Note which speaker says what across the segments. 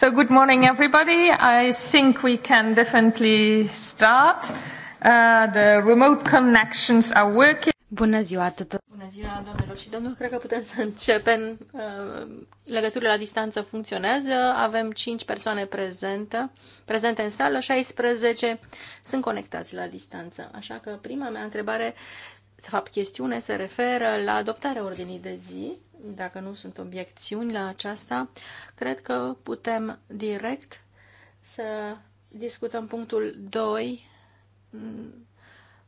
Speaker 1: good morning, everybody. I think we can definitely
Speaker 2: start. Uh, the remote connections are working. Bună ziua tuturor!
Speaker 3: Bună ziua, doamnelor și domnilor! Cred că putem să începem. Uh, legăturile la distanță funcționează. Avem 5 persoane prezente, prezente în sală, 16 sunt conectați la distanță. Așa că prima mea întrebare de fapt, chestiune se referă la adoptarea ordinii de zi. Dacă nu sunt obiecțiuni la aceasta, cred că putem direct să discutăm punctul 2.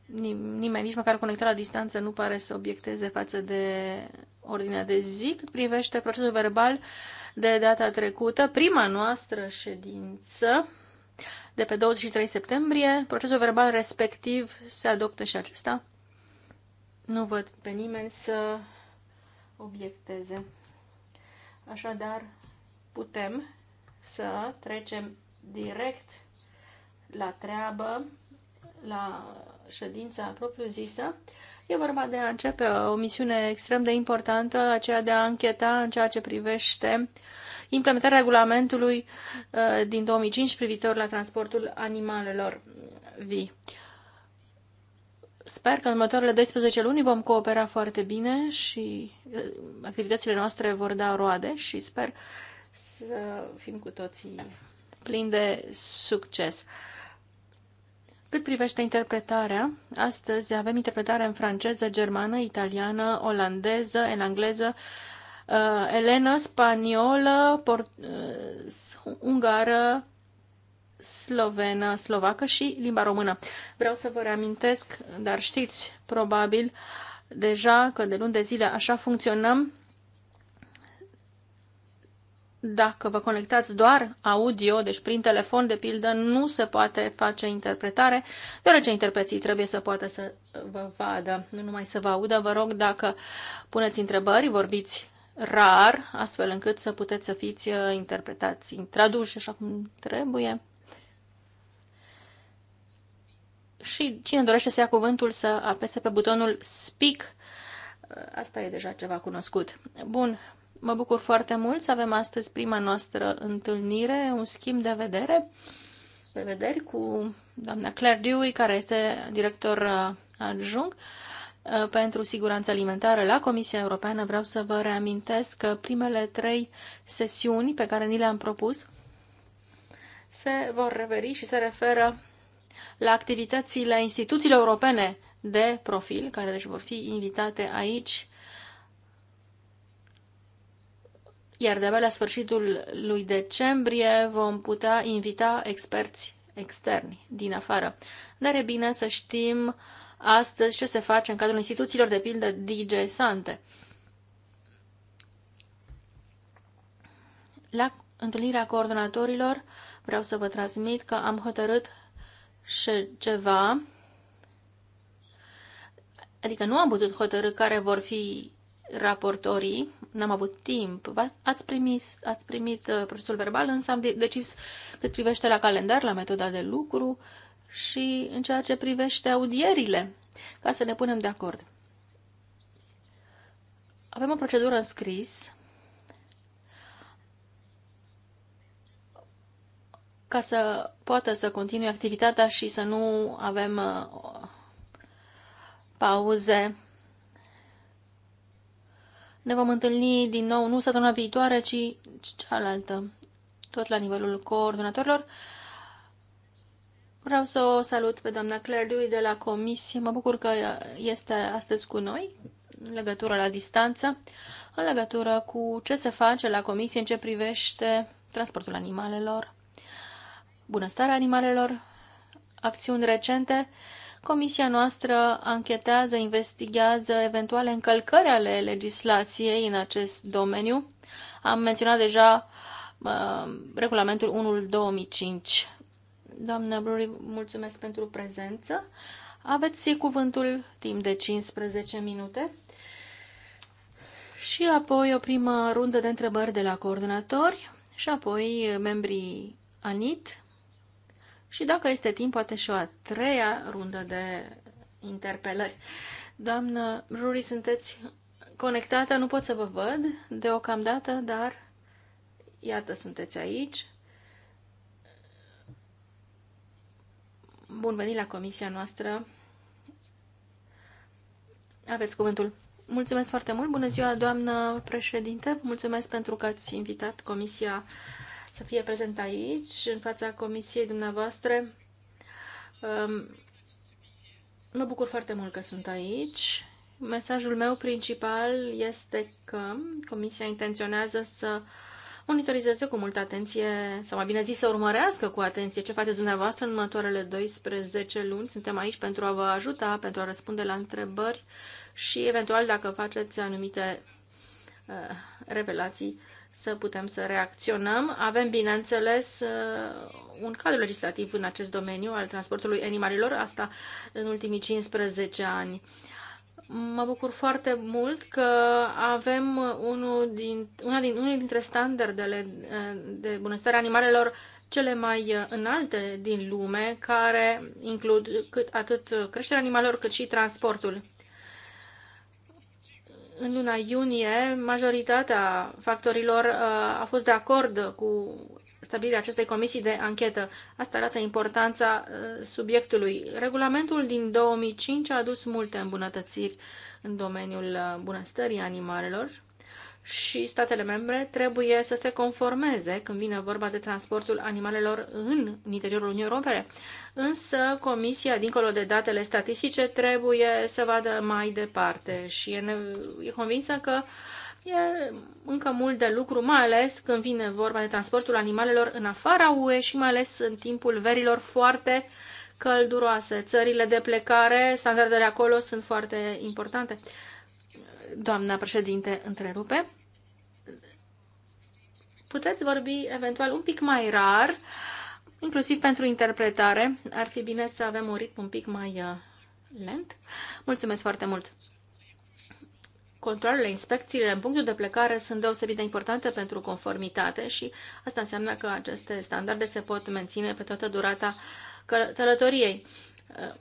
Speaker 3: Nimeni, nici măcar conectat la distanță, nu pare să obiecteze față de ordinea de zi. Cât privește procesul verbal de data trecută, prima noastră ședință, de pe 23 septembrie. Procesul verbal respectiv se adoptă și acesta. Nu văd pe nimeni să obiecteze. Așadar, putem să trecem direct la treabă, la ședința propriu-zisă. E vorba de a începe o misiune extrem de importantă, aceea de a încheta în ceea ce privește implementarea regulamentului uh, din 2005 privitor la transportul animalelor vii. Sper că în următoarele 12 luni vom coopera foarte bine și uh, activitățile noastre vor da roade și sper să fim cu toții plini de succes. Cât privește interpretarea, astăzi avem interpretare în franceză, germană, italiană, olandeză, în engleză, uh, elenă, spaniolă, port- uh, ungară, slovenă, slovacă și limba română. Vreau să vă reamintesc, dar știți probabil deja că de luni de zile așa funcționăm. Dacă vă conectați doar audio, deci prin telefon, de pildă, nu se poate face interpretare, deoarece interpreții trebuie să poată să vă vadă, nu numai să vă audă. Vă rog, dacă puneți întrebări, vorbiți rar, astfel încât să puteți să fiți uh, interpretați, traduși așa cum trebuie. și cine dorește să ia cuvântul să apese pe butonul Speak. Asta e deja ceva cunoscut. Bun, mă bucur foarte mult să avem astăzi prima noastră întâlnire, un schimb de vedere, de vederi cu doamna Claire Dewey, care este director uh, adjunct uh, pentru siguranță alimentară la Comisia Europeană. Vreau să vă reamintesc că primele trei sesiuni pe care ni le-am propus se vor reveri și se referă la activitățile instituțiilor europene de profil, care deci vor fi invitate aici, iar de-abia la sfârșitul lui decembrie vom putea invita experți externi din afară. Dar e bine să știm astăzi ce se face în cadrul instituțiilor, de pildă DJ Sante. La întâlnirea coordonatorilor vreau să vă transmit că am hotărât și ceva, adică nu am putut hotărâ care vor fi raportorii, n-am avut timp, ați, primis, ați primit uh, procesul verbal, însă am decis cât privește la calendar, la metoda de lucru și în ceea ce privește audierile, ca să ne punem de acord. Avem o procedură în scris ca să poată să continue activitatea și să nu avem uh, pauze. Ne vom întâlni din nou nu săptămâna viitoare, ci cealaltă, tot la nivelul coordonatorilor. Vreau să o salut pe doamna Claire Dewey de la comisie. Mă bucur că este astăzi cu noi, în legătură la distanță, în legătură cu ce se face la comisie în ce privește transportul animalelor bunăstarea animalelor, acțiuni recente, Comisia noastră anchetează, investigează eventuale încălcări ale legislației în acest domeniu. Am menționat deja uh, regulamentul 1-2005. Doamna Bruri, mulțumesc pentru prezență. Aveți cuvântul timp de 15 minute. Și apoi o primă rundă de întrebări de la coordonatori și apoi membrii ANIT, și dacă este timp, poate și o a treia rundă de interpelări. Doamnă Ruri, sunteți conectată, nu pot să vă văd deocamdată, dar iată, sunteți aici. Bun venit la comisia noastră. Aveți cuvântul. Mulțumesc foarte mult. Bună ziua, doamnă președinte. Mulțumesc pentru că ați invitat comisia uh, să fie prezent aici, în fața comisiei dumneavoastră. Um, mă bucur foarte mult că sunt aici. Mesajul meu principal este că comisia intenționează să monitorizeze cu multă atenție, sau mai bine zis, să urmărească cu atenție ce faceți dumneavoastră în următoarele 12 luni. Suntem aici pentru a vă ajuta, pentru a răspunde la întrebări și, eventual, dacă faceți anumite uh, revelații, uh, să putem să reacționăm. Avem, bineînțeles, uh, un cadru legislativ în acest domeniu al transportului animalelor, asta în ultimii 15 ani. Mă bucur foarte mult că avem unul, din, una din, unul dintre standardele uh, de bunăstare animalelor cele mai uh, înalte din lume, care includ cât, atât creșterea animalelor cât și transportul în luna iunie, majoritatea factorilor uh, a fost de acord cu stabilirea acestei comisii de anchetă. Asta arată importanța uh, subiectului. Regulamentul din 2005 a adus multe îmbunătățiri în domeniul uh, bunăstării animalelor și statele membre trebuie să se conformeze când vine vorba de transportul animalelor în interiorul Uniunii Europene. Însă Comisia, dincolo de datele statistice, trebuie să vadă mai departe și e, e convinsă că e încă mult de lucru, mai ales când vine vorba de transportul animalelor în afara UE și mai ales în timpul verilor foarte călduroase. Țările de plecare, standardele acolo sunt foarte importante. Doamna președinte, întrerupe. Puteți vorbi eventual un pic mai rar, inclusiv pentru interpretare. Ar fi bine să avem un ritm un pic mai uh, lent. Mulțumesc foarte mult! Controlele, inspecțiile în punctul de plecare sunt deosebit de importante pentru conformitate și asta înseamnă că aceste standarde se pot menține pe toată durata călătoriei. Uh,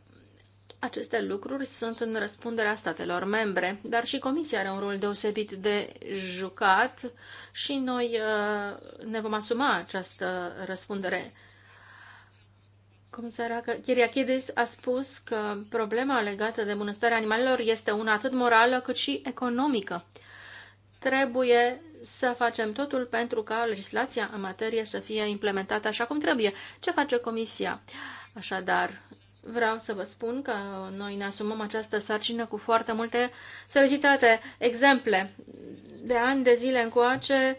Speaker 3: aceste lucruri sunt în răspunderea statelor membre, dar și Comisia are un rol deosebit de jucat și noi uh, ne vom asuma această răspundere. Comisara Chiriachidis a spus că problema legată de bunăstarea animalelor este una atât morală cât și economică. Trebuie să facem totul pentru ca legislația în materie să fie implementată așa cum trebuie. Ce face Comisia? Așadar, vreau să vă spun că noi ne asumăm această sarcină cu foarte multe seriozitate. Exemple, de ani de zile încoace,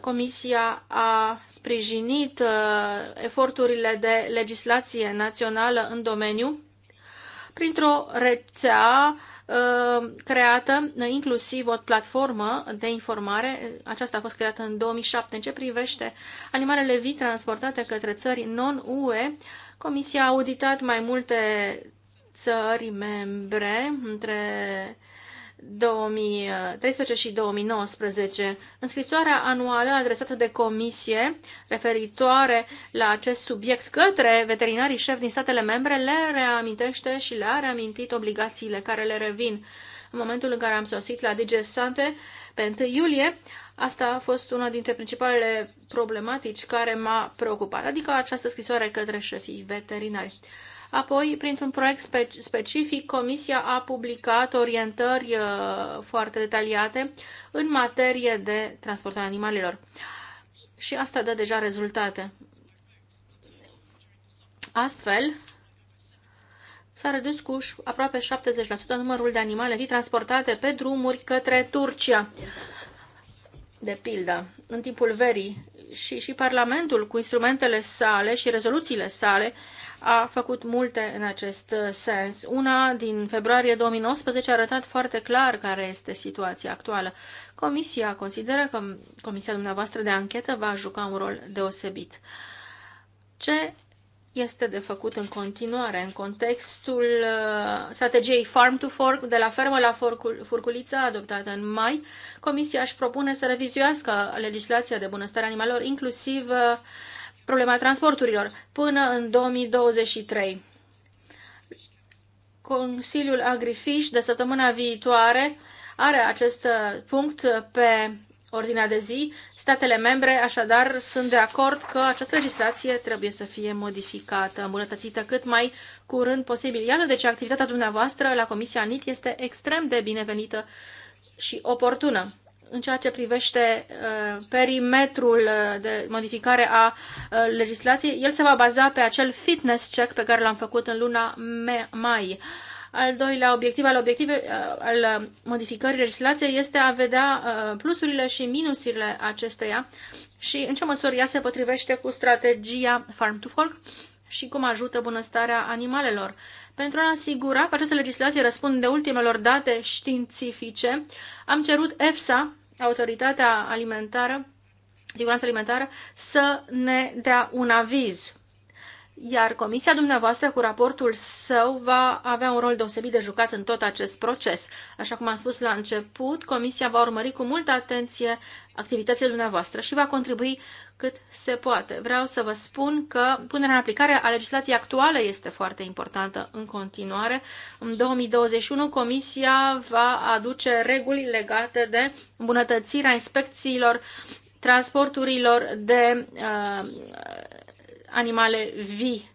Speaker 3: Comisia a sprijinit uh, eforturile de legislație națională în domeniu printr-o rețea uh, creată, inclusiv o platformă de informare. Aceasta a fost creată în 2007 în ce privește animalele vii transportate către țări non-UE. Comisia a auditat mai multe țări membre între 2013 și 2019. În scrisoarea anuală adresată de comisie referitoare la acest subiect către veterinarii șef din statele membre le reamintește și le-a reamintit obligațiile care le revin. În momentul în care am sosit la DG Sante pe 1 iulie, Asta a fost una dintre principalele problematici care m-a preocupat, adică această scrisoare către șefii veterinari. Apoi, printr-un proiect specific, Comisia a publicat orientări uh, foarte detaliate în materie de transportul animalelor. Și asta dă deja rezultate. Astfel, s-a redus cu aproape 70% numărul de animale vii transportate pe drumuri către Turcia de pildă, în timpul verii și, și Parlamentul cu instrumentele sale și rezoluțiile sale a făcut multe în acest uh, sens. Una din februarie 2019 a arătat foarte clar care este situația actuală. Comisia consideră că Comisia dumneavoastră de anchetă va juca un rol deosebit. Ce este de făcut în continuare în contextul uh, strategiei Farm to Fork, de la fermă la furculiță, adoptată în mai. Comisia își propune să revizuiască legislația de bunăstare animalelor, inclusiv uh, problema transporturilor, până în 2023. Consiliul Agrifish de săptămâna viitoare are acest uh, punct pe ordinea de zi. Statele membre, așadar, sunt de acord că această legislație trebuie să fie modificată, îmbunătățită cât mai curând posibil. Iată de ce activitatea dumneavoastră la Comisia NIT este extrem de binevenită și oportună în ceea ce privește uh, perimetrul uh, de modificare a uh, legislației, el se va baza pe acel fitness check pe care l-am făcut în luna mai. Uh, al doilea obiectiv al, obiective, uh, al modificării legislației este a vedea uh, plusurile și minusurile acesteia și în ce măsură ea se potrivește cu strategia Farm to Fork și cum ajută bunăstarea animalelor. Pentru a asigura că această legislație răspunde ultimelor date științifice, am cerut EFSA, Autoritatea Alimentară, Siguranța Alimentară, să ne dea un aviz iar comisia dumneavoastră cu raportul său va avea un rol deosebit de jucat în tot acest proces. Așa cum am spus la început, comisia va urmări cu multă atenție activitățile dumneavoastră și va contribui cât se poate. Vreau să vă spun că punerea în aplicare a legislației actuale este foarte importantă în continuare. În 2021, comisia va aduce reguli legate de îmbunătățirea inspecțiilor transporturilor de uh, animale vii,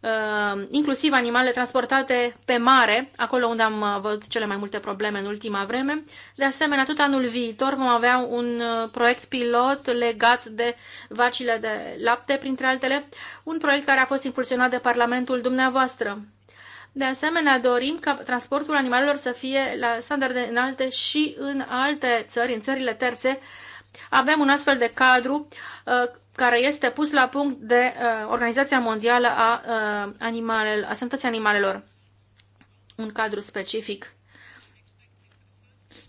Speaker 3: uh, inclusiv animale transportate pe mare, acolo unde am uh, văzut cele mai multe probleme în ultima vreme. De asemenea, tot anul viitor vom avea un uh, proiect pilot legat de vacile de lapte, printre altele, un proiect care a fost impulsionat de Parlamentul dumneavoastră. De asemenea, dorim ca transportul animalelor să fie la standarde înalte și în alte țări, în țările terțe. Avem un astfel de cadru care este pus la punct de uh, Organizația Mondială a, uh, animalel, a Sănătății Animalelor, un cadru specific.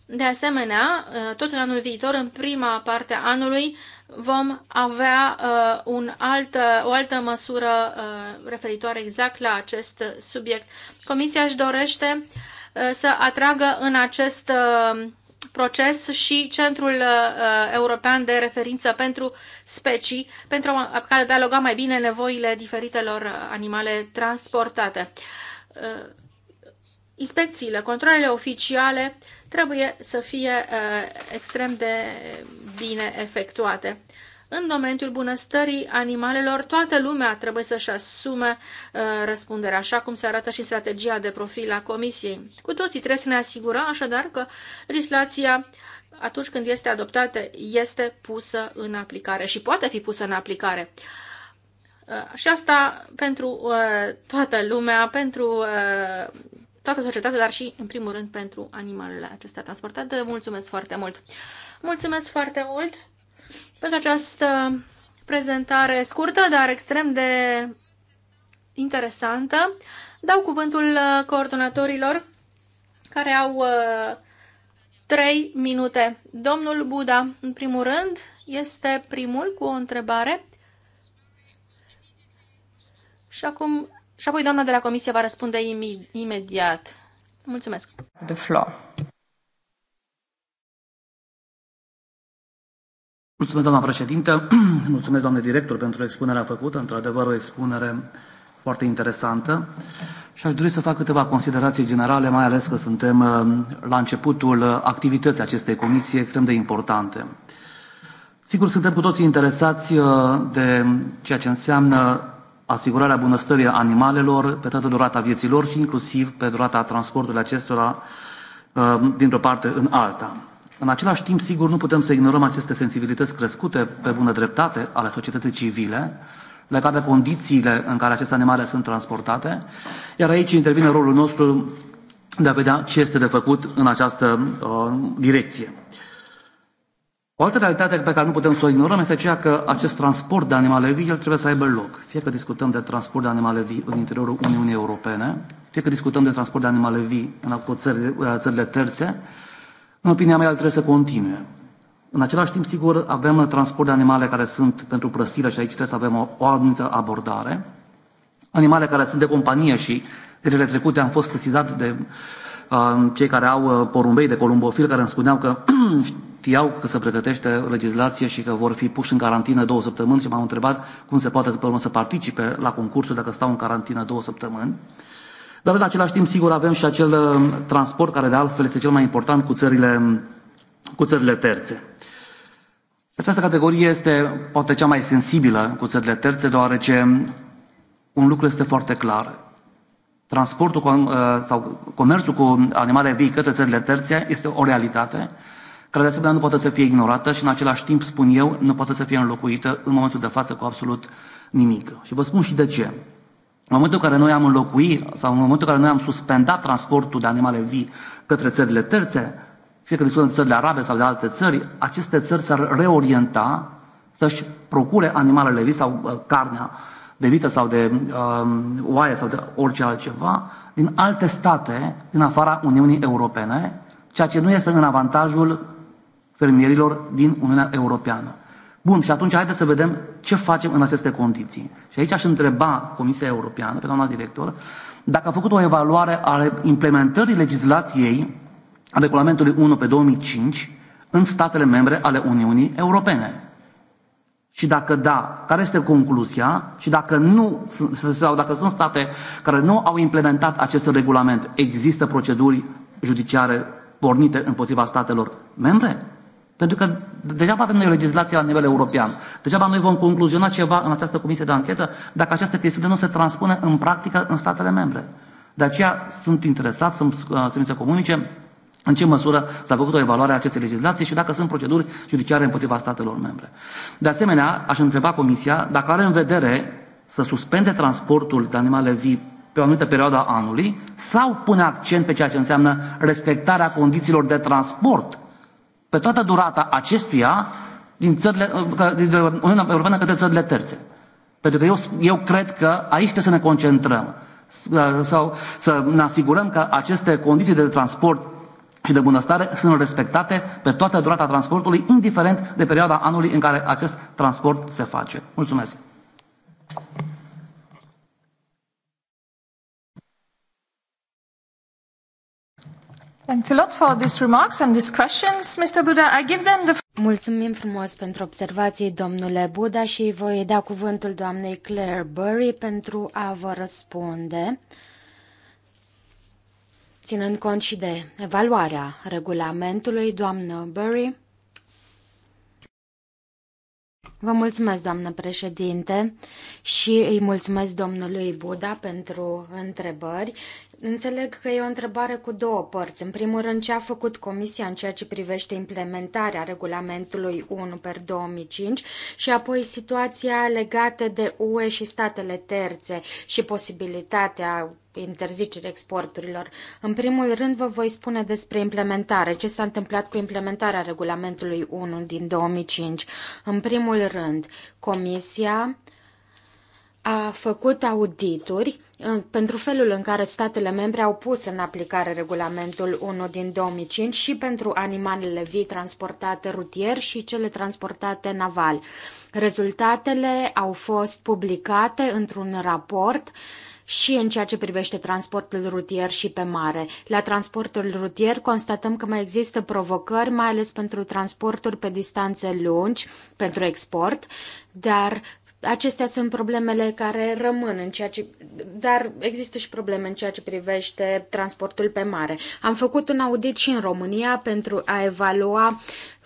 Speaker 3: De asemenea, uh, tot în anul viitor, în prima parte a anului, vom avea uh, un alt, uh, o altă măsură uh, referitoare exact la acest subiect. Comisia își dorește uh, să atragă în acest uh, proces și Centrul uh, European de Referință pentru Specii, pentru a dialoga mai bine nevoile diferitelor uh, animale transportate. Uh, inspecțiile, controlele oficiale trebuie să fie extrem de bine efectuate în domeniul bunăstării animalelor, toată lumea trebuie să-și asume uh, răspunderea, așa cum se arată și strategia de profil a Comisiei. Cu toții trebuie să ne asigurăm așadar că legislația atunci când este adoptată, este pusă în aplicare și poate fi pusă în aplicare. Uh, și asta pentru uh, toată lumea, pentru uh, toată societatea, dar și, în primul rând, pentru animalele acestea transportate. Mulțumesc foarte mult! Mulțumesc foarte mult! pentru această prezentare scurtă, dar extrem de interesantă. Dau cuvântul uh, coordonatorilor care au uh, trei minute. Domnul Buda, în primul rând, este primul cu o întrebare. Și acum și apoi doamna de la comisie va răspunde imediat. Mulțumesc.
Speaker 4: The
Speaker 5: floor. Mulțumesc, doamna președintă, mulțumesc, doamne director, pentru expunerea făcută, într-adevăr o expunere foarte interesantă și aș dori să fac câteva considerații generale, mai ales că suntem uh, la începutul uh, activității acestei comisii extrem de importante. Sigur, suntem cu toții interesați uh, de ceea ce înseamnă asigurarea bunăstării animalelor pe toată durata vieții lor și inclusiv pe durata transportului acestora dintr-o parte în alta. În același timp, sigur, nu putem să ignorăm aceste sensibilități crescute pe bună dreptate ale societății civile, legate de condițiile în care aceste animale sunt transportate, iar aici intervine rolul nostru de a vedea ce este de făcut în această uh, direcție. O altă realitate pe care nu putem să o ignorăm este aceea că acest transport de animale vii, el trebuie să aibă loc. Fie că discutăm de transport de animale vii în interiorul Uniunii Europene, fie că discutăm de transport de animale vii în țările, uh, țările terțe, în opinia mea, el trebuie să continue. În același timp, sigur, avem transport de animale care sunt pentru prăsire și aici trebuie să avem o, o anumită abordare. Animale care sunt de companie și zilele trecute am fost sesizat de uh, cei care au uh, porumbei de columbofil care îmi spuneau că știau că se pregătește legislație și că vor fi puși în carantină două săptămâni și m-au întrebat cum se poate pe urmă să participe la concursul dacă stau în carantină două săptămâni. Uh, dar în același timp, sigur, avem și acel um, transport care de altfel este cel mai important cu țările, um, cu țările terțe. Această categorie este poate cea mai sensibilă cu țările terțe, deoarece un lucru este foarte clar. Transportul cu, uh, sau comerțul cu animale vii către țările terțe este o realitate care de asemenea nu poate să fie ignorată și în același timp, spun eu, nu poate să fie înlocuită în momentul de față cu absolut nimic. Și vă spun și de ce. În momentul în care noi am înlocuit sau în momentul în care noi am suspendat transportul de animale vii către țările terțe, fie că discutăm de țările arabe sau de alte țări, aceste țări s-ar reorienta să-și procure animalele vii sau uh, carnea de vită sau de uh, oaie sau de orice altceva din alte state din afara Uniunii Europene, ceea ce nu este în avantajul fermierilor din Uniunea Europeană. Bun, și atunci haideți să vedem ce facem în aceste condiții. Și aici aș întreba Comisia Europeană, pe doamna director, dacă a făcut o evaluare a implementării legislației a regulamentului 1 pe 2005 în statele membre ale Uniunii Europene. Și dacă da, care este concluzia? Și dacă nu, sau dacă sunt state care nu au implementat acest regulament, există proceduri judiciare pornite împotriva statelor membre? Pentru că degeaba avem noi o legislație la nivel european, degeaba noi vom concluziona ceva în această comisie de anchetă dacă această chestiune nu se transpune în practică în statele membre. De aceea sunt interesat să, uh, să mi se comunice în ce măsură s-a făcut o evaluare a acestei legislații și dacă sunt proceduri judiciare împotriva statelor membre. De asemenea, aș întreba Comisia dacă are în vedere să suspende transportul de animale vii pe o anumită perioadă a anului sau pune accent pe ceea ce înseamnă respectarea condițiilor de transport pe toată durata acestuia din, țările, uh, din Uniunea Europeană către țările terțe. Pentru că eu, eu cred că aici trebuie să ne concentrăm uh, sau să ne asigurăm că aceste condiții de transport și de bunăstare sunt respectate pe toată durata transportului, indiferent de perioada anului în care acest transport se face. Mulțumesc!
Speaker 4: Thanks
Speaker 1: a lot for these remarks and these questions, Mr. Buddha. I give them the...
Speaker 2: Mulțumim frumos pentru observații, domnule Buddha, și voi da cuvântul doamnei Claire Burry pentru a vă răspunde, ținând cont și de evaluarea regulamentului, doamnă Burry. Vă mulțumesc, doamnă președinte, și îi mulțumesc domnului Buda pentru întrebări Înțeleg că e o întrebare cu două părți. În primul rând, ce a făcut Comisia în ceea ce privește implementarea regulamentului 1 per 2005 și apoi situația legată de UE și statele terțe și posibilitatea interzicerii exporturilor. În primul rând, vă voi spune despre implementare, ce s-a întâmplat cu implementarea regulamentului 1 din 2005. În primul rând, Comisia a făcut audituri pentru felul în care statele membre au pus în aplicare regulamentul 1 din 2005 și pentru animalele vii transportate rutier și cele transportate naval. Rezultatele au fost publicate într-un raport și în ceea ce privește transportul rutier și pe mare. La transportul rutier constatăm că mai există provocări, mai ales pentru transporturi pe distanțe lungi, pentru export, dar acestea sunt problemele care rămân în ceea ce, dar există și probleme în ceea ce privește transportul pe mare. Am făcut un audit și în România pentru a evalua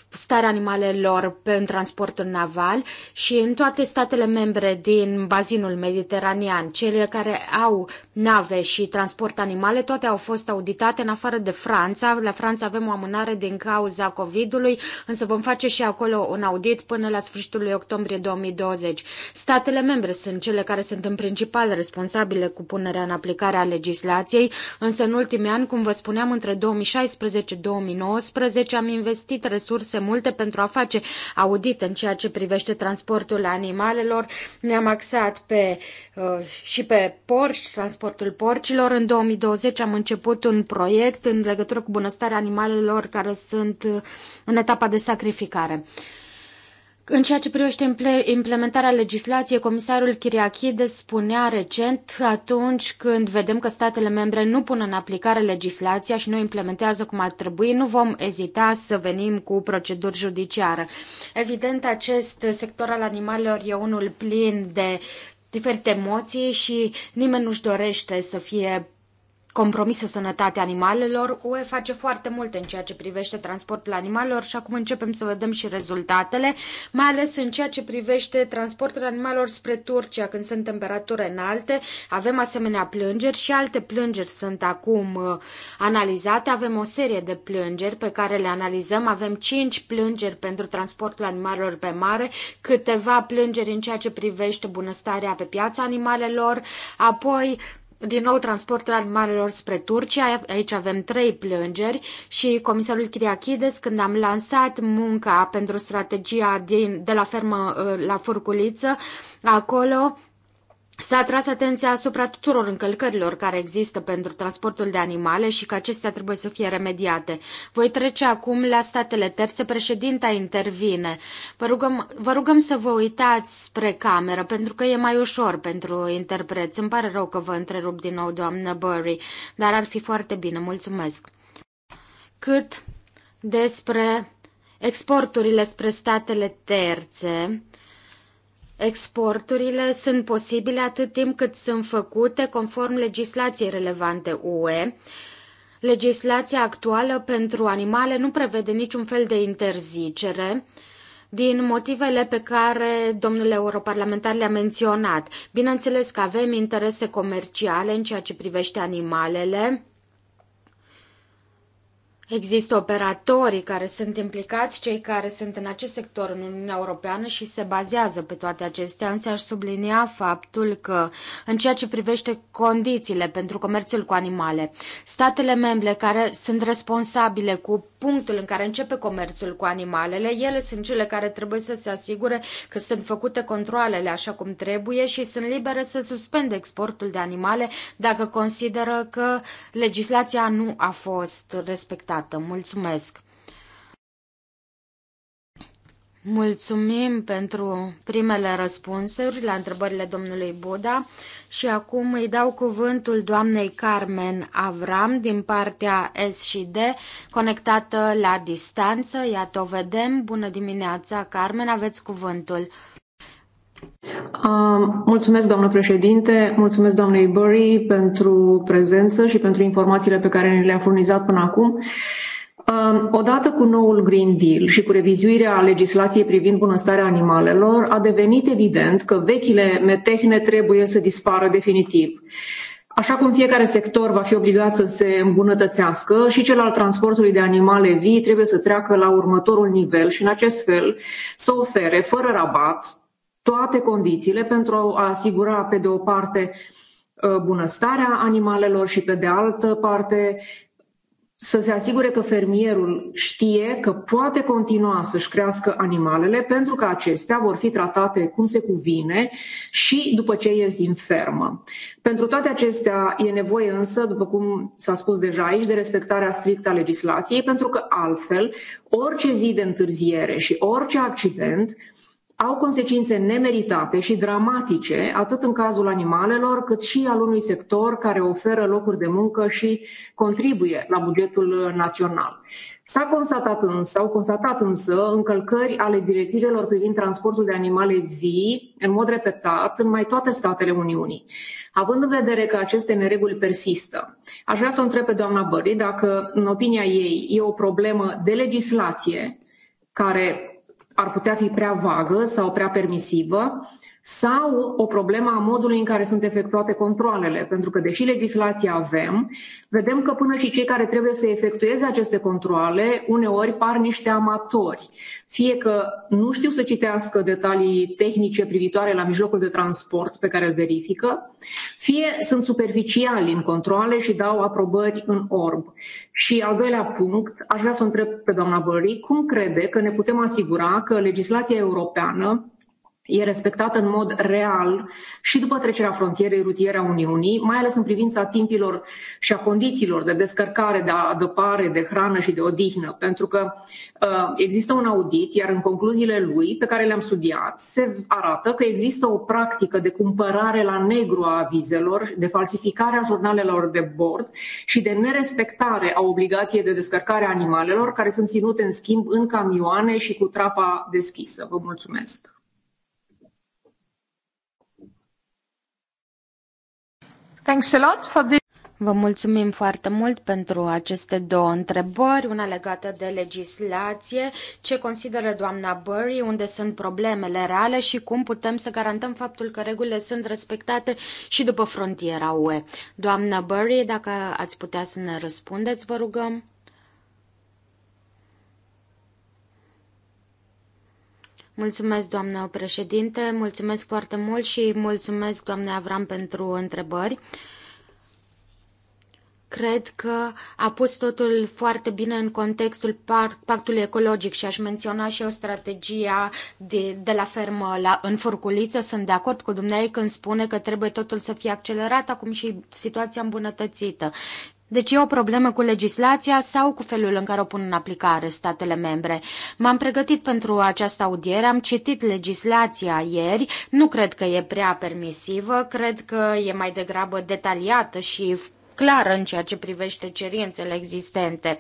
Speaker 2: starea animalelor pe transportul naval și în toate statele membre din bazinul mediteranean, cele care au nave și transport animale, toate au fost auditate în afară de Franța. La Franța avem o amânare din cauza COVID-ului, însă vom face și acolo un audit până la sfârșitul lui octombrie 2020. Statele membre sunt cele care sunt în principal responsabile cu punerea în aplicare a legislației, însă în ultimii ani, cum vă spuneam, între 2016-2019 am investit resurse depuse multe pentru a face audit în ceea ce privește transportul animalelor. Ne-am axat pe, uh, și pe porci, transportul porcilor. În 2020 am început un proiect în legătură cu bunăstarea animalelor care sunt uh, în etapa de sacrificare. Uh, în ceea ce privește implementarea legislației, comisarul Kiriakides spunea recent atunci când vedem că statele membre nu pun în aplicare legislația și nu implementează cum ar trebui, nu vom ezita să venim cu proceduri judiciare. Evident, acest sector al animalelor e unul plin de diferite emoții și nimeni nu-și dorește să fie compromisă sănătatea animalelor. UE face foarte multe în ceea ce privește transportul animalelor și acum începem să vedem și rezultatele, mai ales în ceea ce privește transportul animalelor spre Turcia când sunt temperaturi înalte. Avem asemenea plângeri și alte plângeri sunt acum uh, analizate. Avem o serie de plângeri pe care le analizăm. Avem 5 plângeri pentru transportul animalelor pe mare, câteva plângeri în ceea ce privește bunăstarea pe piața animalelor, apoi din nou transportul animalelor spre Turcia. Aici avem trei plângeri și comisarul Chiriachides, când am lansat munca pentru strategia din, de la fermă la furculiță, acolo S-a atras atenția asupra tuturor încălcărilor care există pentru transportul de animale și că acestea trebuie să fie remediate. Voi trece acum la statele terțe. Președinta intervine. Vă rugăm, vă rugăm să vă uitați spre cameră, pentru că e mai ușor pentru interpreți. Îmi pare rău că vă întrerup din nou, doamnă Burry, dar ar fi foarte bine. Mulțumesc. Cât despre exporturile spre statele terțe, Exporturile sunt posibile atât timp cât sunt făcute conform legislației relevante UE. Legislația actuală pentru animale nu prevede niciun fel de interzicere din motivele pe care domnul europarlamentar le-a menționat. Bineînțeles că avem interese comerciale în ceea ce privește animalele, Există operatorii care sunt implicați, cei care sunt în acest sector în Uniunea Europeană și se bazează pe toate acestea, însă aș sublinia faptul că în ceea ce privește condițiile pentru comerțul cu animale, statele membre care sunt responsabile cu punctul în care începe comerțul cu animalele, ele sunt cele care trebuie să se asigure că sunt făcute controlele așa cum trebuie și sunt libere să suspende exportul de animale dacă consideră că legislația nu a fost respectată dată. Mulțumesc! Mulțumim pentru primele răspunsuri la întrebările domnului Buda și acum îi dau cuvântul doamnei Carmen Avram din partea S și D, conectată la distanță. Iată o vedem. Bună dimineața, Carmen, aveți cuvântul
Speaker 1: mulțumesc, doamnă președinte, mulțumesc doamnei Burry pentru prezență și pentru informațiile pe care ne le-a furnizat până acum. odată cu noul Green Deal și cu revizuirea legislației privind bunăstarea animalelor, a devenit evident că vechile metehne trebuie să dispară definitiv. Așa cum fiecare sector va fi obligat să se îmbunătățească și cel al transportului de animale vii trebuie să treacă la următorul nivel și în acest fel să ofere fără rabat toate condițiile pentru a asigura, pe de o parte, uh, bunăstarea animalelor și, pe de altă parte, să se asigure că fermierul știe că poate continua să-și crească animalele pentru că acestea vor fi tratate cum se cuvine și după ce ies din fermă. Pentru toate acestea e nevoie însă, după cum s-a spus deja aici, de respectarea strictă a legislației pentru că altfel orice zi de întârziere și orice accident uh, au consecințe nemeritate și dramatice, atât în cazul animalelor, cât și al unui sector care oferă locuri de muncă și contribuie la bugetul național. S-a constatat însă, au constatat însă încălcări ale directivelor privind transportul de animale vii în mod repetat în mai toate statele Uniunii. Având în vedere că aceste nereguli persistă, aș vrea să o întreb pe doamna Bări dacă, în opinia ei, e o problemă de legislație care ar putea fi prea vagă sau prea permisivă sau o problemă a modului în care sunt efectuate controlele. Pentru că, deși legislația avem, vedem că până și cei care trebuie să efectueze aceste controle, uneori par niște amatori. Fie că nu știu să citească detalii tehnice privitoare la mijlocul de transport pe care îl verifică, fie sunt superficiali în controle și dau aprobări în orb. Și al doilea punct, aș vrea să o întreb pe doamna Bării, cum crede că ne putem asigura că legislația europeană e respectată în mod real și după trecerea frontierei rutiere a Uniunii, mai ales în privința timpilor și a condițiilor de descărcare, de adăpare, de hrană și de odihnă, pentru că uh, există un audit, iar în concluziile lui, pe care le-am studiat, se arată că există o practică de cumpărare la negru a vizelor, de falsificare a jurnalelor de bord și de nerespectare a obligației de descărcare a animalelor, care sunt ținute în schimb în camioane și cu trapa deschisă. Vă mulțumesc!
Speaker 2: Thanks a lot for this. Vă mulțumim foarte mult pentru aceste două întrebări, una legată de legislație, ce consideră doamna Burry, unde sunt problemele reale și cum putem să garantăm faptul că regulile sunt respectate și după frontiera UE. Doamna Burry, dacă ați putea să ne răspundeți, vă rugăm. Mulțumesc, doamnă președinte, mulțumesc foarte mult și mulțumesc, doamne Avram, pentru întrebări. Cred că a pus totul foarte bine în contextul pactului ecologic și aș menționa și eu strategia de, de la fermă la, în furculiță. Sunt de acord cu dumneavoastră când spune că trebuie totul să fie accelerat acum și situația îmbunătățită. Deci e o problemă cu legislația sau cu felul în care o pun în aplicare statele membre. M-am pregătit pentru această audiere, am citit legislația ieri, nu cred că e prea permisivă, cred că e mai degrabă detaliată și clară în ceea ce privește cerințele existente.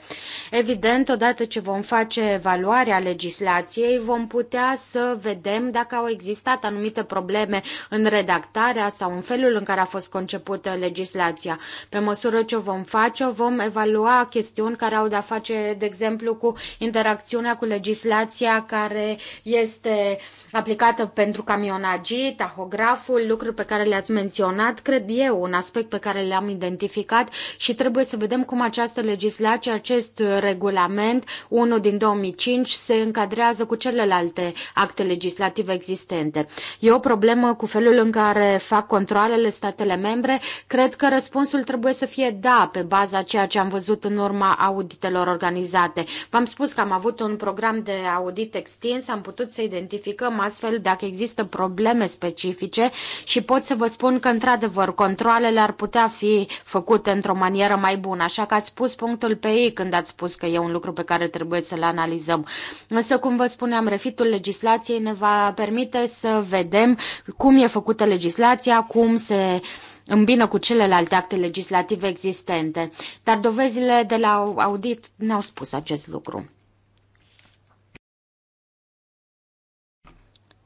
Speaker 2: Evident, odată ce vom face evaluarea legislației, vom putea să vedem dacă au existat anumite probleme în redactarea sau în felul în care a fost concepută legislația. Pe măsură ce o vom face, vom evalua chestiuni care au de-a face, de exemplu, cu interacțiunea cu legislația care este aplicată pentru camionagii, tahograful, lucruri pe care le-ați menționat, cred eu, un aspect pe care le-am identificat complicat și trebuie să vedem cum această legislație, acest regulament, unul din 2005, se încadrează cu celelalte acte legislative existente. E o problemă cu felul în care fac controlele statele membre. Cred că răspunsul trebuie să fie da, pe baza ceea ce am văzut în urma auditelor organizate. V-am spus că am avut un program de audit extins, am putut să identificăm astfel dacă există probleme specifice și pot să vă spun că, într-adevăr, controlele ar putea fi făcute făcute într-o manieră mai bună, așa că ați pus punctul pe ei când ați spus că e un lucru pe care trebuie să-l analizăm. Însă, cum vă spuneam, refitul legislației ne va permite să vedem cum e făcută legislația, cum se îmbină cu celelalte acte legislative existente. Dar dovezile de la audit n-au spus acest lucru.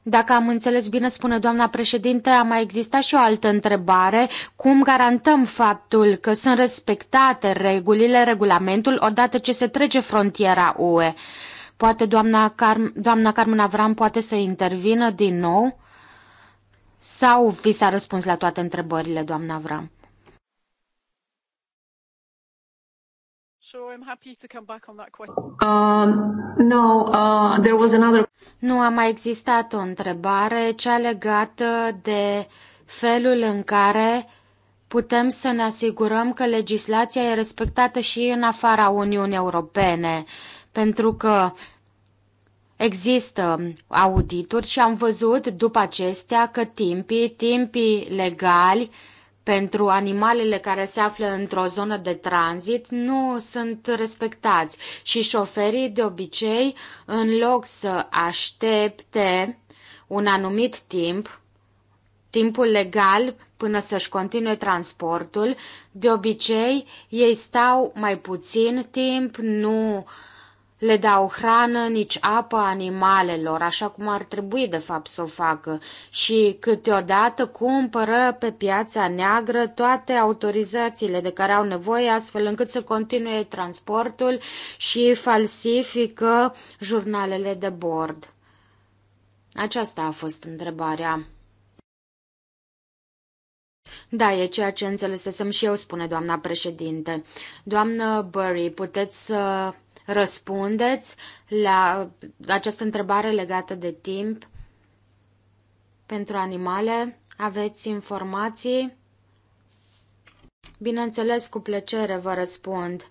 Speaker 2: Dacă am înțeles bine, spune doamna președinte, a mai existat și o altă întrebare. Cum garantăm faptul că sunt respectate regulile, regulamentul, odată ce se trece frontiera UE? Poate doamna, Car- doamna Carmen Avram poate să intervină din nou? Sau vi s-a răspuns la toate întrebările, doamna Avram?
Speaker 1: sure I'm happy to come back on that question.
Speaker 2: Uh, um, no, uh, there was another... Nu a mai existat o întrebare, cea legată de felul în care putem să ne asigurăm că legislația e respectată și în afara Uniunii Europene, pentru că Există audituri și am văzut după acestea că timpii, timpii legali, uh, pentru animalele care se află într-o zonă de tranzit nu sunt respectați și șoferii de obicei, în loc să aștepte un anumit timp, timpul legal până să-și continue transportul, de obicei ei stau mai puțin timp, nu uh, le dau hrană, nici apă animalelor, așa cum ar trebui de fapt să o facă și câteodată cumpără pe piața neagră toate autorizațiile de care au nevoie astfel încât să continue transportul și falsifică jurnalele de bord. Aceasta a fost întrebarea. Da, e ceea ce înțelesesem și eu, spune doamna președinte. Doamnă Burry, puteți să răspundeți la această întrebare legată de timp pentru animale? Aveți informații? Bineînțeles, cu plăcere vă răspund.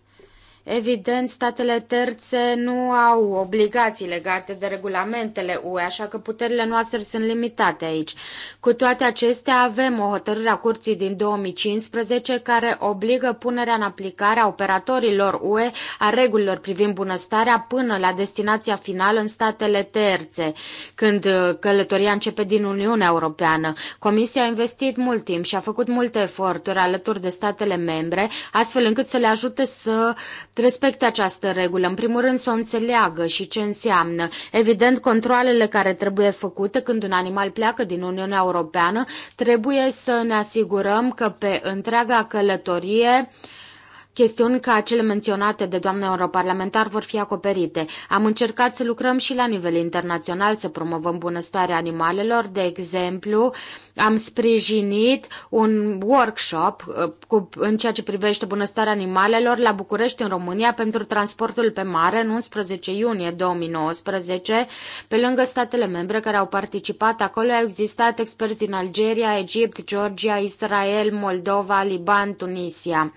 Speaker 2: Evident, statele terțe nu au obligații legate de regulamentele UE, așa că puterile noastre sunt limitate aici. Cu toate acestea, avem o hotărâre a Curții din 2015 care obligă punerea în aplicare a operatorilor UE a regulilor privind bunăstarea până la destinația finală în statele terțe, când uh, călătoria începe din Uniunea Europeană. Comisia a investit mult timp și a făcut multe eforturi alături de statele membre, astfel încât să le ajute să respecte această regulă. În primul rând să o înțeleagă și ce înseamnă. Evident, controlele care trebuie făcute când un animal pleacă din Uniunea Europeană, trebuie să ne asigurăm că pe întreaga călătorie uh, Chestiuni ca cele menționate de doamna europarlamentar vor fi acoperite. Am încercat să lucrăm și la nivel internațional să promovăm bunăstarea animalelor. De exemplu, am sprijinit un workshop uh, cu, în ceea ce privește bunăstarea animalelor la București, în România, pentru transportul pe mare în 11 iunie 2019. Pe lângă statele membre care au participat acolo, au existat experți din Algeria, Egipt, Georgia, Israel, Moldova, Liban, Tunisia.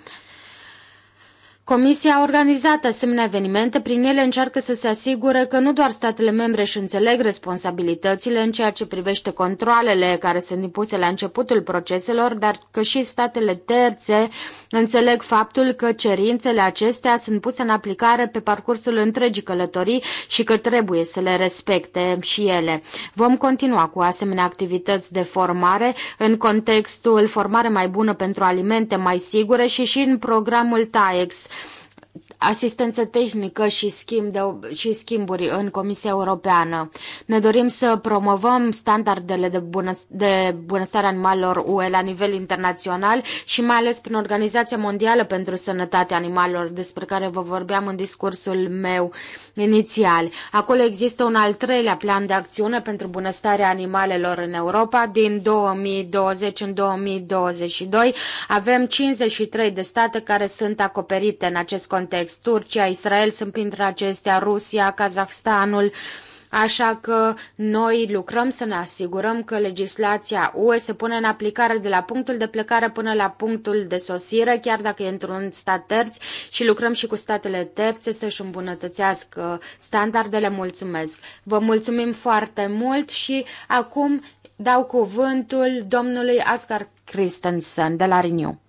Speaker 2: Comisia a organizat asemenea evenimente, prin ele încearcă să se asigure că nu doar statele membre își înțeleg responsabilitățile în ceea ce privește controlele care sunt impuse la începutul proceselor, dar că și statele terțe înțeleg faptul că cerințele acestea sunt puse în aplicare pe parcursul întregii călătorii și că trebuie să le respecte și ele. Vom continua cu asemenea activități de formare în contextul formare mai bună pentru alimente mai sigure și și în programul TAEX asistență tehnică și, schimb de, și schimburi în Comisia Europeană. Ne dorim să promovăm standardele de, bună, de bunăstare animalelor UE la nivel internațional și mai ales prin Organizația Mondială pentru Sănătatea Animalelor, despre care vă vorbeam în discursul meu uh, inițiali. Acolo există un al treilea plan de acțiune pentru bunăstarea animalelor în Europa din 2020 în 2022. Avem 53 de state care sunt acoperite în acest context. Turcia, Israel sunt printre acestea, Rusia, Kazahstanul, Așa că noi lucrăm să ne asigurăm că legislația UE se pune în aplicare de la punctul de plecare până la punctul de sosire, chiar dacă e într-un stat terț și lucrăm și cu statele terțe să-și îmbunătățească standardele. Mulțumesc! Vă mulțumim foarte mult și acum dau cuvântul domnului Ascar Christensen de la Renew.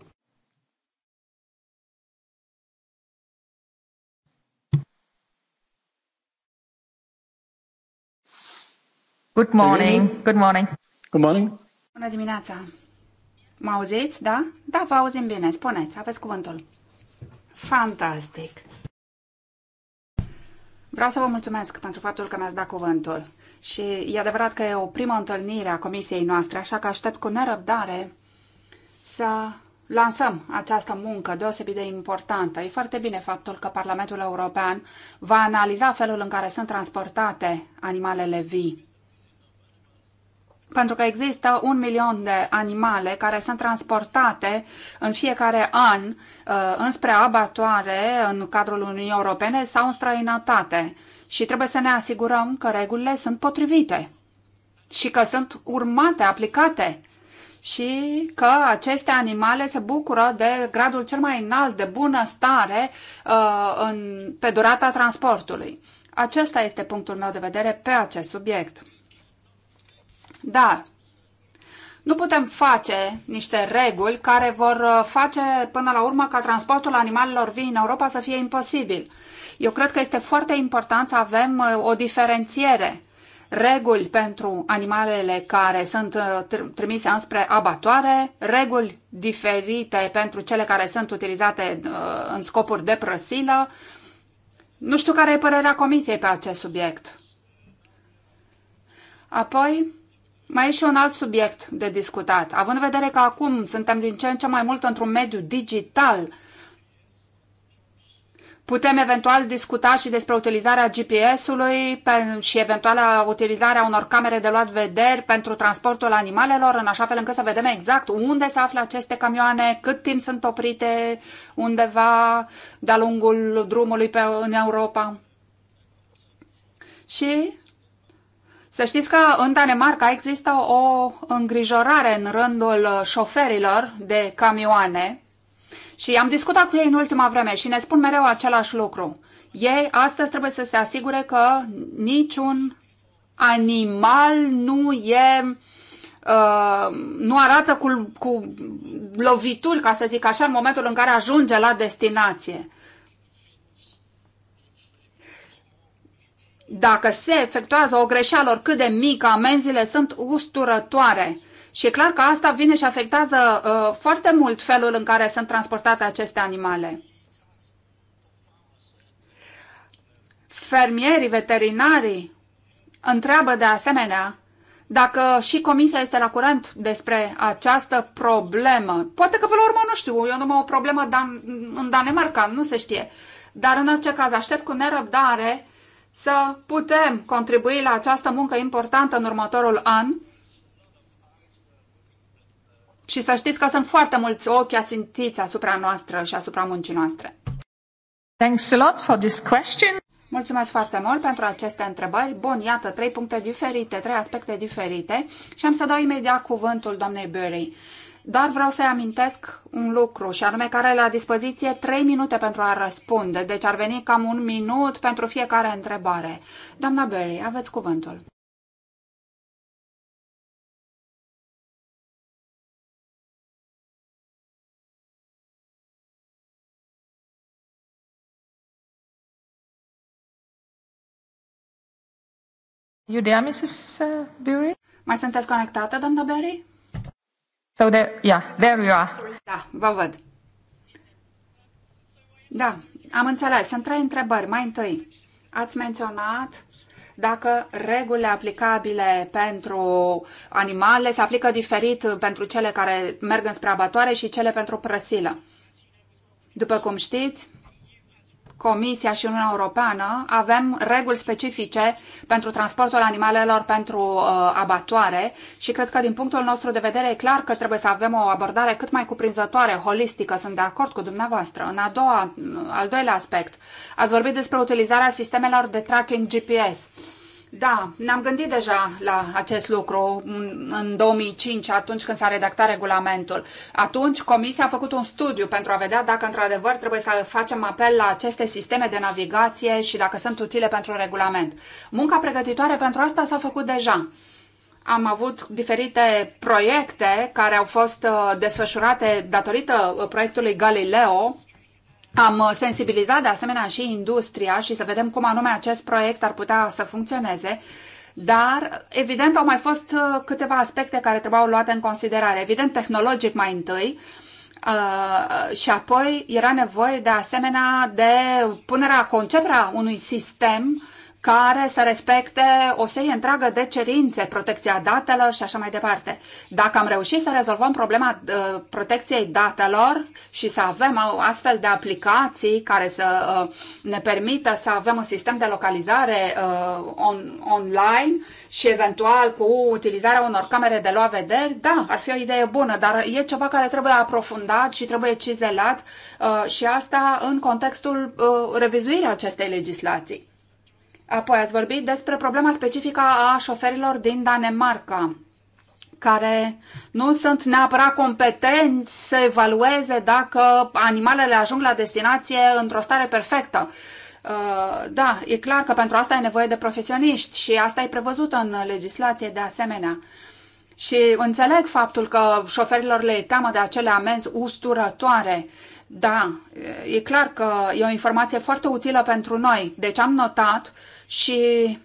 Speaker 4: Good morning.
Speaker 1: Good morning. Good morning.
Speaker 6: Bună dimineața. Mă auziți, da? Da, vă auzim bine. Spuneți, aveți cuvântul. Fantastic. Vreau să vă mulțumesc pentru faptul că mi-ați dat cuvântul. Și e adevărat că e o primă întâlnire a comisiei noastre, așa că aștept cu nerăbdare să lansăm această muncă deosebit de importantă. E foarte bine faptul că Parlamentul European va analiza felul în care sunt transportate animalele vii pentru că există un milion de animale care sunt transportate în fiecare an uh, înspre abatoare în cadrul Uniunii Europene sau în străinătate și trebuie să ne asigurăm că regulile sunt potrivite și că sunt urmate, aplicate și că aceste animale se bucură de gradul cel mai înalt de stare uh, în, pe durata transportului. Acesta este punctul meu de vedere pe acest subiect. Dar nu putem face niște reguli care vor uh, face până la urmă ca transportul animalelor vii în Europa să fie imposibil. Eu cred că este foarte important să avem uh, o diferențiere. Reguli pentru animalele care sunt uh, trimise înspre abatoare, reguli diferite pentru cele care sunt utilizate în scopuri de prăsilă. Nu știu care e părerea Comisiei pe acest subiect. Apoi, mai e și un alt subiect de discutat. Având în vedere că acum suntem din ce în ce mai mult într-un mediu digital, putem eventual discuta și despre utilizarea GPS-ului și eventuala utilizarea unor camere de luat vederi pentru transportul animalelor, în așa fel încât să vedem exact unde se află aceste camioane, cât timp sunt oprite undeva de-a lungul drumului pe, în Europa. Și să știți că în Danemarca există o îngrijorare în rândul șoferilor de camioane și am discutat cu ei în ultima vreme și ne spun mereu același lucru. Ei astăzi trebuie să se asigure că niciun animal nu e Uh, nu arată cu, cu lovituri, ca să zic așa, în momentul în care ajunge la destinație. Dacă se efectuează o greșeală oricât de mică, amenziile sunt usturătoare. Și e clar că asta vine și afectează uh, foarte mult felul în care sunt transportate aceste animale. Fermierii, veterinarii întreabă de asemenea dacă și comisia este la curent despre această problemă. Poate că, până la urmă, nu știu, eu numai o problemă Dan- în Danemarca, nu se știe. Dar, în orice caz, aștept cu nerăbdare să putem contribui la această muncă importantă în următorul an și să știți că sunt foarte mulți ochi asintiți asupra noastră și asupra muncii noastre. Thanks a lot for this question. Mulțumesc foarte mult pentru aceste întrebări. Bun, iată, trei puncte diferite, trei aspecte diferite și am să dau imediat cuvântul doamnei Burry. Dar vreau să-i amintesc un lucru, și anume care la dispoziție 3 minute pentru a răspunde, deci ar veni cam un minut pentru fiecare întrebare. Doamna Berry, aveți cuvântul.
Speaker 4: You there, Mrs. Uh, Berry?
Speaker 6: Mai sunteți conectată, doamna Berry?
Speaker 1: So there, yeah, there you are. Da, vă
Speaker 6: văd. Da, am înțeles. Sunt trei întrebări. Mai întâi, ați menționat dacă regulile aplicabile pentru animale se aplică diferit pentru cele care merg înspre abatoare și cele pentru prăsilă. După cum știți, Comisia și Uniunea Europeană avem reguli specifice pentru transportul animalelor pentru uh, abatoare și cred că din punctul nostru de vedere e clar că trebuie să avem o abordare cât mai cuprinzătoare, holistică. Sunt de acord cu dumneavoastră. În a doua, uh, al doilea aspect, ați vorbit despre utilizarea sistemelor de tracking GPS. Uh, da, ne-am gândit deja la acest lucru în 2005, atunci când s-a redactat regulamentul. Atunci Comisia a făcut un studiu pentru a vedea dacă într-adevăr trebuie să facem apel la aceste sisteme de navigație și dacă sunt utile pentru regulament. Munca pregătitoare pentru asta s-a făcut deja. Am avut diferite proiecte care au fost uh, desfășurate datorită uh, proiectului Galileo, am uh, sensibilizat de asemenea și industria și să vedem cum anume acest proiect ar putea să funcționeze. Dar, evident, au mai fost uh, câteva aspecte care trebuiau luate în considerare. Evident, tehnologic mai întâi, uh, și apoi era nevoie de asemenea de punerea, conceperea unui sistem care să respecte o serie întreagă de cerințe, protecția datelor și așa mai departe. Dacă am reușit să rezolvăm problema uh, protecției datelor și să avem astfel de aplicații care să uh, ne permită să avem un sistem de localizare uh, on, online și eventual cu utilizarea unor camere de luat vederi, da, ar fi o idee bună, dar e ceva care trebuie aprofundat și trebuie cizelat și asta în contextul revizuirii acestei legislații. Apoi ați vorbit despre problema specifică a șoferilor din Danemarca, care nu sunt neapărat competenți să evalueze dacă animalele ajung la destinație într-o stare perfectă. Uh, da, e clar că pentru asta e nevoie de profesioniști și asta e prevăzut în legislație de asemenea. Și înțeleg faptul că șoferilor le e teamă de acele amenzi usturătoare, da, e clar că e o informație foarte utilă pentru noi. Deci am notat și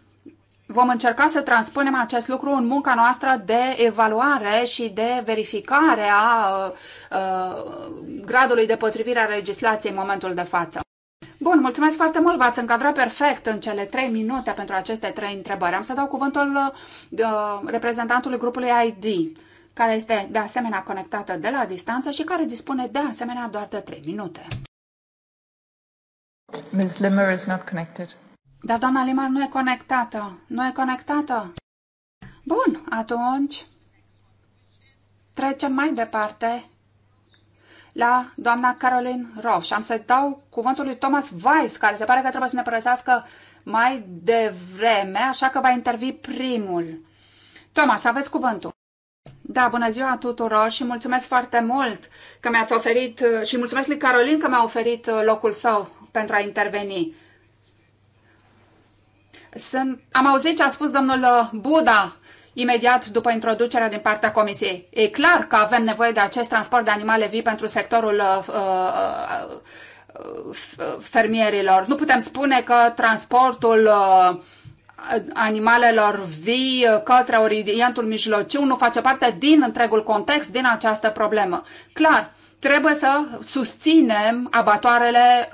Speaker 6: vom încerca să transpunem acest lucru în munca noastră de evaluare și de verificare a gradului de potrivire a legislației în momentul de față. Bun, mulțumesc foarte mult. V-ați încadrat perfect în cele trei minute pentru aceste trei întrebări. Am să dau cuvântul uh, uh, reprezentantului grupului ID, care este de asemenea conectată de la distanță și care dispune de asemenea doar de trei minute. Ms. Limmer is not connected. Dar doamna Limar nu e conectată. Nu e conectată. Bun, atunci trecem mai departe la doamna Caroline Roș. Am să dau cuvântul lui Thomas Weiss, care se pare că trebuie să ne părăsească mai devreme, așa că va intervi primul. Thomas, aveți cuvântul. Da, bună ziua tuturor și mulțumesc foarte mult că mi-ați oferit și mulțumesc lui Carolin că mi-a oferit locul său pentru a interveni. Sunt, am auzit ce a spus domnul uh, Buda imediat după introducerea din partea Comisiei. E clar că avem nevoie de acest transport de animale vii pentru sectorul uh, uh, uh fermierilor. Nu putem spune că transportul uh, animalelor vii către Orientul Mijlociu nu face parte din întregul context, din această problemă. Clar, trebuie să susținem abatoarele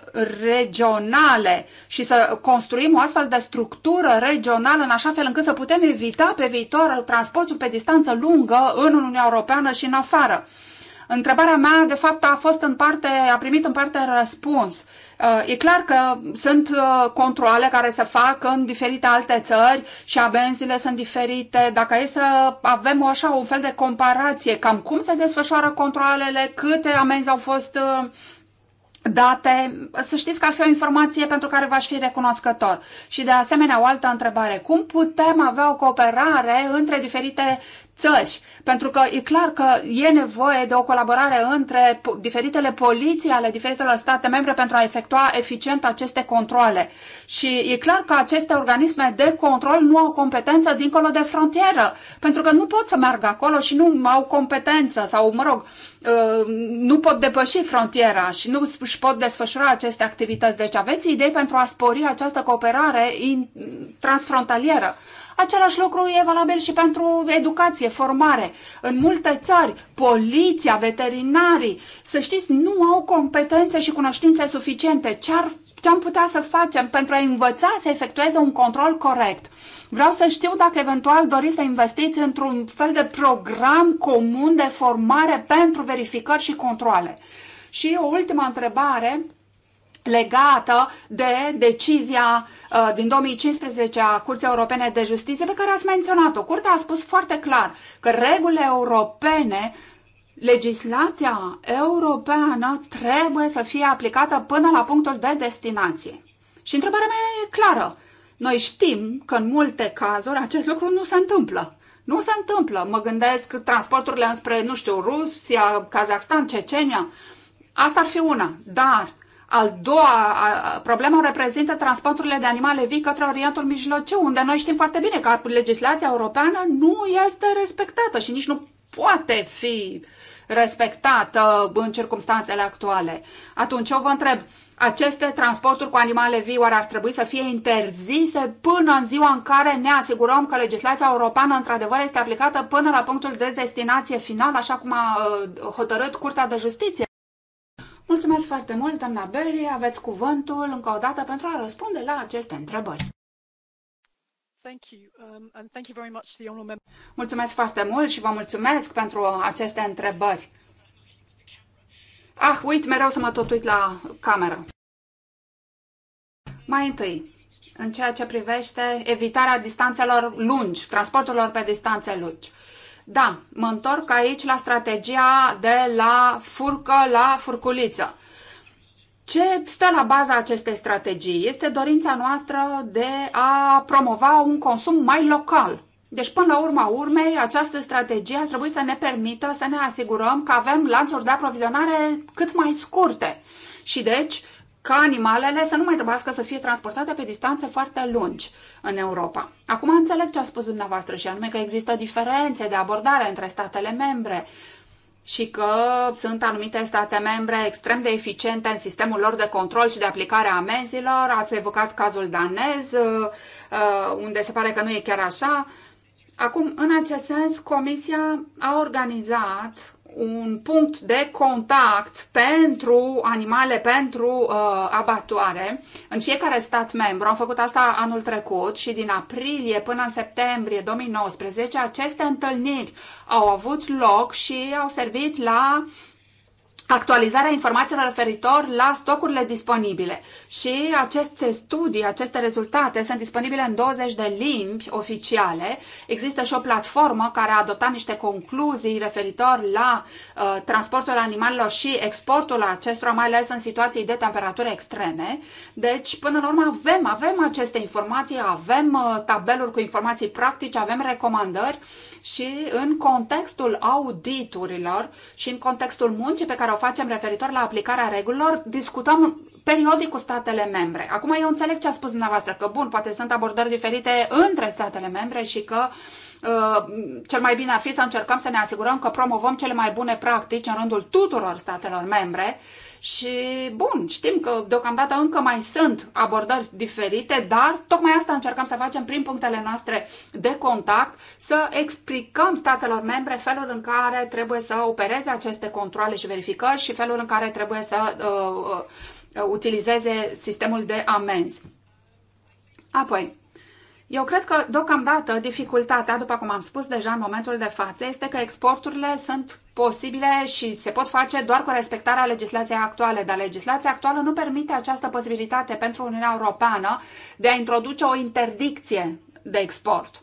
Speaker 6: regionale și să construim o astfel de structură regională în așa fel încât să putem evita pe viitor transportul pe distanță lungă în Uniunea Europeană și în afară. Întrebarea mea, de fapt, a fost în parte, a primit în parte răspuns. Uh, e clar că sunt uh, controle care se fac în diferite alte țări și abenzile sunt diferite. Dacă e să avem așa un fel de comparație, cam cum se desfășoară controlele, câte amenzi au fost uh, date, să știți că ar fi o informație pentru care v-aș fi recunoscător. Și de asemenea, o altă întrebare. Cum putem avea o cooperare între diferite țări, pentru că e clar că e nevoie de o colaborare între diferitele poliții ale diferitelor state membre pentru a efectua eficient aceste controle. Și e clar că aceste organisme de control nu au competență dincolo de frontieră, pentru că nu pot să meargă acolo și nu au competență sau, mă rog, ă, nu pot depăși frontiera și nu își pot desfășura aceste activități. Deci aveți idei pentru a spori această cooperare transfrontalieră. Același lucru e valabil și pentru educație, formare. În multe țări, poliția, veterinarii, să știți, nu au competențe și cunoștințe suficiente. Ce ar ce am putea să facem pentru a învăța să efectueze un control corect. Vreau să știu dacă eventual doriți să investiți într-un fel de program comun de formare pentru verificări și controle. Și o ultima întrebare legată de decizia uh, din 2015 a Curții Europene de Justiție pe care ați menționat-o. Curtea a spus foarte clar că regulile europene legislația europeană trebuie să fie aplicată până la punctul de destinație. Și întrebarea mea e clară. Noi știm că în multe cazuri acest lucru nu se întâmplă. Nu se întâmplă. Mă gândesc transporturile înspre, nu știu, Rusia, Kazakhstan, Cecenia. Asta ar fi una. Dar al doua problemă reprezintă transporturile de animale vii către Orientul Mijlociu, unde noi știm foarte bine că legislația europeană nu este respectată și nici nu poate fi respectată în circumstanțele actuale. Atunci eu vă întreb, aceste transporturi cu animale vii oare ar trebui să fie interzise până în ziua în care ne asigurăm că legislația europeană într-adevăr este aplicată până la punctul de destinație final, așa cum a uh, hotărât Curtea de Justiție? Mulțumesc foarte mult, doamna Berry. Aveți cuvântul încă o dată pentru a răspunde la aceste întrebări. Mulțumesc foarte mult și vă mulțumesc pentru aceste întrebări. Ah, uit mereu să mă tot uit la cameră. Mai întâi, în ceea ce privește evitarea distanțelor lungi, transporturilor pe distanțe lungi. Da, mă întorc aici la strategia de la furcă la furculiță. Ce stă la baza acestei strategii? Este dorința noastră de a promova un consum mai local. Deci, până la urma urmei, această strategie ar trebui să ne permită să ne asigurăm că avem lanțuri de aprovizionare cât mai scurte. Și deci, ca animalele să nu mai trebuiască să fie transportate pe distanțe foarte lungi în Europa. Acum înțeleg ce a spus dumneavoastră și anume că există diferențe de abordare între statele membre și că sunt anumite state membre extrem de eficiente în sistemul lor de control și de aplicare a amenzilor. Ați evocat cazul danez, uh, uh, unde se pare că nu e chiar așa. Acum, în acest sens, Comisia a organizat un punct de contact pentru animale pentru uh, abatoare în fiecare stat membru. Am făcut asta anul trecut și din aprilie până în septembrie 2019 aceste întâlniri au avut loc și au servit la actualizarea informațiilor referitor la stocurile disponibile. Și aceste studii, aceste rezultate sunt disponibile în 20 de limbi oficiale. Există și o platformă care a adoptat niște concluzii referitor la uh, transportul animalelor și exportul acestora, mai ales în situații de temperaturi extreme. Deci, până la urmă, avem, avem aceste informații, avem uh, tabeluri cu informații practice, avem recomandări și în contextul auditurilor și în contextul muncii pe care o o facem referitor la aplicarea regulilor, discutăm periodic cu statele membre. Acum eu înțeleg ce a spus dumneavoastră, că bun, poate sunt abordări diferite între statele membre și că uh, cel mai bine ar fi să încercăm să ne asigurăm că promovăm cele mai bune practici în rândul tuturor statelor membre și bun, știm că deocamdată încă mai sunt abordări diferite, dar tocmai asta încercăm să facem prin punctele noastre de contact, să explicăm statelor membre felul în care trebuie să opereze aceste controle și verificări și felul în care trebuie să uh, uh, Uh, utilizeze sistemul de amenzi. Apoi, eu cred că, deocamdată, dificultatea, după cum am spus deja în momentul de față, este că exporturile sunt posibile și se pot face doar cu respectarea legislației actuale, dar legislația actuală nu permite această posibilitate pentru Uniunea Europeană de a introduce o interdicție de export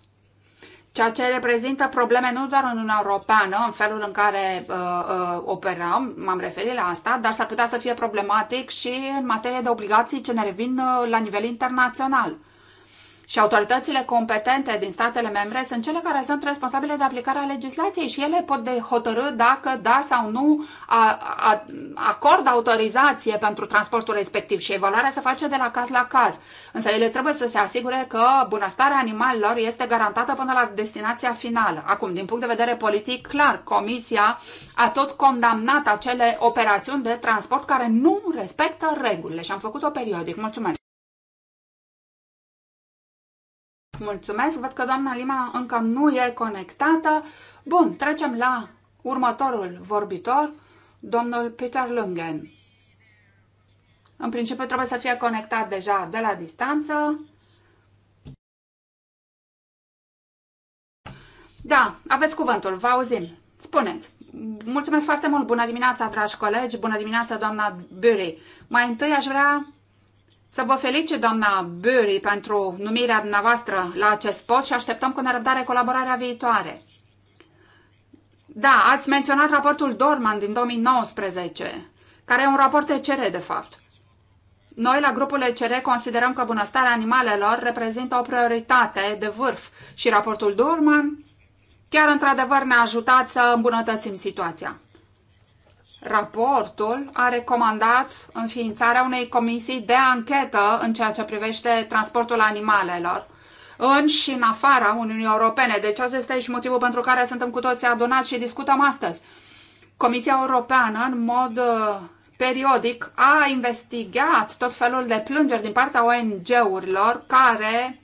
Speaker 6: ceea ce reprezintă probleme nu doar în Uniunea Europeană, în felul în care uh, uh, operăm, m-am referit la asta, dar s-ar putea să fie problematic și în materie de obligații ce ne revin uh, la nivel internațional. Și autoritățile competente din statele membre sunt cele care sunt responsabile de aplicarea legislației și ele pot de hotărâ dacă da sau nu a, a, acord autorizație pentru transportul respectiv și evaluarea se face de la caz la caz. Însă ele trebuie să se asigure că bunăstarea animalelor este garantată până la destinația finală. Acum, din punct de vedere politic, clar, Comisia a tot condamnat acele operațiuni de transport care nu respectă regulile și am făcut-o periodic. Mulțumesc! Mulțumesc, văd că doamna Lima încă nu e conectată. Bun, trecem la următorul vorbitor, domnul Peter Lungen. În principiu trebuie să fie conectat deja de la distanță. Da, aveți cuvântul, vă auzim. Spuneți. Mulțumesc foarte mult. Bună dimineața, dragi colegi. Bună dimineața, doamna Bury. Mai întâi aș vrea să vă felicit, doamna Bury, pentru numirea dumneavoastră la acest post și așteptăm cu nerăbdare colaborarea viitoare. Da, ați menționat raportul Dorman din 2019, care e un raport ECR, de fapt. Noi, la grupul ECR, considerăm că bunăstarea animalelor reprezintă o prioritate de vârf și raportul Dorman chiar într-adevăr ne-a ajutat să îmbunătățim situația. Raportul a recomandat înființarea unei comisii de anchetă în ceea ce privește transportul animalelor în și în afara Uniunii Europene. Deci acesta este și motivul pentru care suntem cu toții adunați și discutăm astăzi. Comisia Europeană, în mod uh, periodic, a investigat tot felul de plângeri din partea ONG-urilor care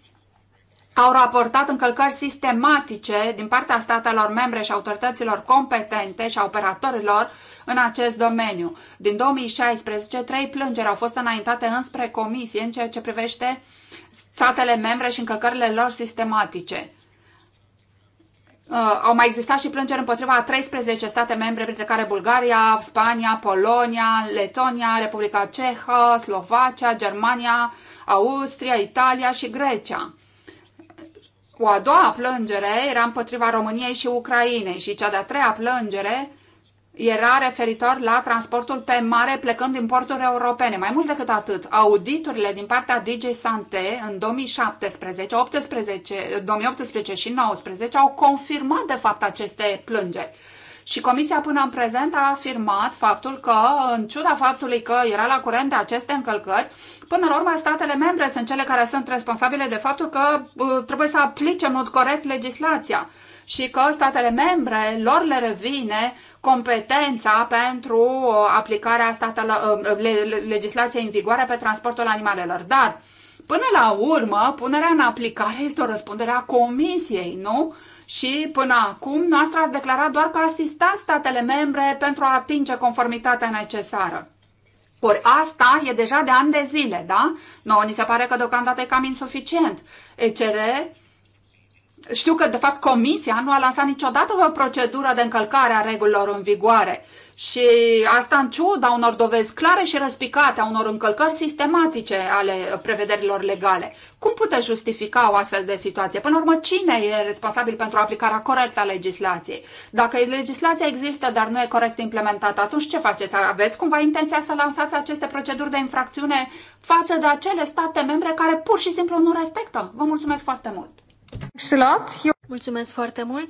Speaker 6: au raportat încălcări sistematice din partea statelor membre și autorităților competente și a operatorilor în acest domeniu. Din 2016, trei plângeri au fost înaintate înspre comisie în ceea ce privește statele membre și încălcările lor sistematice. Uh, au mai existat și plângeri împotriva a 13 state membre, printre care Bulgaria, Spania, Polonia, Letonia, Republica Cehă, Slovacia, Germania, Austria, Italia și Grecia. Cu a doua plângere era împotriva României și Ucrainei și cea de-a treia plângere era referitor la transportul pe mare plecând din porturi europene. Mai mult decât atât, auditurile din partea DJ Sante în 2017, 18, 2018 și 2019 au confirmat de fapt aceste plângeri. Și Comisia până în prezent a afirmat faptul că, în ciuda faptului că era la curent de aceste încălcări, până la urmă statele membre sunt cele care sunt responsabile de faptul că uh, trebuie să aplice în mod corect legislația și că statele membre lor le revine competența pentru uh, aplicarea statelor, uh, legislației în vigoare pe transportul animalelor. Dar, până la urmă, punerea în aplicare este o răspundere a Comisiei, nu? Și până acum, noastră ați declarat doar că asistați statele membre pentru a atinge conformitatea necesară. Ori asta e deja de ani de zile, da? Noi ni se pare că deocamdată e cam insuficient. ECR știu că, de fapt, Comisia nu a lansat niciodată o procedură de încălcare a regulilor în vigoare și asta în ciuda unor dovezi clare și răspicate, a unor încălcări sistematice ale prevederilor legale. Cum puteți justifica o astfel de situație? Până la urmă, cine e responsabil pentru aplicarea corectă a legislației? Dacă legislația există, dar nu e corect implementată, atunci ce faceți? Aveți cumva intenția să lansați aceste proceduri de infracțiune față de acele state membre care pur și simplu nu respectă? Vă mulțumesc foarte mult! Mulțumesc foarte mult!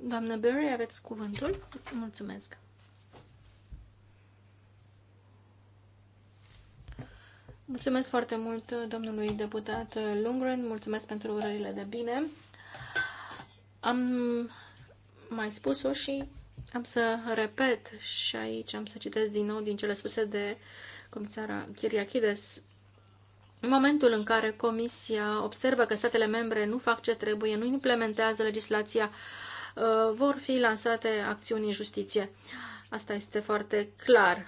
Speaker 3: Doamnă Berry, aveți cuvântul? Mulțumesc! Mulțumesc foarte mult domnului deputat Lungren, mulțumesc pentru urările de bine. Am mai spus-o și am să repet și aici am să citesc din nou din cele spuse de comisara Chiriachides. În momentul în care Comisia observă că statele membre nu fac ce trebuie, nu implementează legislația, uh, vor fi lansate acțiuni în justiție. Asta este foarte clar.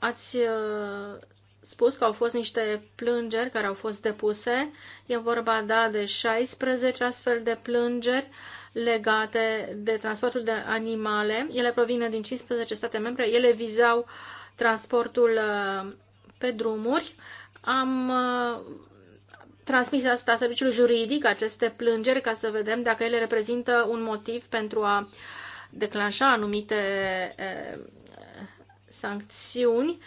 Speaker 3: Ați uh, spus că au fost niște plângeri care au fost depuse. E vorba, da, de 16 astfel de plângeri legate de transportul de animale. Ele provin din 15 state membre. Ele vizau transportul uh, pe drumuri. Am uh, transmis asta serviciul juridic, aceste plângeri, ca să vedem dacă ele reprezintă un motiv pentru a declanșa anumite uh, sancțiuni.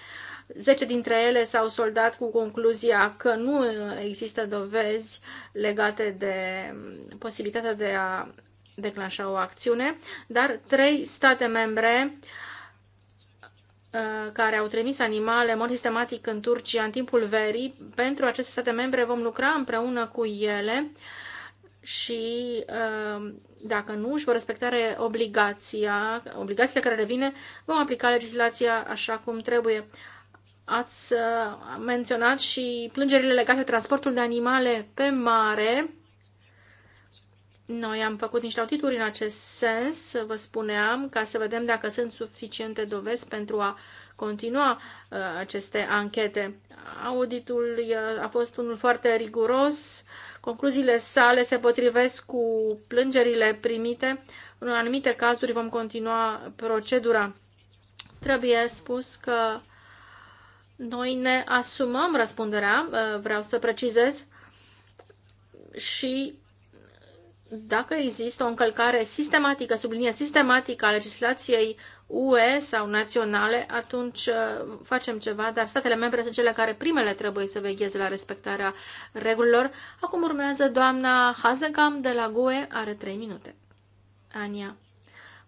Speaker 3: Zece dintre ele s-au soldat cu concluzia că nu există dovezi legate de posibilitatea de a declanșa o acțiune, dar trei state membre uh, care au trimis animale mor sistematic în Turcia în timpul verii. Pentru aceste state membre vom lucra împreună cu ele și uh, dacă nu își vor respecta obligația, obligațiile care revine, vom aplica legislația așa cum trebuie. Ați uh, menționat și plângerile legate de transportul de animale pe mare. Noi am făcut niște audituri în acest sens, vă spuneam, ca să vedem dacă sunt suficiente dovezi pentru a continua uh, aceste anchete. Auditul uh, a fost unul foarte riguros, concluziile sale se potrivesc cu plângerile primite. În anumite cazuri vom continua procedura. Trebuie spus că noi ne asumăm răspunderea, uh, vreau să precizez, și dacă există o încălcare sistematică, sublinie sistematică a legislației UE sau naționale, atunci uh, facem ceva, dar statele membre sunt cele care primele trebuie să vegheze la respectarea regulilor. Acum urmează doamna Hazegam de la GUE, are 3 minute. Ania.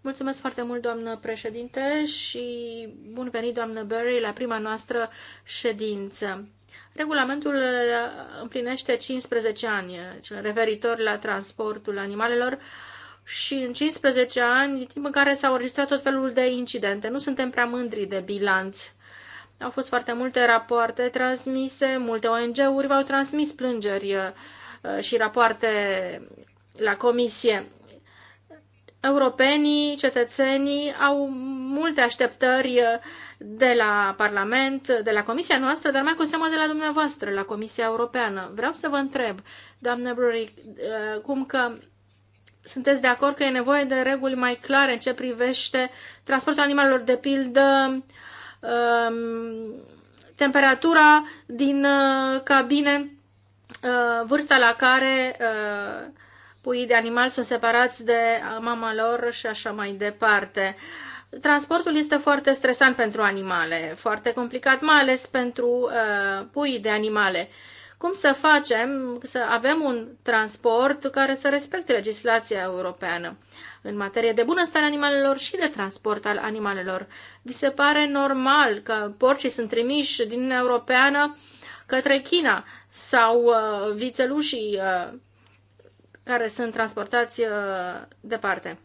Speaker 3: Mulțumesc foarte mult, doamnă președinte, și bun venit, doamnă Berry, la prima noastră ședință. Regulamentul împlinește 15 ani, referitor la transportul animalelor, și în 15 ani, timp în care s-au înregistrat tot felul de incidente. Nu suntem prea mândri de bilanț. Au fost foarte multe rapoarte transmise, multe ONG-uri v-au transmis plângeri uh, și rapoarte la comisie europenii, cetățenii au multe așteptări de la Parlament, de la Comisia noastră, dar mai cu seamă de la dumneavoastră, la Comisia Europeană. Vreau să vă întreb, doamnă Bruric, eh, cum că sunteți de acord că e nevoie de reguli mai clare în ce privește transportul animalelor, de pildă ehm, temperatura din eh, cabine, eh, vârsta la care puii de animal sunt separați de mama lor și așa mai departe. Transportul este foarte stresant pentru animale, foarte complicat, mai ales pentru uh, puii de animale. Cum să facem să avem un transport care să respecte legislația europeană în materie de bunăstare animalelor și de transport al animalelor? Vi se pare normal că porcii sunt trimiși din Europeană către China sau uh, vițelușii uh, care sunt transportați uh, departe.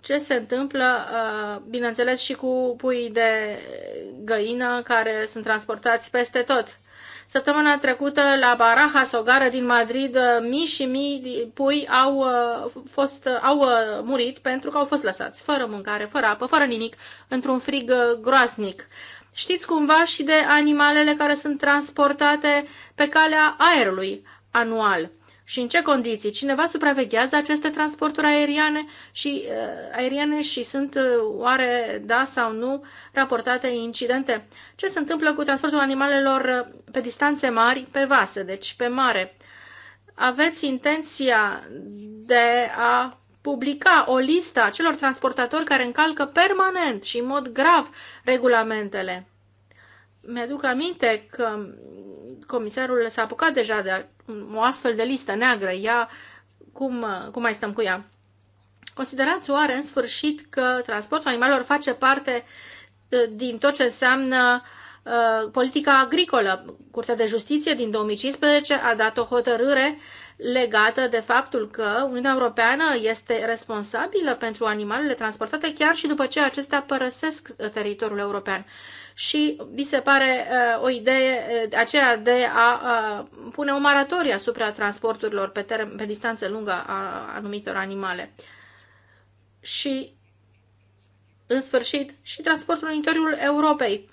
Speaker 3: Ce se întâmplă, uh, bineînțeles, și cu puii de găină care sunt transportați peste tot. Săptămâna trecută, la Barajas, o gară din Madrid, uh, mii și mii de pui au, fost, au murit pentru că au fost lăsați fără mâncare, fără apă, fără nimic, într-un frig groaznic știți cumva și de animalele care sunt transportate pe calea aerului anual și în ce condiții. Cineva supraveghează aceste transporturi aeriane și, uh, aeriene și sunt uh, oare da sau nu raportate incidente. Ce se întâmplă cu transportul animalelor uh, pe distanțe mari pe vase, deci pe mare? Aveți intenția de a publica o listă a celor transportatori care încalcă permanent și în mod grav regulamentele. Mi-aduc aminte că comisarul s-a apucat deja de o astfel de listă neagră. Ea, cum, cum mai stăm cu ea? Considerați oare în sfârșit că transportul animalelor face parte uh, din tot ce înseamnă uh, politica agricolă? Curtea de Justiție din 2015 a dat o hotărâre uh, legată de faptul că Uniunea Europeană este responsabilă pentru animalele transportate chiar și după ce acestea părăsesc teritoriul european. Și vi se pare uh, o idee uh, aceea de a uh, pune o maratorie asupra transporturilor pe, term, pe distanță lungă a anumitor animale. Și, în sfârșit, și transportul în interiorul Europei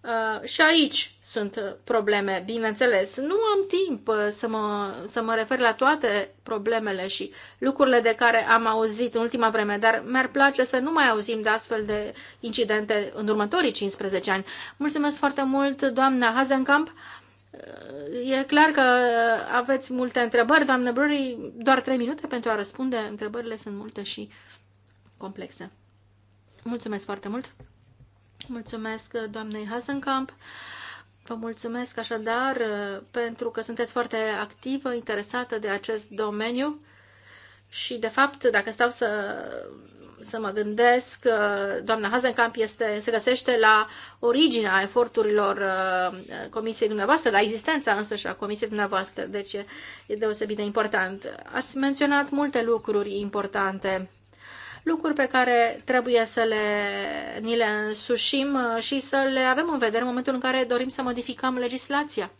Speaker 3: Uh, și aici sunt uh, probleme, bineînțeles. Nu am timp uh, să mă, să mă refer la toate problemele și lucrurile de care am auzit în ultima vreme, dar mi-ar place să nu mai auzim de astfel de incidente în următorii 15 ani. Mulțumesc foarte mult, doamna Hazenkamp. E clar că aveți multe întrebări, doamnă Brury, doar 3 minute pentru a răspunde. Întrebările sunt multe și complexe. Mulțumesc foarte mult! Mulțumesc uh, doamnei Hasenkamp. Vă mulțumesc așadar uh, pentru că sunteți foarte activă, interesată de acest domeniu și, de fapt, dacă stau să, să mă gândesc, uh, doamna Hazencamp este, se găsește la originea eforturilor comisiei dumneavoastră, la existența însăși a comisiei dumneavoastră, deci e deosebit de important. Ați menționat multe lucruri importante lucruri pe care trebuie să le, ni le însușim uh, și să le avem în vedere în momentul în care dorim să modificăm legislația.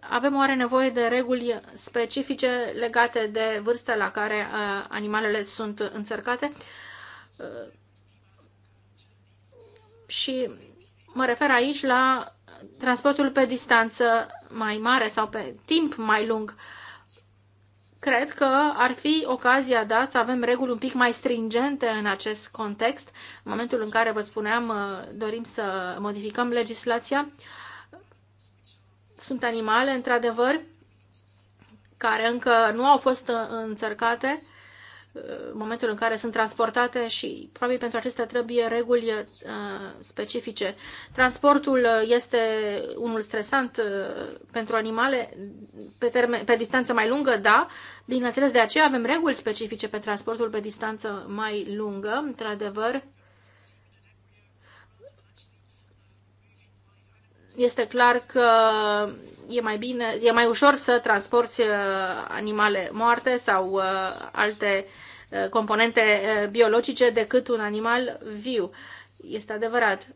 Speaker 3: Avem oare nevoie de reguli specifice legate de vârsta la care uh, animalele sunt înțărcate? Uh, și mă refer aici la transportul pe distanță mai mare sau pe timp mai lung. Uh, cred că ar fi ocazia, da, să avem reguli un pic mai stringente în acest context, în momentul în care, vă spuneam, uh, dorim să modificăm legislația. Sunt animale, într-adevăr, care încă nu au fost uh, înțărcate Uh, momentul în care sunt transportate și probabil pentru acestea trebuie reguli uh, specifice. Transportul uh, este unul stresant pentru animale pe, termen, pe distanță mai lungă, da, bineînțeles, de aceea avem reguli specifice pe transportul pe distanță mai lungă, într-adevăr. Este clar că e mai bine, e mai ușor să transporti uh, animale moarte sau uh, alte uh, componente biologice decât un animal viu. Este adevărat.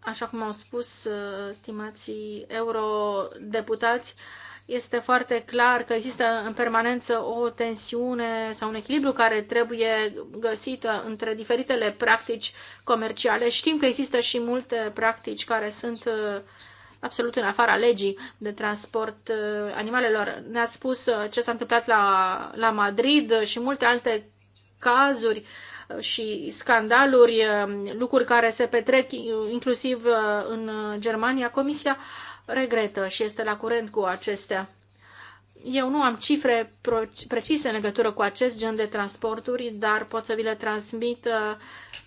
Speaker 3: Așa cum au spus stimații eurodeputați, este foarte clar că există în permanență o tensiune sau un echilibru care trebuie găsită între diferitele practici comerciale. Știm că există și multe practici care sunt uh, absolut în afara legii de transport uh, animalelor. ne a spus uh, ce s-a întâmplat la, la Madrid și multe alte cazuri și scandaluri, lucruri care se petrec inclusiv în Germania. Comisia regretă și este la curent cu acestea. Eu nu am cifre precise în legătură cu acest gen de transporturi, dar pot să vi le transmit uh,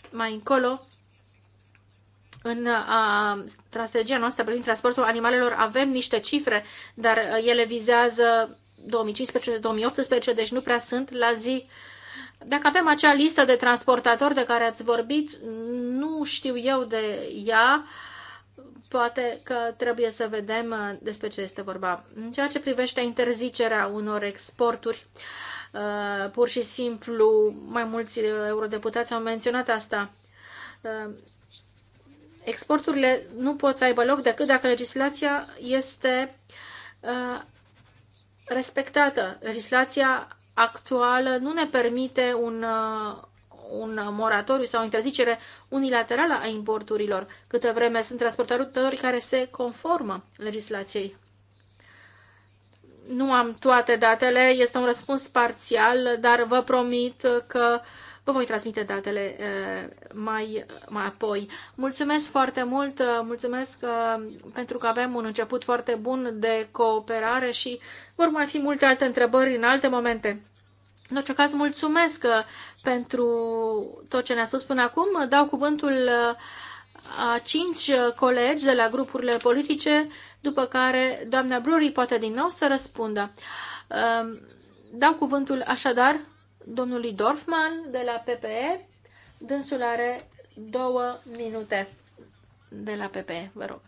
Speaker 3: mai încolo. În uh, strategia noastră privind transportul animalelor avem niște cifre, dar uh, ele vizează 2015-2018, deci nu prea sunt la zi. Dacă avem acea listă de transportatori de care ați vorbit, nu știu eu de ea. Uh, poate că trebuie să vedem uh, despre ce este vorba. În ceea ce privește interzicerea unor exporturi, uh, pur și simplu mai mulți uh, eurodeputați au menționat asta. Exporturile nu pot să aibă loc decât dacă legislația este respectată. Legislația actuală nu ne permite un un moratoriu sau o interzicere unilaterală a importurilor, câtă vreme sunt transportatori care se conformă legislației. Nu am toate datele, este un răspuns parțial, dar vă promit că vă voi transmite datele eh, mai, mai apoi. Mulțumesc foarte mult, eh, mulțumesc eh, pentru că avem un început foarte bun de cooperare și vor mai fi multe alte întrebări în alte momente. În orice caz, mulțumesc uh, pentru tot ce ne-a spus până acum. Dau cuvântul uh, a cinci uh, colegi de la grupurile politice, după care doamna Bruri poate din nou să răspundă. Um, dau cuvântul așadar domnului Dorfman de la PPE. Dânsul are două minute
Speaker 2: de la PPE, vă rog.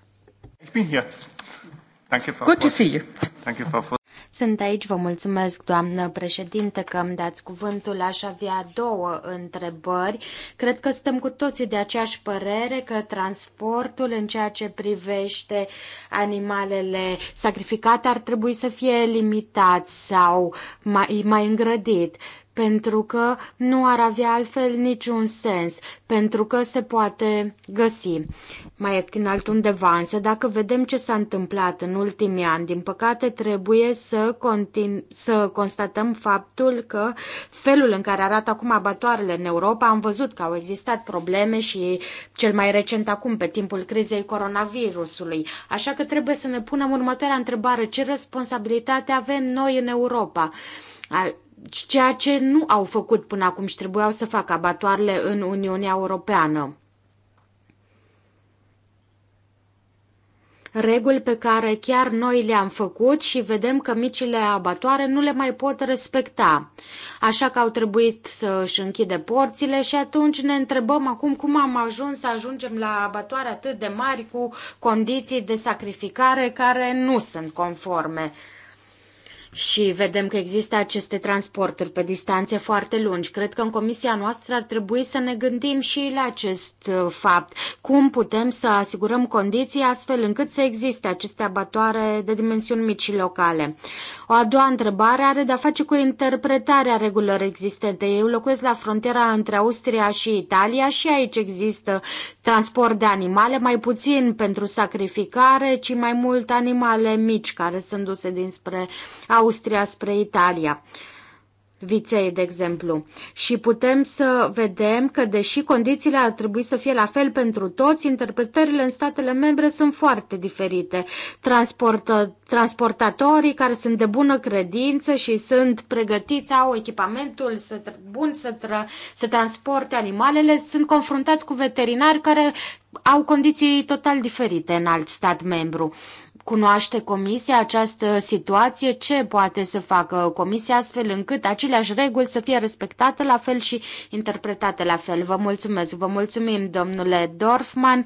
Speaker 1: Good to see you. Thank you for
Speaker 2: sunt aici, vă mulțumesc, doamnă președinte, că îmi dați cuvântul. Aș avea două întrebări. Cred că suntem cu toții de aceeași părere că transportul în ceea ce privește animalele sacrificate ar trebui să fie limitat sau mai, mai îngrădit pentru că nu ar avea altfel niciun sens, pentru că se poate găsi mai ieftin altundeva. Însă dacă vedem ce s-a întâmplat în ultimii ani, din păcate trebuie să, continu- să constatăm faptul că felul în care arată acum abatoarele în Europa, am văzut că au existat probleme și cel mai recent acum, pe timpul crizei coronavirusului. Așa că trebuie să ne punem următoarea întrebare. Ce responsabilitate avem noi în Europa? ceea ce nu au făcut până acum și trebuiau să facă abatoarele în Uniunea Europeană. reguli pe care chiar noi le-am făcut și vedem că micile abatoare nu le mai pot respecta. Așa că au trebuit să își închide porțile și atunci ne întrebăm acum cum am ajuns să ajungem la abatoare atât de mari cu condiții de sacrificare care nu sunt conforme și vedem că există aceste transporturi pe distanțe foarte lungi. Cred că în comisia noastră ar trebui să ne gândim și la acest uh, fapt. Cum putem să asigurăm condiții astfel încât să existe aceste abatoare de dimensiuni mici și locale. O a doua întrebare are de-a face cu interpretarea regulilor existente. Eu locuiesc la frontiera între Austria și Italia și aici există transport de animale, mai puțin pentru sacrificare, ci mai mult animale mici care sunt duse dinspre Austria Austria spre Italia viței, de exemplu. Și putem să vedem că, deși condițiile ar trebui să fie la fel pentru toți, interpretările în statele membre sunt foarte diferite. Transportă, transportatorii care sunt de bună credință și sunt pregătiți, au echipamentul să, bun să, tra, să transporte animalele, sunt confruntați cu veterinari care au condiții total diferite în alt stat membru. Cunoaște Comisia această situație? Ce poate să facă Comisia astfel încât aceleași reguli să fie respectate la fel și interpretate la fel? Vă mulțumesc, vă mulțumim, domnule Dorfman.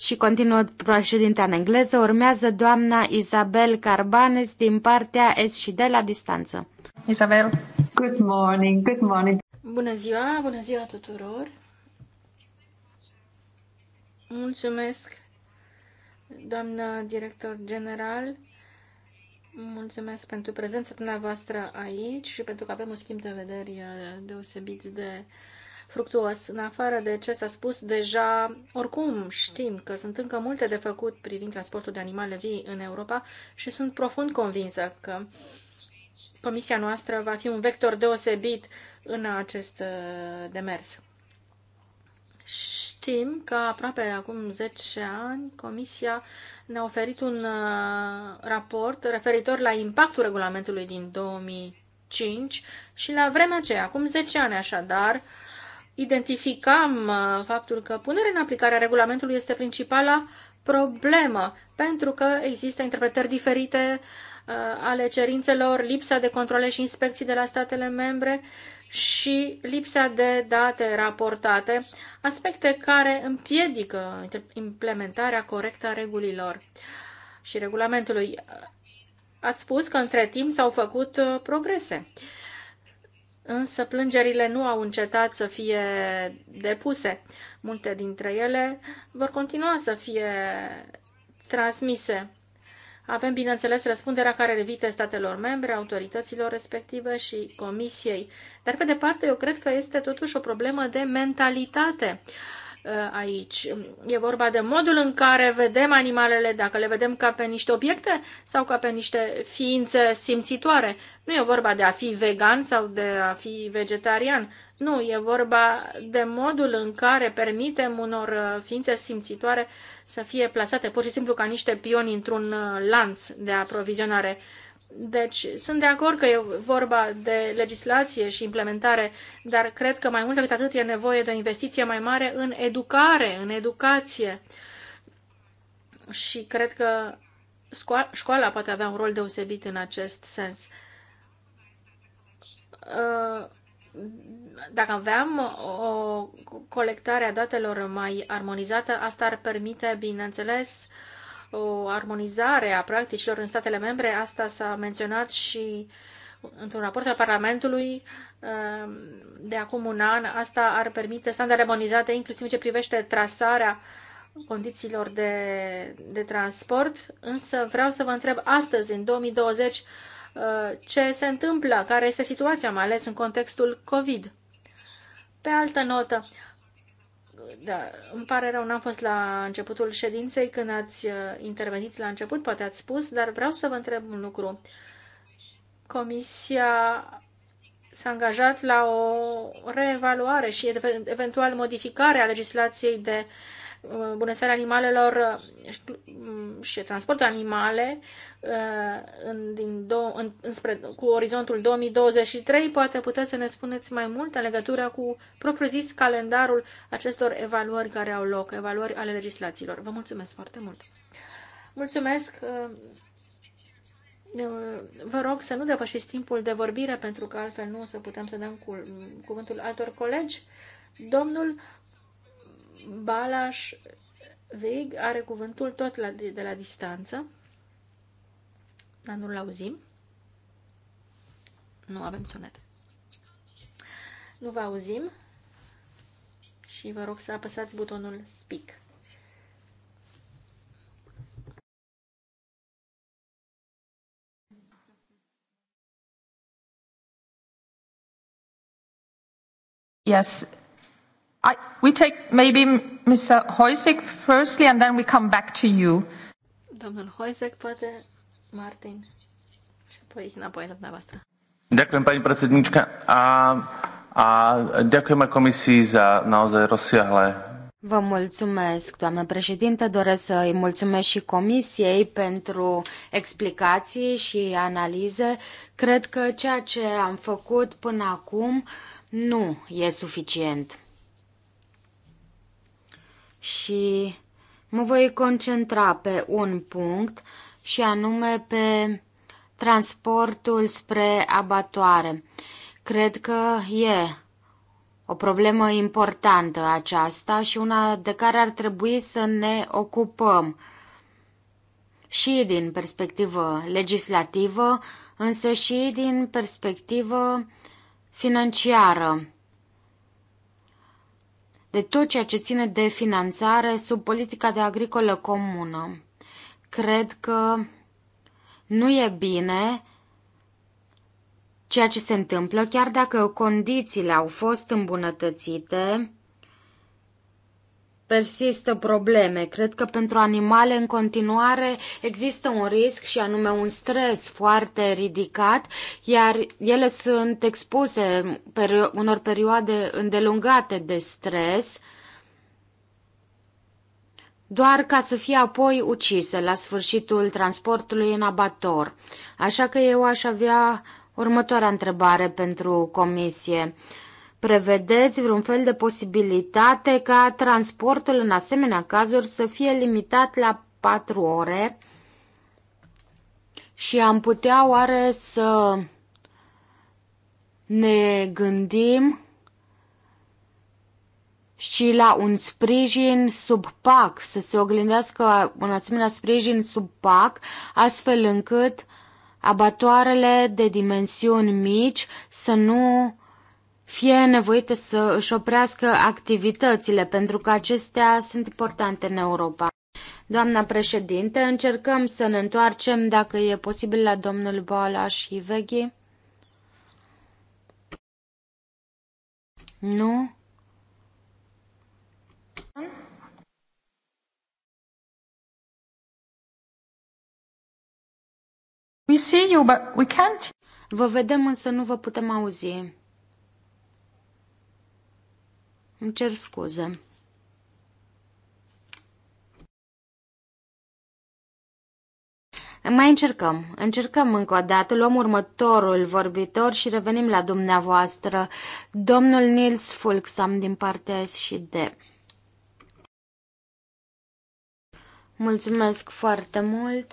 Speaker 2: Și continuă președintea în engleză, urmează doamna Isabel Carbanes din partea S și de la distanță.
Speaker 6: Isabel, good morning, good morning.
Speaker 3: Bună ziua, bună ziua tuturor. Mulțumesc Doamnă director general, mulțumesc pentru prezența dumneavoastră aici și pentru că avem un schimb de vederi deosebit de fructuos. În afară de ce s-a spus deja, oricum știm că sunt încă multe de făcut privind transportul de animale vii în Europa și sunt profund convinsă că comisia noastră va fi un vector deosebit în acest uh, demers. Știm că aproape acum 10 ani Comisia ne-a oferit un uh, raport referitor la impactul regulamentului din 2005 și la vremea aceea, acum 10 ani așadar, identificam uh, faptul că punerea în aplicare a regulamentului este principala problemă, pentru că există interpretări diferite uh, ale cerințelor, lipsa de controle și inspecții de la statele membre și lipsa de date raportate, aspecte care împiedică implementarea corectă a regulilor și regulamentului. Ați spus că între timp s-au făcut uh, progrese, însă plângerile nu au încetat să fie depuse. Multe dintre ele vor continua să fie transmise. Avem, bineînțeles, răspunderea care revite statelor membre, autorităților respective și comisiei. Dar, pe departe, eu cred că este totuși o problemă de mentalitate. Uh, Uh, aici. E vorba de modul în care vedem animalele, dacă le vedem ca pe niște obiecte sau ca pe niște ființe simțitoare. Nu e vorba de a fi vegan sau de a fi vegetarian. Nu, e vorba de modul în care permitem unor uh, ființe simțitoare să fie plasate pur și simplu ca niște pioni într-un uh, lanț de aprovizionare. Deci, sunt de acord că e vorba de legislație și implementare, dar cred că mai mult decât atât e nevoie de o investiție mai mare în educare, în educație. Și cred că școala poate avea un rol deosebit în acest sens. Uh, dacă aveam o colectare a datelor mai armonizată, asta ar permite, bineînțeles, uh, o armonizare a practicilor în statele membre. Asta s-a menționat și într-un raport al Parlamentului um, de acum un an. Asta ar permite standarde armonizate, inclusiv ce privește trasarea condițiilor de, de transport. Însă vreau să vă întreb astăzi, în 2020, uh, ce se întâmplă, care este situația, mai ales în contextul COVID. Pe altă notă, da, îmi pare rău, n-am fost la începutul ședinței când ați uh, intervenit la început, poate ați spus, dar vreau să vă întreb un lucru. Comisia s-a angajat la o reevaluare și eventual modificare a legislației de uh, Uh, bunăstare animalelor uh, mm, și transportul animale uh, în, din do, în, înspre, cu orizontul 2023. Poate puteți să ne spuneți mai mult în legătură cu propriu-zis calendarul acestor evaluări care au loc, evaluări ale legislațiilor. Vă mulțumesc foarte mult! Mulțumesc! Vă rog să nu depășiți timpul de vorbire, pentru că altfel nu o să putem să dăm cu, cuvântul altor colegi. Domnul Balas Vig are cuvântul tot la, de, de la distanță, dar nu-l auzim. Nu avem sunet. Nu vă auzim și vă rog să apăsați butonul Speak.
Speaker 1: Yes, I, we take maybe Mr. Hoisek firstly and then we come back to you.
Speaker 3: Domnul Hoisek, poate Martin
Speaker 2: și apoi înapoi la dumneavoastră.
Speaker 7: Ďakujem, pani predsednička. A, a ďakujeme komisii za naozaj rozsiahle
Speaker 2: Vă mulțumesc, doamnă președinte. Doresc să îi mulțumesc și comisiei pentru explicații și analize. Cred că ceea ce am făcut până acum nu e suficient și mă voi concentra pe un punct și anume pe transportul spre abatoare. Cred că e o problemă importantă aceasta și una de care ar trebui să ne ocupăm și din perspectivă legislativă, însă și din perspectivă financiară de tot ceea ce ține de finanțare sub politica de agricolă comună. Cred că nu e bine ceea ce se întâmplă, chiar dacă condițiile au fost îmbunătățite, persistă probleme. Cred că pentru animale în continuare există un risc și anume un stres foarte ridicat, iar ele sunt expuse perio unor perioade îndelungate de stres doar ca să fie apoi ucise la sfârșitul transportului în abator. Așa că eu aș avea următoarea întrebare pentru comisie. Uh, Prevedeți vreun fel de posibilitate ca transportul în asemenea cazuri să fie limitat la 4 ore și am putea oare să ne gândim și la un sprijin sub PAC, să se oglindească un asemenea sprijin sub PAC, astfel încât abatoarele de dimensiuni mici să nu fie nevoite să își oprească activitățile, pentru că acestea sunt importante în Europa. Doamna președinte, încercăm să ne întoarcem, dacă e posibil, la domnul Boala și Iveghi. Nu? We see you, but we can't. Vă vedem, însă nu vă putem auzi. Îmi cer scuze. Mai încercăm. Încercăm încă o dată. Luăm următorul vorbitor și revenim la dumneavoastră. Domnul Nils Fulksam din partea S și D. Mulțumesc foarte mult!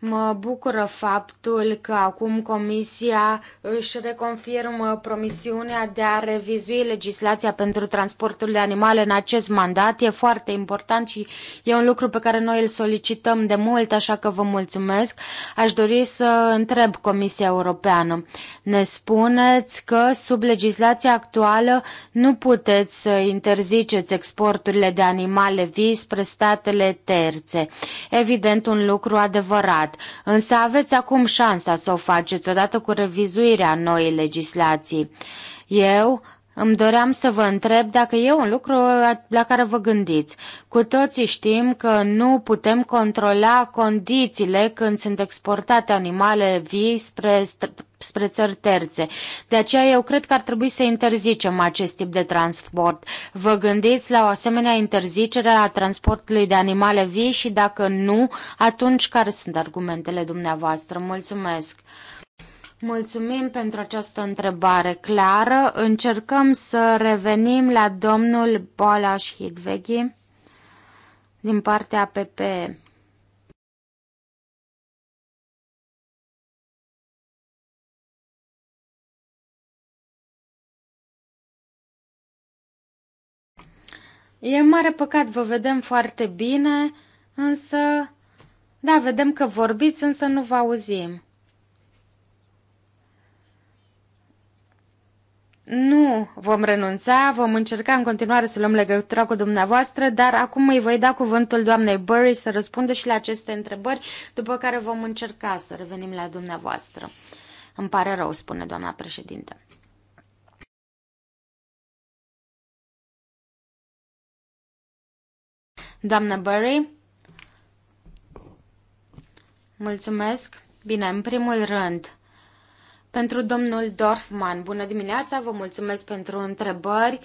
Speaker 2: Mă bucură faptul că acum Comisia își reconfirmă promisiunea de a revizui legislația pentru transportul de animale în acest mandat. E foarte important și e un lucru pe care noi îl solicităm de mult, așa că vă mulțumesc. Aș dori să întreb Comisia Europeană. Ne spuneți că sub legislația actuală nu puteți să interziceți exporturile de animale vii spre statele terțe. Evident, un lucru adevărat adevărat, însă aveți acum șansa să o faceți odată cu revizuirea noii legislații. Eu îmi doream să vă întreb dacă e un lucru la care vă gândiți. Cu toții știm că nu putem controla condițiile când sunt exportate animale vii spre spre țări terțe. De aceea eu cred că ar trebui să interzicem acest tip de transport. Vă gândiți la o asemenea interzicere a transportului de animale vii și dacă nu, atunci care sunt argumentele dumneavoastră? Mulțumesc! Mulțumim pentru această întrebare clară. Încercăm să revenim la domnul Bolaș Hidveghi din partea PPE.
Speaker 4: E mare păcat,
Speaker 2: vă vedem foarte bine, însă... Da, vedem că vorbiți, însă nu vă auzim. Nu vom renunța, vom încerca în continuare să luăm legătura cu dumneavoastră, dar acum îi voi da cuvântul doamnei Burry să răspundă și la aceste întrebări, după care vom încerca să revenim la dumneavoastră. Îmi pare rău, spune doamna președinte. Doamnă Burry, mulțumesc. Bine, în primul rând, pentru domnul Dorfman, bună dimineața, vă mulțumesc pentru întrebări.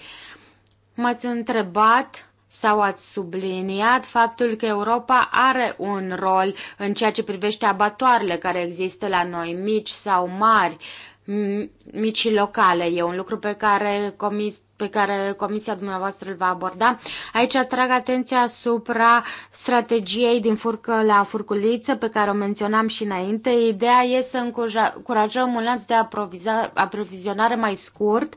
Speaker 2: M-ați întrebat sau ați subliniat faptul că Europa are un rol în ceea ce privește abatoarele care există la noi, mici sau mari, micii locale. E un lucru pe care, comis, pe care comisia dumneavoastră îl va aborda. Aici atrag atenția asupra strategiei din furcă la furculiță pe care o menționam și înainte. Ideea e să încurajăm un lanț de aprovizionare mai scurt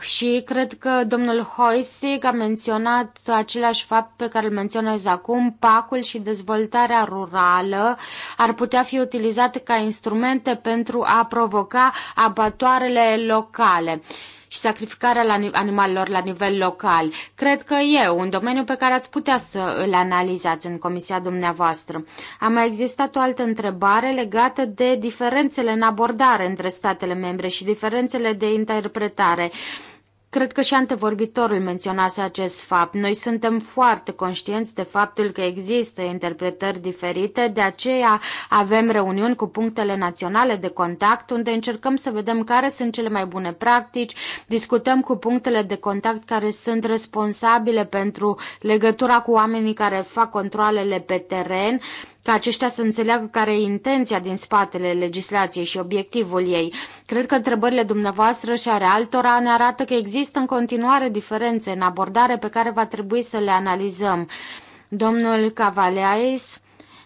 Speaker 2: și cred că domnul Hoisig a menționat același fapt pe care îl menționez acum, pacul și dezvoltarea rurală ar putea fi utilizate ca instrumente pentru a provoca abatoarele locale și sacrificarea la animalelor la nivel local. Cred că e un domeniu pe care ați putea să îl analizați în comisia dumneavoastră. A mai existat o altă întrebare legată de diferențele în abordare între statele membre și diferențele de interpretare. Uh, Cred că și antevorbitorul menționase acest fapt. Noi suntem foarte conștienți de faptul că există interpretări diferite, de aceea avem reuniuni cu punctele naționale de contact, unde încercăm să vedem care sunt cele mai bune practici, discutăm cu punctele de contact care sunt responsabile pentru legătura cu oamenii care fac controlele pe teren, ca aceștia să înțeleagă care e intenția din spatele legislației și obiectivul ei. Cred că întrebările dumneavoastră și ale altora ne arată că există în continuare diferențe în abordare pe care va trebui să le analizăm. Domnul Cavaleais,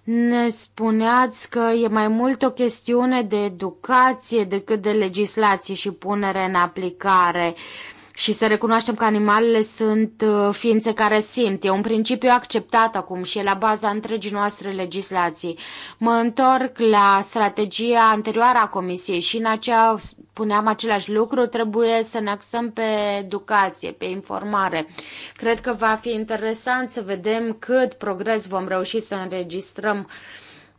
Speaker 2: ne spuneați că e mai mult o chestiune de educație decât de legislație și punere în aplicare. Uh, și să recunoaștem că animalele sunt uh, ființe care simt. E un principiu acceptat acum și e la baza întregii noastre legislații. Mă întorc la strategia anterioară a Comisiei și în aceea puneam același lucru, trebuie să ne axăm pe educație, pe informare. Cred că va fi interesant să vedem cât progres vom reuși să înregistrăm uh,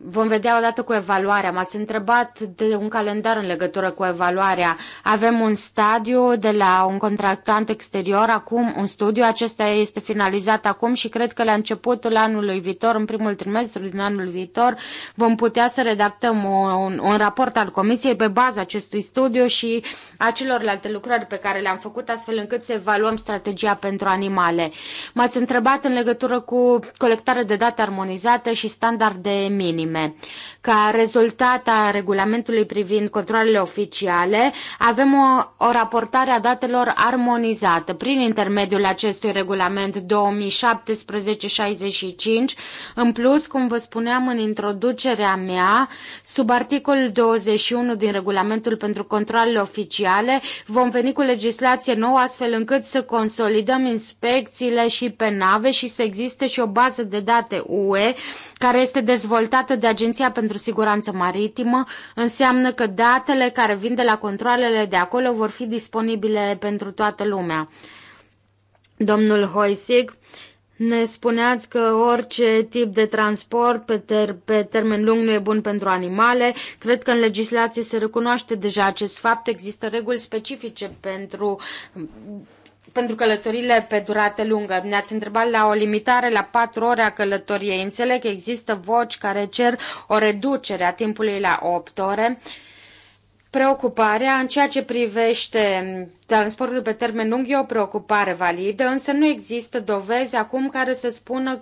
Speaker 2: Vom vedea odată cu evaluarea. M-ați întrebat de un calendar în legătură cu evaluarea. Avem un stadiu de la un contractant exterior acum, un studiu, acesta este finalizat acum și cred că la începutul anului viitor, în primul trimestru din anul viitor, vom putea să redactăm un, un raport al Comisiei pe baza acestui studiu și a celorlalte lucrări pe care le-am făcut, astfel încât să evaluăm strategia pentru animale. M-ați întrebat în legătură cu colectarea de date armonizate și standarde minim anume. Ca rezultat a regulamentului privind controlele oficiale, avem o, o raportare a datelor armonizată prin intermediul acestui regulament 2017-65. În plus, cum vă spuneam în introducerea mea, sub articolul 21 din regulamentul pentru controlele oficiale, vom veni cu legislație nouă astfel încât să consolidăm inspecțiile și pe nave și să existe și o bază de date UE care este dezvoltată dată de Agenția pentru Siguranță Maritimă, înseamnă că datele care vin de la controlele de acolo vor fi disponibile pentru toată lumea. Domnul Hoisig, ne spuneați că orice tip de transport pe, ter- pe termen lung nu e bun pentru animale. Cred că în legislație se recunoaște deja acest fapt. Există reguli specifice pentru pentru călătorile pe durată lungă. Ne-ați întrebat la o limitare la 4 ore a călătoriei. Înțeleg că există voci care cer o reducere a timpului la 8 ore. Preocuparea în ceea ce privește transportul pe termen lung e o preocupare validă, însă nu există dovezi acum care să spună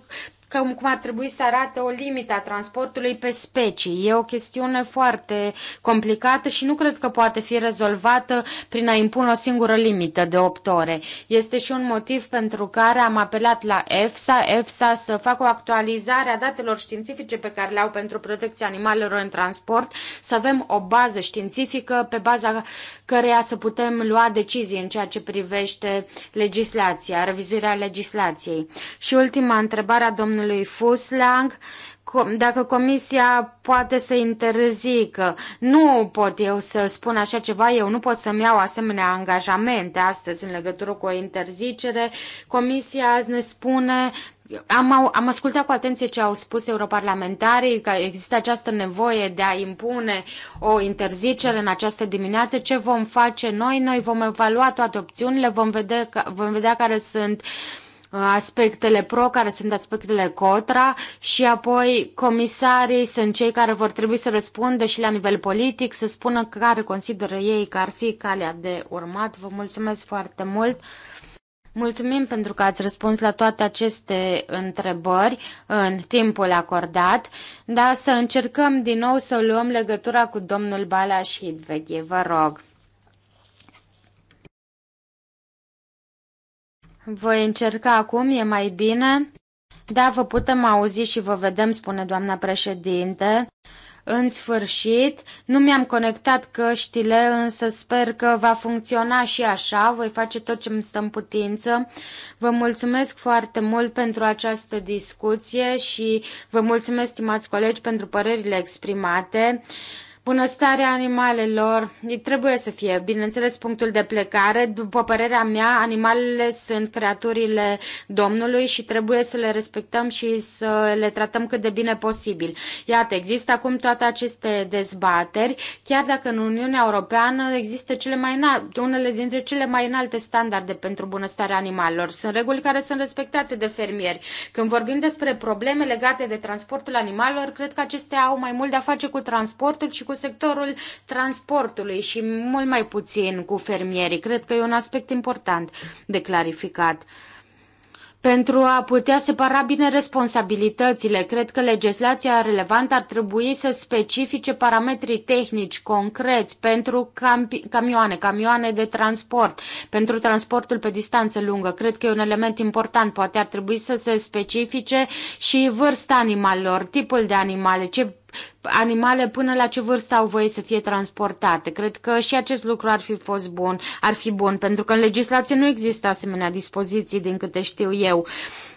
Speaker 2: cum, cum ar trebui să arate o limită a transportului pe specii. E o chestiune foarte complicată și nu cred că poate fi rezolvată prin a impune o singură limită de 8 ore. Este și un motiv pentru care am apelat la EFSA, EFSA să facă o actualizare a datelor științifice pe care le au pentru protecția animalelor în transport, să avem o bază științifică pe baza căreia să putem lua decizii în ceea ce privește legislația, revizuirea legislației. Și ultima întrebare a domnului domnului Fuslang, dacă comisia poate să interzică. Nu pot eu să spun așa ceva, eu nu pot să-mi iau asemenea angajamente astăzi în legătură cu o interzicere. Comisia azi ne spune am, am ascultat cu atenție ce au spus europarlamentarii, că există această nevoie de a impune o interzicere în această dimineață. Ce vom face noi? Noi vom evalua toate opțiunile, vom vedea, vom vedea care sunt uh, aspectele pro, care sunt aspectele contra și apoi comisarii sunt cei care vor trebui să răspundă și la nivel politic, să spună care consideră ei că ar fi calea de urmat. Vă mulțumesc foarte mult! Mulțumim pentru că ați răspuns la toate aceste întrebări în timpul acordat, dar să încercăm din nou să luăm legătura cu domnul Balaș Hidveghe, vă rog. Voi încerca acum, e mai bine? Da, vă putem auzi și vă vedem, spune doamna președinte. În sfârșit, nu mi-am conectat căștile, însă sper că va funcționa și așa. Voi face tot ce îmi stă în putință. Vă mulțumesc foarte mult pentru această discuție și vă mulțumesc, stimați colegi, pentru părerile exprimate. Bunăstarea animalelor trebuie să fie, bineînțeles, punctul de plecare. După părerea mea, animalele sunt creaturile Domnului și trebuie să le respectăm și să le tratăm cât de bine posibil. Iată, există acum toate aceste dezbateri, chiar dacă în Uniunea Europeană există cele mai înal- unele dintre cele mai înalte standarde pentru bunăstarea animalelor. Sunt reguli care sunt respectate de fermieri. Când vorbim despre probleme legate de transportul animalelor, cred că acestea au mai mult de a face cu transportul și cu cu sectorul transportului și mult mai puțin cu fermierii. Cred că e un aspect important de clarificat. Pentru a putea separa bine responsabilitățile, cred că legislația relevantă ar trebui să specifice parametrii tehnici concreți pentru camioane, camioane de transport, pentru transportul pe distanță lungă. Cred că e un element important. Poate ar trebui să se specifice și vârsta animalelor, tipul de animale, ce animale până la ce vârstă au voie să fie transportate. Cred că și acest lucru ar fi fost bun, ar fi bun, pentru că în legislație nu există asemenea dispoziții, din câte știu eu.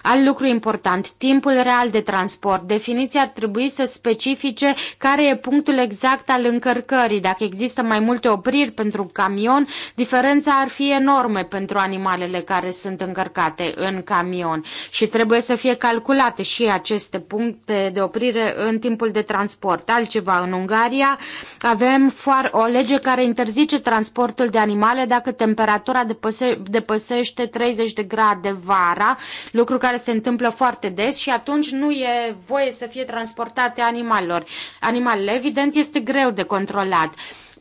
Speaker 2: Al lucru important, timpul real de transport. Definiția ar trebui să specifice care e punctul exact al încărcării. Dacă există mai multe opriri pentru camion, diferența ar fi enormă pentru animalele care sunt încărcate în camion și trebuie să fie calculate și aceste puncte de oprire în timpul de transport transport, altceva în Ungaria. Avem o lege care interzice transportul de animale dacă temperatura depăse, depăsește 30 de grade vara, lucru care se întâmplă foarte des și atunci nu e voie să fie transportate animalelor. Animalele, evident, este greu de controlat.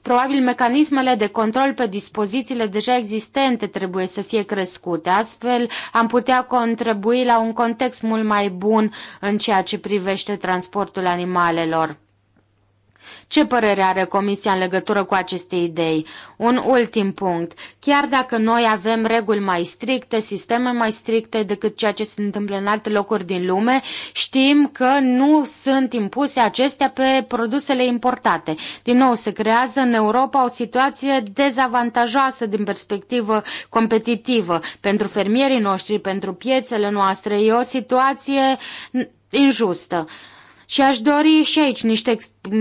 Speaker 2: Probabil mecanismele de control pe dispozițiile deja existente trebuie să fie crescute. Astfel am putea contribui la un context mult mai bun în ceea ce privește transportul animalelor. Ce părere are Comisia în legătură cu aceste idei? Un ultim punct. Chiar dacă noi avem reguli mai stricte, sisteme mai stricte decât ceea ce se întâmplă în alte locuri din lume, știm că nu sunt impuse acestea pe produsele importate. Din nou, se creează în Europa o situație dezavantajoasă din perspectivă competitivă pentru fermierii noștri, pentru piețele noastre. E o situație injustă. Și aș dori și aici niște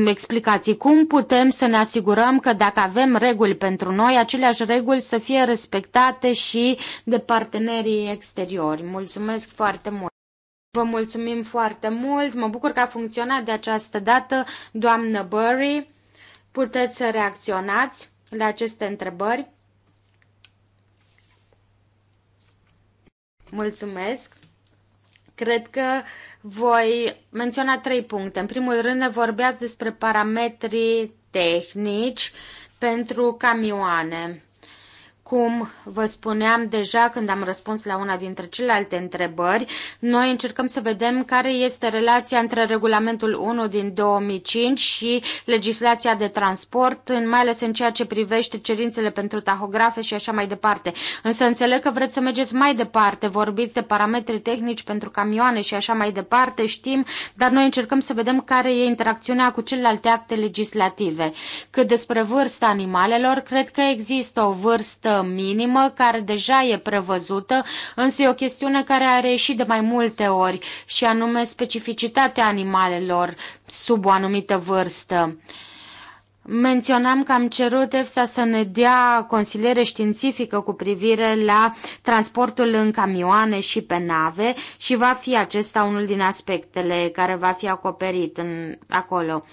Speaker 2: explicații. Cum putem să ne asigurăm că dacă avem reguli pentru noi, aceleași reguli să fie respectate și de partenerii exteriori? Mulțumesc foarte mult! Vă mulțumim foarte mult! Mă bucur că a funcționat de această dată, doamnă Burry. Puteți să reacționați la aceste întrebări. Mulțumesc! Cred că voi menționa trei puncte. În primul rând ne vorbeați despre parametrii tehnici pentru camioane. Cum vă spuneam deja când am răspuns la una dintre celelalte întrebări, noi încercăm să vedem care este relația între regulamentul 1 din 2005 și legislația de transport, mai ales în ceea ce privește cerințele pentru tahografe și așa mai departe. Însă înțeleg că vreți să mergeți mai departe, vorbiți de parametri tehnici pentru camioane și așa mai departe, știm, dar noi încercăm să vedem care e interacțiunea cu celelalte acte legislative. Cât despre vârsta animalelor, cred că există o vârstă minimă care deja e prevăzută, însă e o chestiune care a reieșit de mai multe ori și anume specificitatea animalelor sub o anumită vârstă. Menționam că am cerut EFSA să ne dea consiliere științifică cu privire la transportul în camioane și pe nave și va fi acesta unul din aspectele care va fi acoperit în, acolo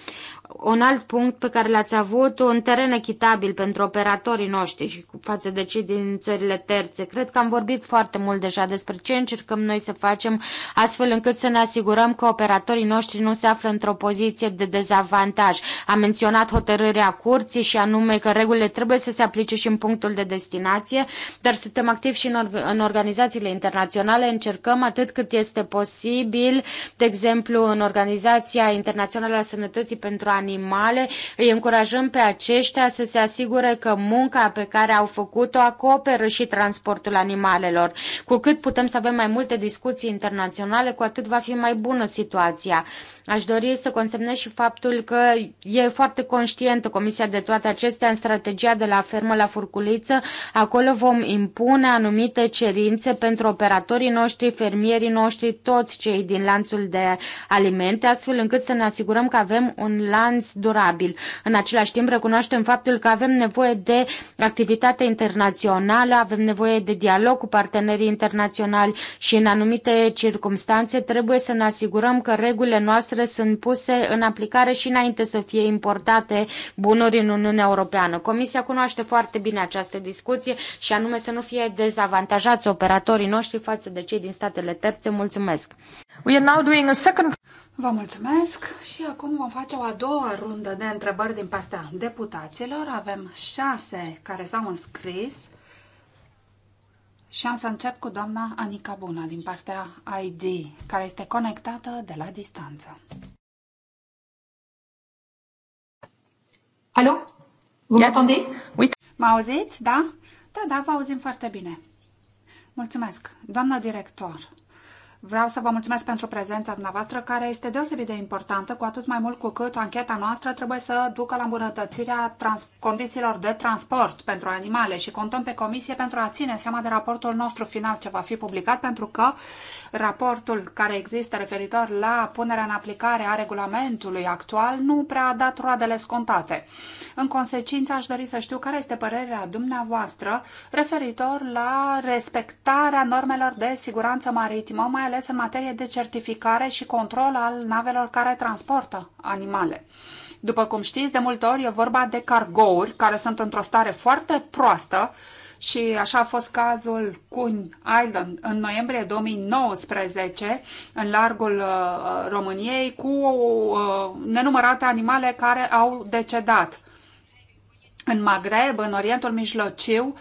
Speaker 2: un alt punct pe care l-ați avut, un teren echitabil pentru operatorii noștri și față de cei din țările terțe. Cred că am vorbit foarte mult deja despre ce încercăm noi să facem, astfel încât să ne asigurăm că operatorii noștri nu se află într-o poziție de dezavantaj. Am menționat hotărârea curții și anume că regulile trebuie să se aplice și în punctul de destinație, dar suntem activi și în, or- în organizațiile internaționale, încercăm atât cât este posibil, de exemplu în Organizația Internațională a Sănătății pentru a animale, îi încurajăm pe aceștia să se asigure că munca pe care au făcut-o acoperă și transportul animalelor. Cu cât putem să avem mai multe discuții internaționale, cu atât va fi mai bună situația. Aș dori să consemnez și faptul că e foarte conștientă Comisia de toate acestea în strategia de la fermă la furculiță. Acolo vom impune anumite cerințe pentru operatorii noștri, fermierii noștri, toți cei din lanțul de alimente, astfel încât să ne asigurăm că avem un lanț sens durabil. În același timp recunoaștem faptul că avem nevoie de activitate internațională, avem nevoie de dialog cu partenerii internaționali și în anumite circunstanțe trebuie să ne asigurăm că regulile noastre sunt puse în aplicare și înainte să fie importate bunuri în Uniunea Europeană. Comisia cunoaște foarte bine această discuție și anume să nu fie dezavantajați operatorii noștri față de cei din statele terțe. Mulțumesc! We are now doing a second...
Speaker 6: Vă mulțumesc și acum vom face o a doua rundă de întrebări din partea deputaților. Avem șase care s-au înscris și am să încep cu doamna Anica Buna din partea ID, care este conectată de la distanță. Alo? Vă yes. Mă auziți? Da? Da, da, vă auzim foarte bine. Mulțumesc. Doamna director, Vreau să vă mulțumesc pentru prezența dumneavoastră, care este deosebit de importantă, cu atât mai mult cu cât ancheta noastră trebuie să ducă la îmbunătățirea condițiilor de transport pentru animale și contăm pe comisie pentru a ține seama de raportul nostru final ce va fi publicat, pentru că raportul care există referitor la punerea în aplicare a regulamentului actual nu prea a dat roadele scontate. În consecință, aș dori să știu care este părerea dumneavoastră referitor la respectarea normelor de siguranță maritimă, mai ales în materie de certificare și control al navelor care transportă animale. După cum știți, de multe ori e vorba de cargouri care sunt într-o stare foarte proastă și așa a fost cazul Cun Island în noiembrie 2019 în largul uh, României cu uh, nenumărate animale care au decedat. În Maghreb, în Orientul Mijlociu,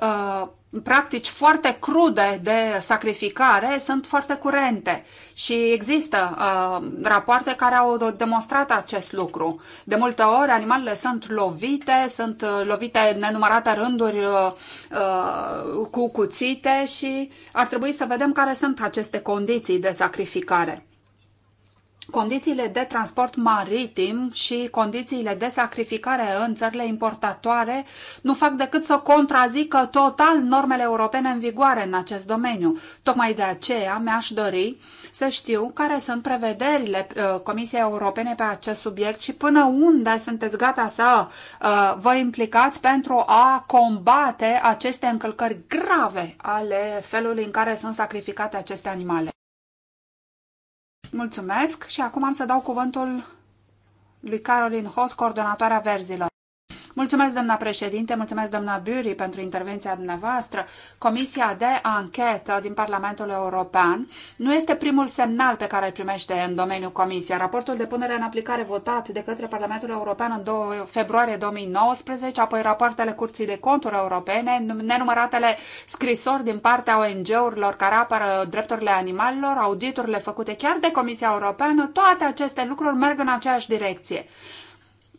Speaker 6: uh, practici foarte crude de sacrificare sunt foarte curente și există uh, rapoarte care au demonstrat acest lucru. De multe ori animalele sunt lovite, sunt uh, lovite în nenumărate rânduri uh, uh, cu cuțite și ar trebui să vedem care sunt aceste condiții de sacrificare condițiile de transport maritim și condițiile de sacrificare în țările importatoare nu fac decât să contrazică total normele europene în vigoare în acest domeniu. Tocmai de aceea mi-aș dori să știu care sunt prevederile uh, Comisiei Europene pe acest subiect și până unde sunteți gata să uh, vă implicați pentru a combate aceste încălcări grave ale felului în care sunt sacrificate aceste animale. Mulțumesc și acum am să dau cuvântul lui Caroline Hoss, coordonatoarea verzilor. Mulțumesc, doamna președinte, mulțumesc, doamna Buri, pentru intervenția dumneavoastră. Comisia de anchetă din Parlamentul European nu este primul semnal pe care îl primește în domeniul Comisiei. Raportul de punere în aplicare votat de către Parlamentul European în 2 februarie 2019, apoi rapoartele Curții de Conturi Europene, nenumăratele scrisori din partea ONG-urilor care apără drepturile animalelor, auditurile făcute chiar de Comisia Europeană, toate aceste lucruri merg în aceeași direcție.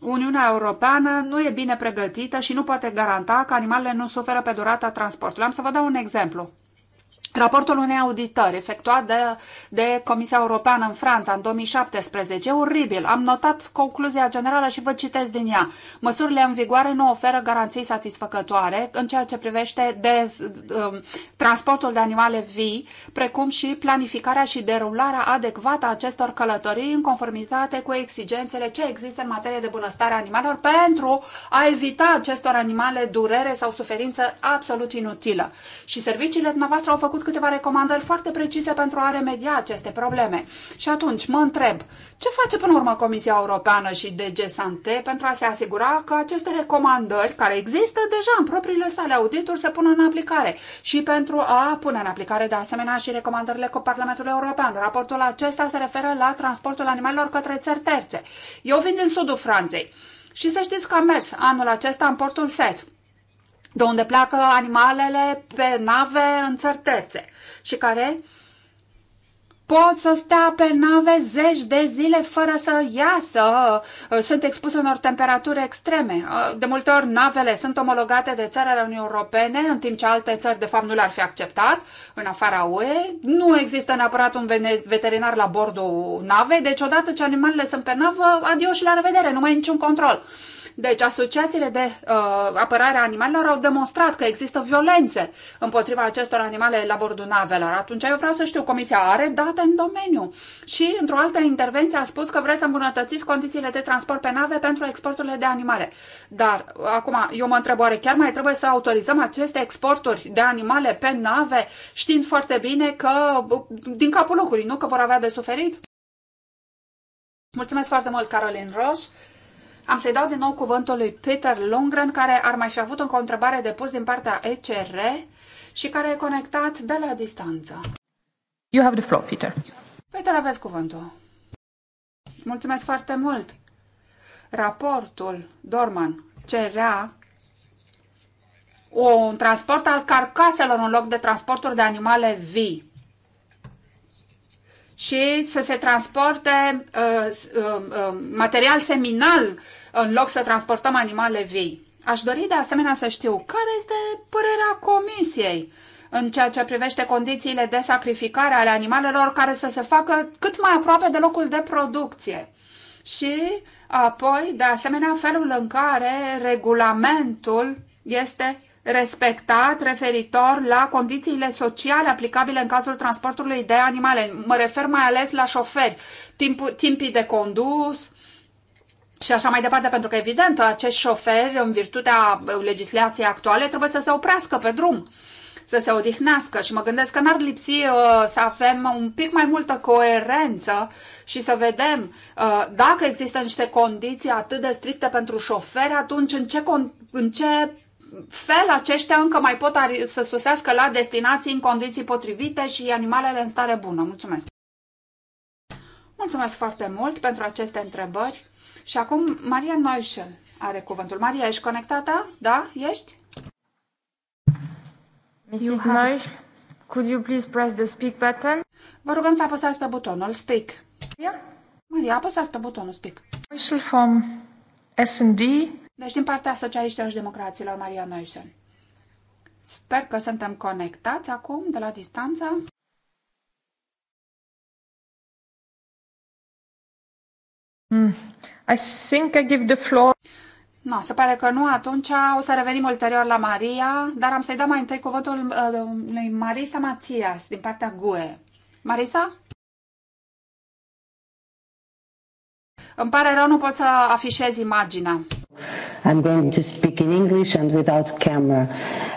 Speaker 6: Uniunea Europeană nu e bine pregătită și nu poate garanta că animalele nu suferă pe durata transportului. Am să vă dau un exemplu. Raportul unei auditări efectuat de, de Comisia Europeană în Franța în 2017 e oribil. Am notat concluzia generală și vă citesc din ea. Măsurile în vigoare nu oferă garanții satisfăcătoare în ceea ce privește de, um, transportul de animale vii, precum și planificarea și derularea adecvată a acestor călătorii în conformitate cu exigențele ce există în materie de bunăstare a animalelor pentru a evita acestor animale durere sau suferință absolut inutilă. Și serviciile dumneavoastră au făcut câteva recomandări foarte precise pentru a remedia aceste probleme. Și atunci mă întreb, ce face până urmă Comisia Europeană și DG Sante pentru a se asigura că aceste recomandări care există deja în propriile sale audituri se pună în aplicare și pentru a pune în aplicare de asemenea și recomandările cu Parlamentul European. Raportul acesta se referă la transportul animalelor către țări terțe. Eu vin din sudul Franței. Și să știți că am mers anul acesta în portul Set de unde pleacă animalele pe nave în țări terțe și care pot să stea pe nave zeci de zile fără să iasă, uh, sunt expuse unor temperaturi extreme. Uh, de multe ori navele sunt omologate de țările Uniunii Europene, în timp ce alte țări de fapt nu le-ar fi acceptat, în afara UE. Nu există neapărat un veterinar la bordul navei, deci odată ce animalele sunt pe navă, adio și la revedere, nu mai e niciun control. Deci, asociațiile de uh, apărare a animalelor au demonstrat că există violențe împotriva acestor animale la bordul navelor. Atunci eu vreau să știu, Comisia are date în domeniu. Și, într-o altă intervenție, a spus că vreți să îmbunătățiți condițiile de transport pe nave pentru exporturile de animale. Dar, acum, eu mă întreb, oare chiar mai trebuie să autorizăm aceste exporturi de animale pe nave, știind foarte bine că, uh, din capul locului, nu că vor avea de suferit? Mulțumesc foarte mult, Caroline Roș. Am să-i dau din nou cuvântul lui Peter Lundgren, care ar mai fi avut o întrebare de pus din partea ECR și care e conectat de la distanță.
Speaker 1: You have the floor, Peter.
Speaker 6: Peter, aveți cuvântul. Mulțumesc foarte mult. Raportul Dorman cerea un transport al carcaselor în loc de transporturi de animale vii și să se transporte uh, uh, uh, material seminal în loc să transportăm animale vii. Aș dori de asemenea să știu care este părerea comisiei în ceea ce privește condițiile de sacrificare ale animalelor care să se facă cât mai aproape de locul de producție. Și apoi, de asemenea, felul în care regulamentul este respectat referitor la condițiile sociale aplicabile în cazul transportului de animale. Mă refer mai ales la șoferi, timpul, timpii de condus și așa mai departe, pentru că, evident, acești șoferi, în virtutea legislației actuale, trebuie să se oprească pe drum să se odihnească și mă gândesc că n-ar lipsi uh, să avem un pic mai multă coerență și să vedem uh, dacă există niște condiții atât de stricte pentru șoferi, atunci în ce, con- în ce fel aceștia încă mai pot să sosească la destinații în condiții potrivite și animalele în stare bună. Mulțumesc! Mulțumesc foarte mult pentru aceste întrebări. Și acum Maria Neuschel are cuvântul. Maria, ești conectată? Da? Ești? Mrs. Neuschel, could you please press the speak button? Vă rugăm să apăsați pe butonul speak. Yeah. Maria, apăsați pe butonul speak. Neuschel from S&D deci din partea socialiștilor și democraților, Maria Neusen. Sper că suntem conectați acum de la distanță. Hmm. I think I give the floor. No, se pare că nu, atunci o să revenim ulterior la Maria, dar am să-i dau mai întâi cuvântul uh, lui Marisa Matias din partea GUE. Marisa? Îmi pare rău, nu pot să afișez imaginea.
Speaker 7: I'm going to speak in English and without camera.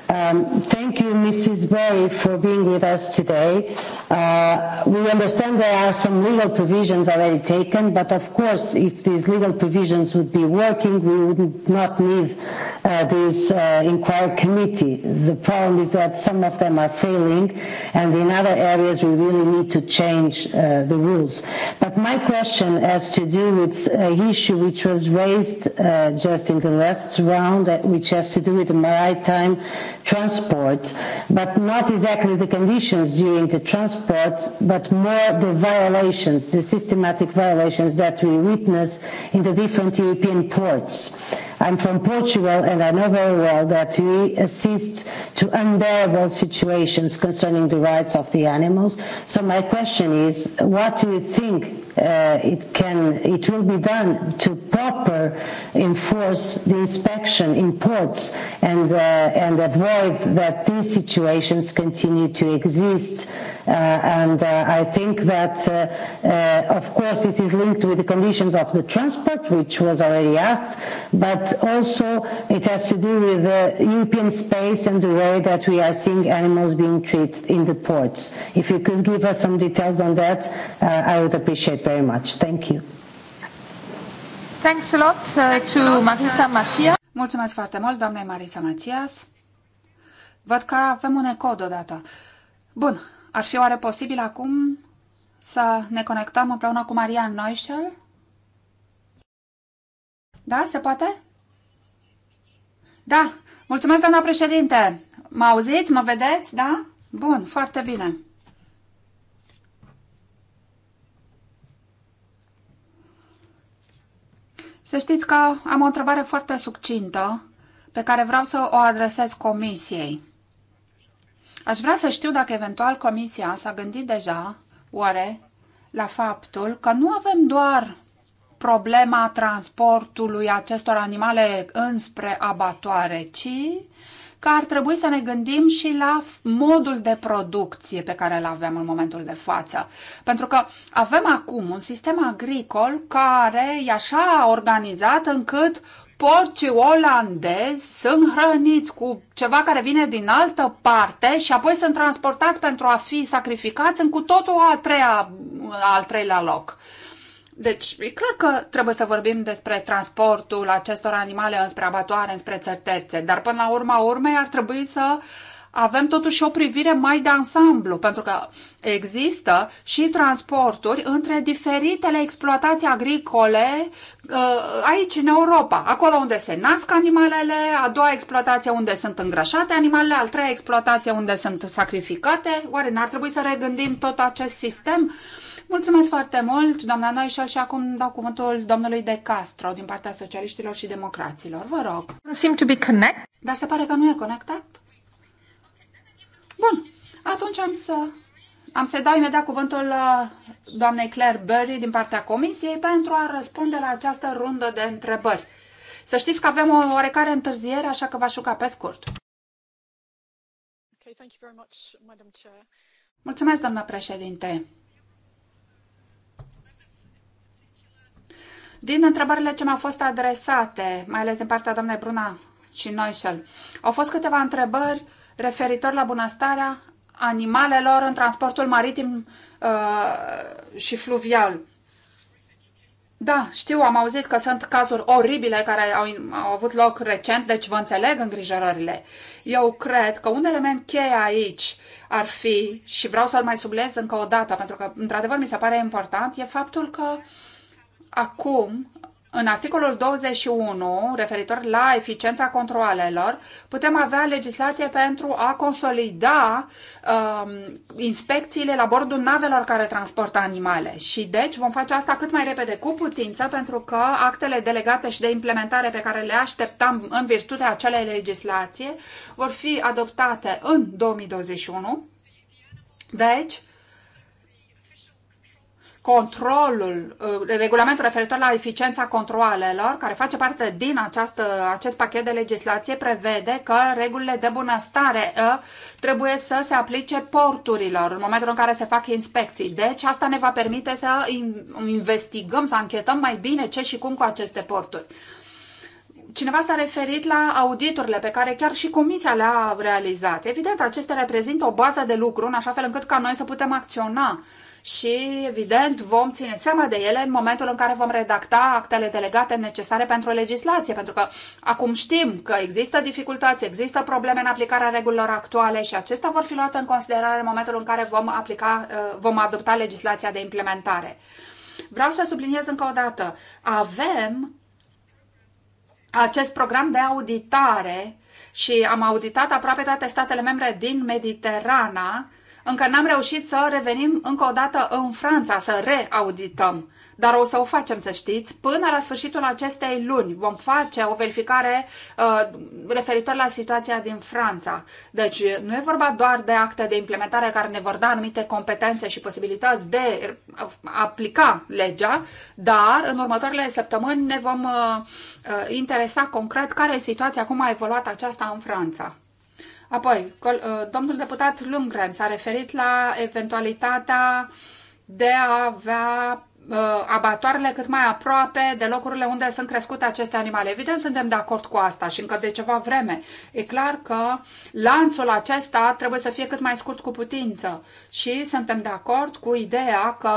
Speaker 7: Um, thank you, Mrs. Berry, for being with us today. Uh, we understand there are some legal provisions already taken, but of course, if these legal provisions would be working, we would not need uh, this uh, inquiry committee. The problem is that some of them are failing, and in other areas, we really need to change uh, the rules. But my question has to do with an issue which was raised uh, just in the last round, uh, which has to do with the maritime transport, but not exactly the conditions during the transport, but more the violations, the systematic violations that we witness in the different European ports I'm from Portugal and I know very well that we assist to unbearable situations concerning the rights of the animals. So my question is, what do you think uh, it can, it will be done to proper enforce the inspection in ports and uh, and avoid that these situations continue to exist. Uh, and uh, I think that, uh, uh, of course, this is linked with the conditions of the transport, which was already asked, but also it has to do with the European space and the way that we are seeing animals being treated in the ports. If you could give us some details on that, uh, I would appreciate very much. Thank you.
Speaker 6: Thanks a lot uh, to Marisa Matias. Mulțumesc foarte mult, doamnei Marisa Matias. Văd că avem un ecou deodată. Bun, ar fi oare posibil acum să ne conectăm împreună cu Marian Neuschel? Da, se poate? Da, mulțumesc, doamna președinte. Mă auziți? Mă vedeți? Da? Bun, foarte bine. Să știți că am o întrebare foarte succintă pe care vreau să o adresez comisiei. Aș vrea să știu dacă eventual comisia s-a gândit deja, oare, la faptul că nu avem doar problema transportului acestor animale înspre abatoare, ci că ar trebui să ne gândim și la modul de producție pe care îl avem în momentul de față. Pentru că avem acum un sistem agricol care e așa organizat încât porcii olandezi sunt hrăniți cu ceva care vine din altă parte și apoi sunt transportați pentru a fi sacrificați în cu totul a treia, al treilea loc. Deci, e clar că trebuie să vorbim despre transportul acestor animale înspre abatoare, înspre țări terțe, dar până la urma urmei ar trebui să avem totuși o privire mai de ansamblu, pentru că există și transporturi între diferitele exploatații agricole uh, aici în Europa, acolo unde se nasc animalele, a doua exploatație unde sunt îngrașate animalele, a treia exploatație unde sunt sacrificate. Oare n-ar trebui să regândim tot acest sistem? Uh, Mulțumesc foarte mult, doamna Noișel, și acum dau cuvântul domnului De Castro din partea socialiștilor și democraților. Vă rog. Seem to be connect. Dar se pare că nu e conectat? Bun, atunci am să am să dau imediat cuvântul uh, doamnei Claire Berry din partea Comisiei pentru a răspunde la această rundă de întrebări. Să știți că avem o oarecare întârziere, așa că v-aș ruga pe scurt.
Speaker 1: Okay, thank you very much,
Speaker 6: Mulțumesc, doamna președinte. Din întrebările ce mi-au fost adresate, mai ales din partea doamnei Bruna și Noișel, au fost câteva întrebări referitor la bunăstarea animalelor în transportul maritim uh, și fluvial. Da, știu, am auzit că sunt cazuri oribile care au, au avut loc recent, deci vă înțeleg îngrijorările. Eu cred că un element cheie aici ar fi, și vreau să-l mai sublez încă o dată, pentru că, într-adevăr, mi se pare important, e faptul că uh, acum, în articolul 21, referitor la eficiența controalelor, putem avea legislație pentru a consolida um, inspecțiile la bordul navelor care transportă animale. Și deci vom face asta cât mai repede cu putință, pentru că actele delegate și de implementare pe care le așteptam în virtutea acelei legislație vor fi adoptate în 2021. Deci, controlul, uh, regulamentul referitor la eficiența controalelor, care face parte din această, acest pachet de legislație, prevede că regulile de bunăstare uh, trebuie să se aplice porturilor în momentul în care se fac inspecții. Deci asta ne va permite să investigăm, să anchetăm mai bine ce și cum cu aceste porturi. Cineva s-a referit la auditurile pe care chiar și Comisia le-a realizat. Evident, acestea reprezintă o bază de lucru în așa fel încât ca noi să putem acționa și, evident, vom ține seama de ele în momentul în care vom redacta actele delegate necesare pentru legislație, pentru că acum știm că există dificultăți, există probleme în aplicarea regulilor actuale și acestea vor fi luate în considerare în momentul în care vom, aplica, uh, vom adopta legislația de implementare. Vreau să subliniez încă o dată, avem acest program de auditare și am auditat aproape toate statele membre din Mediterana, încă n-am reușit să revenim încă o dată în Franța, să reaudităm. Dar o să o facem, să știți, până la sfârșitul acestei luni. Vom face o verificare uh, referitor la situația din Franța. Deci nu e vorba doar de acte de implementare care ne vor da anumite competențe și posibilități de uh, aplica legea, dar în următoarele săptămâni ne vom uh, uh, interesa concret care e situația, cum a evoluat aceasta în Franța. Apoi, uh, domnul deputat Lumgren s-a referit la eventualitatea de a avea Uh, abatoarele cât mai aproape de locurile unde sunt crescute aceste animale. Evident, suntem de acord cu asta și încă de ceva vreme. E clar că lanțul acesta trebuie să fie cât mai scurt cu putință și suntem de acord cu ideea că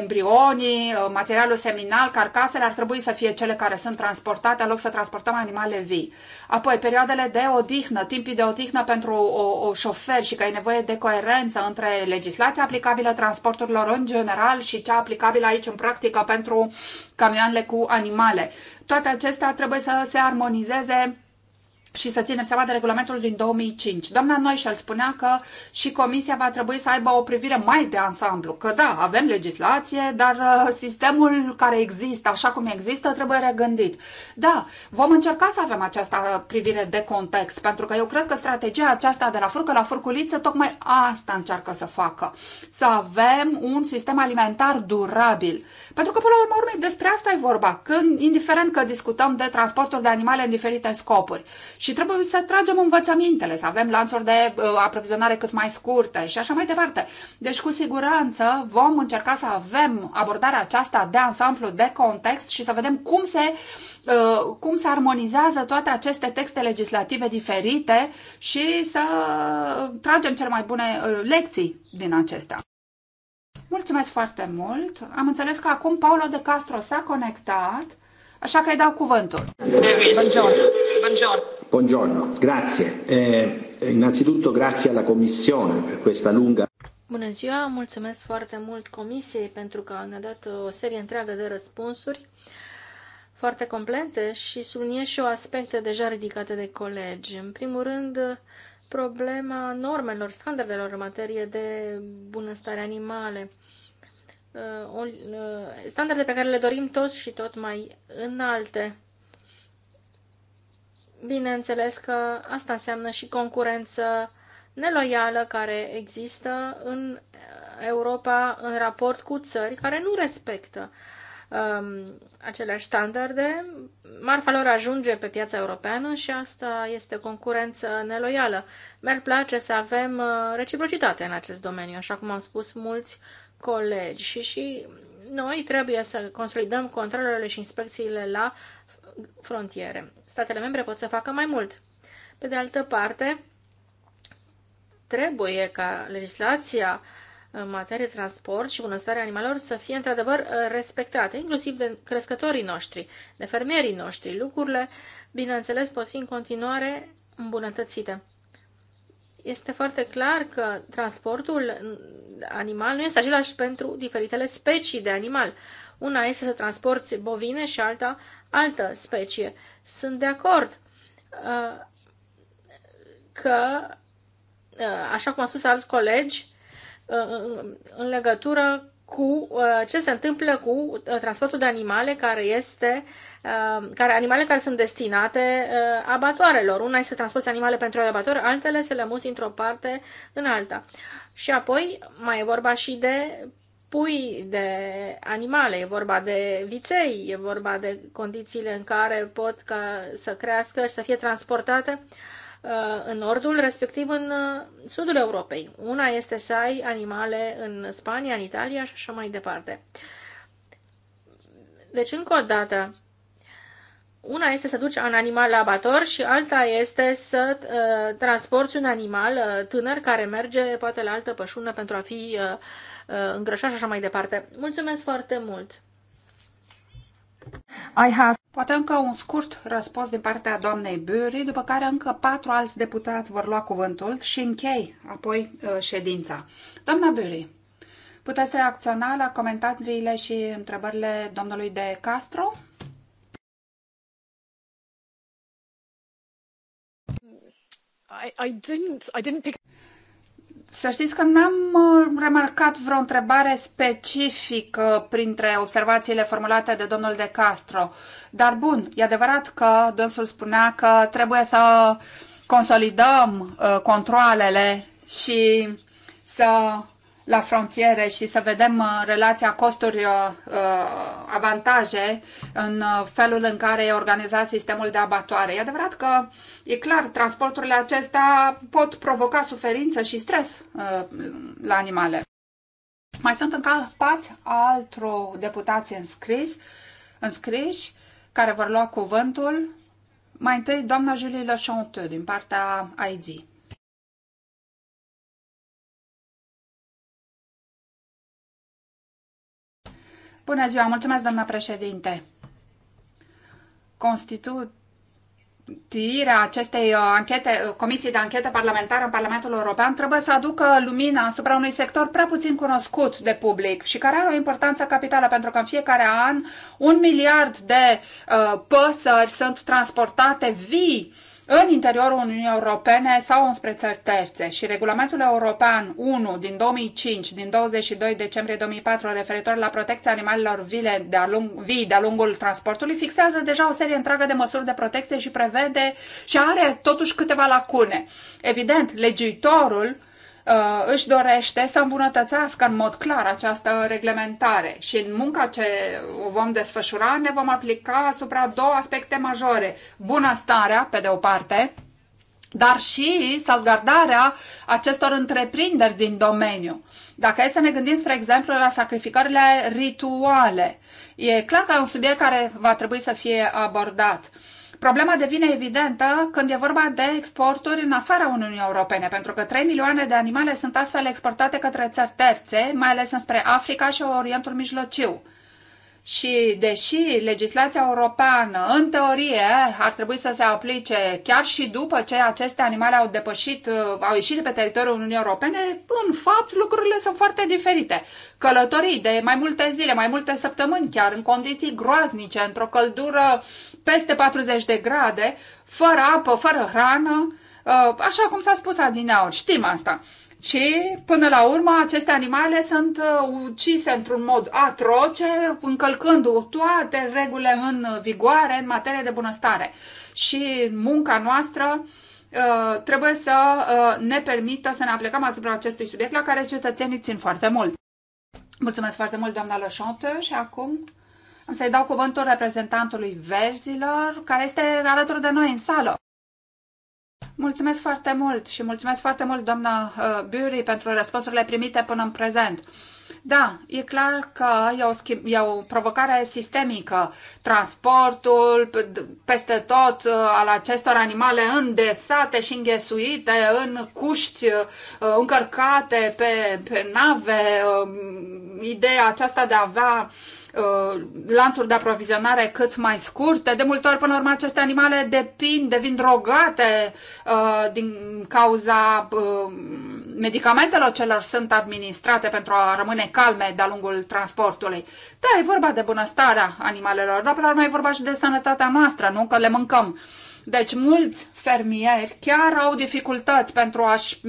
Speaker 6: embrionii, uh, materialul seminal, carcasele ar trebui să fie cele care sunt transportate în loc să transportăm animale vii. Apoi, perioadele de odihnă, timpii de odihnă pentru o, o șofer și că e nevoie de coerență între legislația aplicabilă transporturilor în general și cea aplicabilă a aici în practică pentru camioanele cu animale. Toate acestea trebuie să se armonizeze și să ținem seama de regulamentul din 2005. Doamna Noișel spunea că și Comisia va trebui să aibă o privire mai de ansamblu, că da, avem legislație, dar uh, sistemul care există, așa cum există, trebuie regândit. Da, vom încerca să avem această privire de context, pentru că eu cred că strategia aceasta de la furcă la furculiță tocmai asta încearcă să facă, să avem un sistem alimentar durabil. Pentru că, până la urmă, urmei, despre asta e vorba, când, indiferent că discutăm de transportul de animale în diferite scopuri și trebuie să tragem învățămintele, să avem lanțuri de uh, aprovizionare cât mai scurte și așa mai departe. Deci, cu siguranță, vom încerca să avem abordarea aceasta de ansamblu, de context și să vedem cum se, uh, cum se armonizează toate aceste texte legislative diferite și să tragem cele mai bune uh, lecții din acestea. Mulțumesc foarte mult! Am înțeles că acum Paolo de Castro s-a conectat, așa că îi dau cuvântul. Davis.
Speaker 3: Buongiorno. Buongiorno, grazie. Eh, innanzitutto grazie alla Commissione per questa lunga... Bună ziua, mulțumesc foarte mult Comisiei pentru că ne-a dat o serie întreagă de răspunsuri foarte complete și subliniez și o aspecte deja ridicate de colegi. În primul rând, problema normelor, standardelor în materie de bunăstare animale. Eh, eh, standarde pe care le dorim toți și tot mai înalte bineînțeles că asta înseamnă și concurență neloială care există în Europa în raport cu țări care nu respectă um, aceleași standarde. Marfa lor ajunge pe piața europeană și asta este concurență neloială. Mi-ar place să avem uh, reciprocitate în acest domeniu, așa cum am spus mulți colegi și, și noi trebuie să consolidăm controlele și inspecțiile la frontiere. Statele membre pot să facă mai mult. Pe de altă parte, trebuie ca legislația în materie de transport și bunăstarea animalelor să fie într-adevăr uh, respectate, inclusiv de crescătorii noștri, de fermierii noștri. Lucrurile, bineînțeles, pot fi în continuare îmbunătățite. Este foarte clar că transportul animal nu este același pentru diferitele specii de animal. Una este să transporti bovine și alta altă specie. Sunt de acord uh, că, uh, așa cum a spus alți colegi, uh, în legătură cu ce se întâmplă cu transportul de animale care este care, animale care sunt destinate abatoarelor. Una este transporti animale pentru abatoare, altele se le muți într-o parte în alta. Și apoi mai e vorba și de pui de animale, e vorba de viței, e vorba de condițiile în care pot ca să crească și să fie transportate uh, în nordul, respectiv în uh, sudul Europei. Una este să ai animale în Spania, în Italia și așa mai departe. Deci, încă o dată, una este să duci un animal la abator și alta este să uh, transporti un animal uh, tânăr care merge poate la altă pășună pentru a fi uh, Uh, îngrășat și așa mai departe. Mulțumesc
Speaker 6: foarte mult! I have... Poate încă un scurt răspuns din partea doamnei Bury, după care încă patru alți deputați vor lua cuvântul și închei apoi uh, ședința. Doamna Bury, puteți reacționa la comentariile și întrebările domnului de Castro? I, I didn't, I didn't pick să știți că n-am uh, remarcat vreo întrebare specifică printre observațiile formulate de domnul De Castro. Dar bun, e adevărat că dânsul spunea că trebuie să consolidăm uh, controlele și să la frontiere și să vedem uh, relația costuri-avantaje uh, uh, în felul în care e organizat sistemul de abatoare. E adevărat că, e clar, transporturile acestea pot provoca suferință și stres la animale. Mai sunt încă pați altru deputați înscris, înscriși care vor lua cuvântul. Mai întâi, doamna Julie Le din partea IG. Bună ziua, mulțumesc, doamna președinte. Constituirea acestei uh, anchete, uh, comisii de anchetă parlamentară în Parlamentul European trebuie să aducă lumina asupra unui sector prea puțin cunoscut de public și care are o importanță capitală, pentru că în fiecare an un miliard de uh, păsări sunt transportate vii uh, în interiorul Uniunii Europene sau înspre țări terțe și regulamentul european 1 din 2005, din 22 decembrie 2004, referitor la protecția animalelor vile de lung, vii de-a lungul transportului, fixează deja o serie întreagă de măsuri de protecție și prevede și are totuși câteva lacune. Evident, legiuitorul Uh, își dorește să îmbunătățească în mod clar această reglementare și în munca ce o vom desfășura ne vom aplica asupra două aspecte majore. Bunăstarea, pe de o parte, dar și salvgardarea acestor întreprinderi din domeniu. Dacă e să ne gândim, spre exemplu, la sacrificările rituale, e clar că e un subiect care va trebui să fie abordat. Uh, Problema devine evidentă când e vorba de exporturi în afara Uniunii Europene, pentru că 3 milioane de animale sunt astfel exportate către țări terțe, mai ales înspre Africa și Orientul Mijlociu. Și deși legislația europeană, în teorie, ar trebui să se aplice chiar și după ce aceste animale au depășit, au ieșit de pe teritoriul Uniunii Europene, în fapt lucrurile sunt foarte diferite. Călătorii de mai multe zile, mai multe săptămâni, chiar în condiții groaznice, într-o căldură peste 40 de grade, fără apă, fără hrană, ă, așa cum s-a spus adineauri, știm asta și până la urmă aceste animale sunt uh, ucise într-un mod atroce, încălcând toate regulile în vigoare în materie de bunăstare. Și munca noastră uh, trebuie să uh, ne permită să ne aplicăm asupra acestui subiect la care cetățenii țin foarte mult. Mulțumesc foarte mult, doamna Leșantă, și acum am să-i dau cuvântul reprezentantului verzilor, care este alături de noi în sală. Mulțumesc foarte mult și mulțumesc foarte mult, doamna uh, Bury, pentru răspunsurile primite până în prezent. Da, e clar că e o, schimb, e o provocare sistemică. Transportul peste tot uh, al acestor animale îndesate și înghesuite în cuști uh, încărcate pe, pe nave, ideea aceasta de a avea uh, Uh, lanțuri de aprovizionare cât mai scurte. De multe ori, până la urmă, aceste animale depind, devin drogate uh, din cauza uh, medicamentelor celor sunt administrate pentru a rămâne calme de-a lungul transportului. Da, e vorba de bunăstarea animalelor, dar până la urmă e vorba și de sănătatea noastră, nu că le mâncăm. Deci mulți fermieri chiar au dificultăți pentru a-și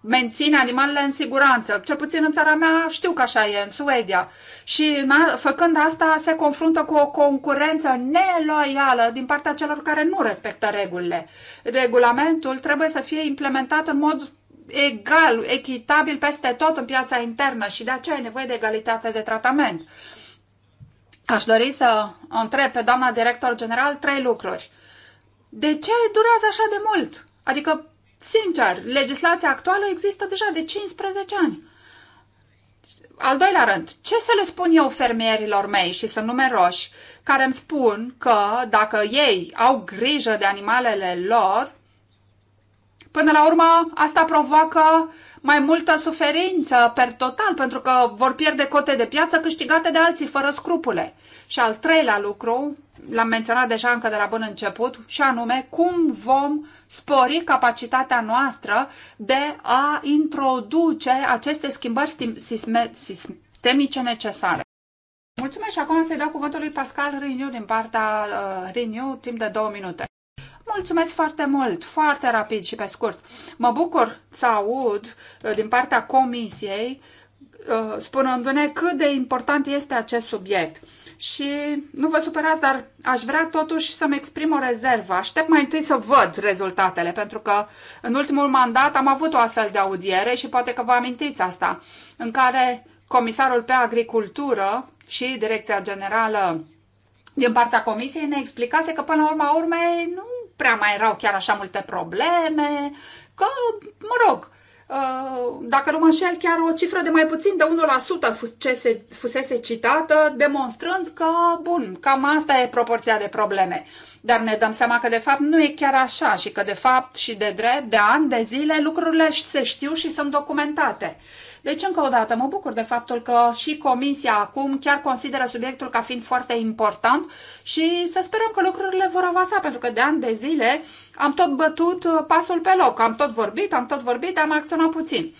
Speaker 6: menține animalele în siguranță. Cel puțin în țara mea știu că așa e, în Suedia. Și făcând asta se confruntă cu o concurență neloială din partea celor care nu respectă regulile. Regulamentul trebuie să fie implementat în mod egal, echitabil peste tot în piața internă și de aceea e nevoie de egalitate de tratament. Aș dori să întreb pe doamna director general trei lucruri. De ce durează așa de mult? Adică Sincer, legislația actuală există deja de 15 ani. Al doilea rând, ce să le spun eu fermierilor mei, și sunt numeroși, care îmi spun că dacă ei au grijă de animalele lor, până la urmă asta provoacă uh, mai multă suferință per total, pentru că vor pierde cote de piață câștigate de alții fără scrupule. Și al treilea lucru, l-am menționat deja încă de la bun început, și anume cum vom spori capacitatea noastră de a introduce aceste schimbări sistemice necesare. Mulțumesc și acum să-i dau cuvântul lui Pascal Riniu din partea uh, Riniu timp de două minute. Mulțumesc foarte mult, foarte rapid și pe scurt. Mă bucur să aud uh, din partea comisiei uh, spunându-ne cât de important este acest subiect. Și nu vă supărați, dar aș vrea totuși să-mi exprim o rezervă. Aștept mai întâi să văd rezultatele, pentru că în ultimul mandat am avut o astfel de audiere și poate că vă amintiți asta, în care comisarul pe agricultură și Direcția Generală din partea comisiei ne explicase că până la urma urmei nu prea mai erau chiar așa multe probleme, că, mă rog, uh, dacă nu mă înșel, chiar o cifră de mai puțin de 1% fusese citată, demonstrând că, bun, cam asta e proporția de probleme. Dar ne dăm seama că, de fapt, nu e chiar așa și că, de fapt, și de drept, de ani, de zile, lucrurile se știu și sunt documentate. Deci, încă o dată, mă bucur de faptul că și Comisia acum chiar consideră subiectul ca fiind foarte important și să sperăm că lucrurile vor avansa, pentru că de ani de zile am tot bătut uh, pasul pe loc, am tot vorbit, am tot vorbit, dar am acționat puțin.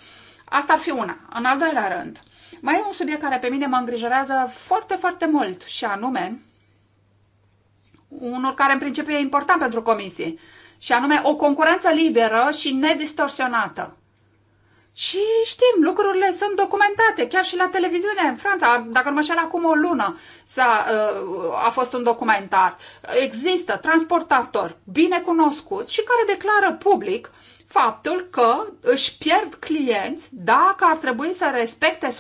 Speaker 6: Asta ar fi una. În al doilea rând, mai e un subiect care pe mine mă îngrijorează foarte, foarte mult și anume unul care în principiu e important pentru comisie, și anume o concurență liberă și nedistorsionată. Și știm, lucrurile sunt documentate, chiar și la televiziune în Franța, dacă nu mă șel acum o lună a uh, a fost un documentar. Există transportatori bine cunoscuți și care declară public faptul că își pierd clienți dacă ar trebui să respecte 100%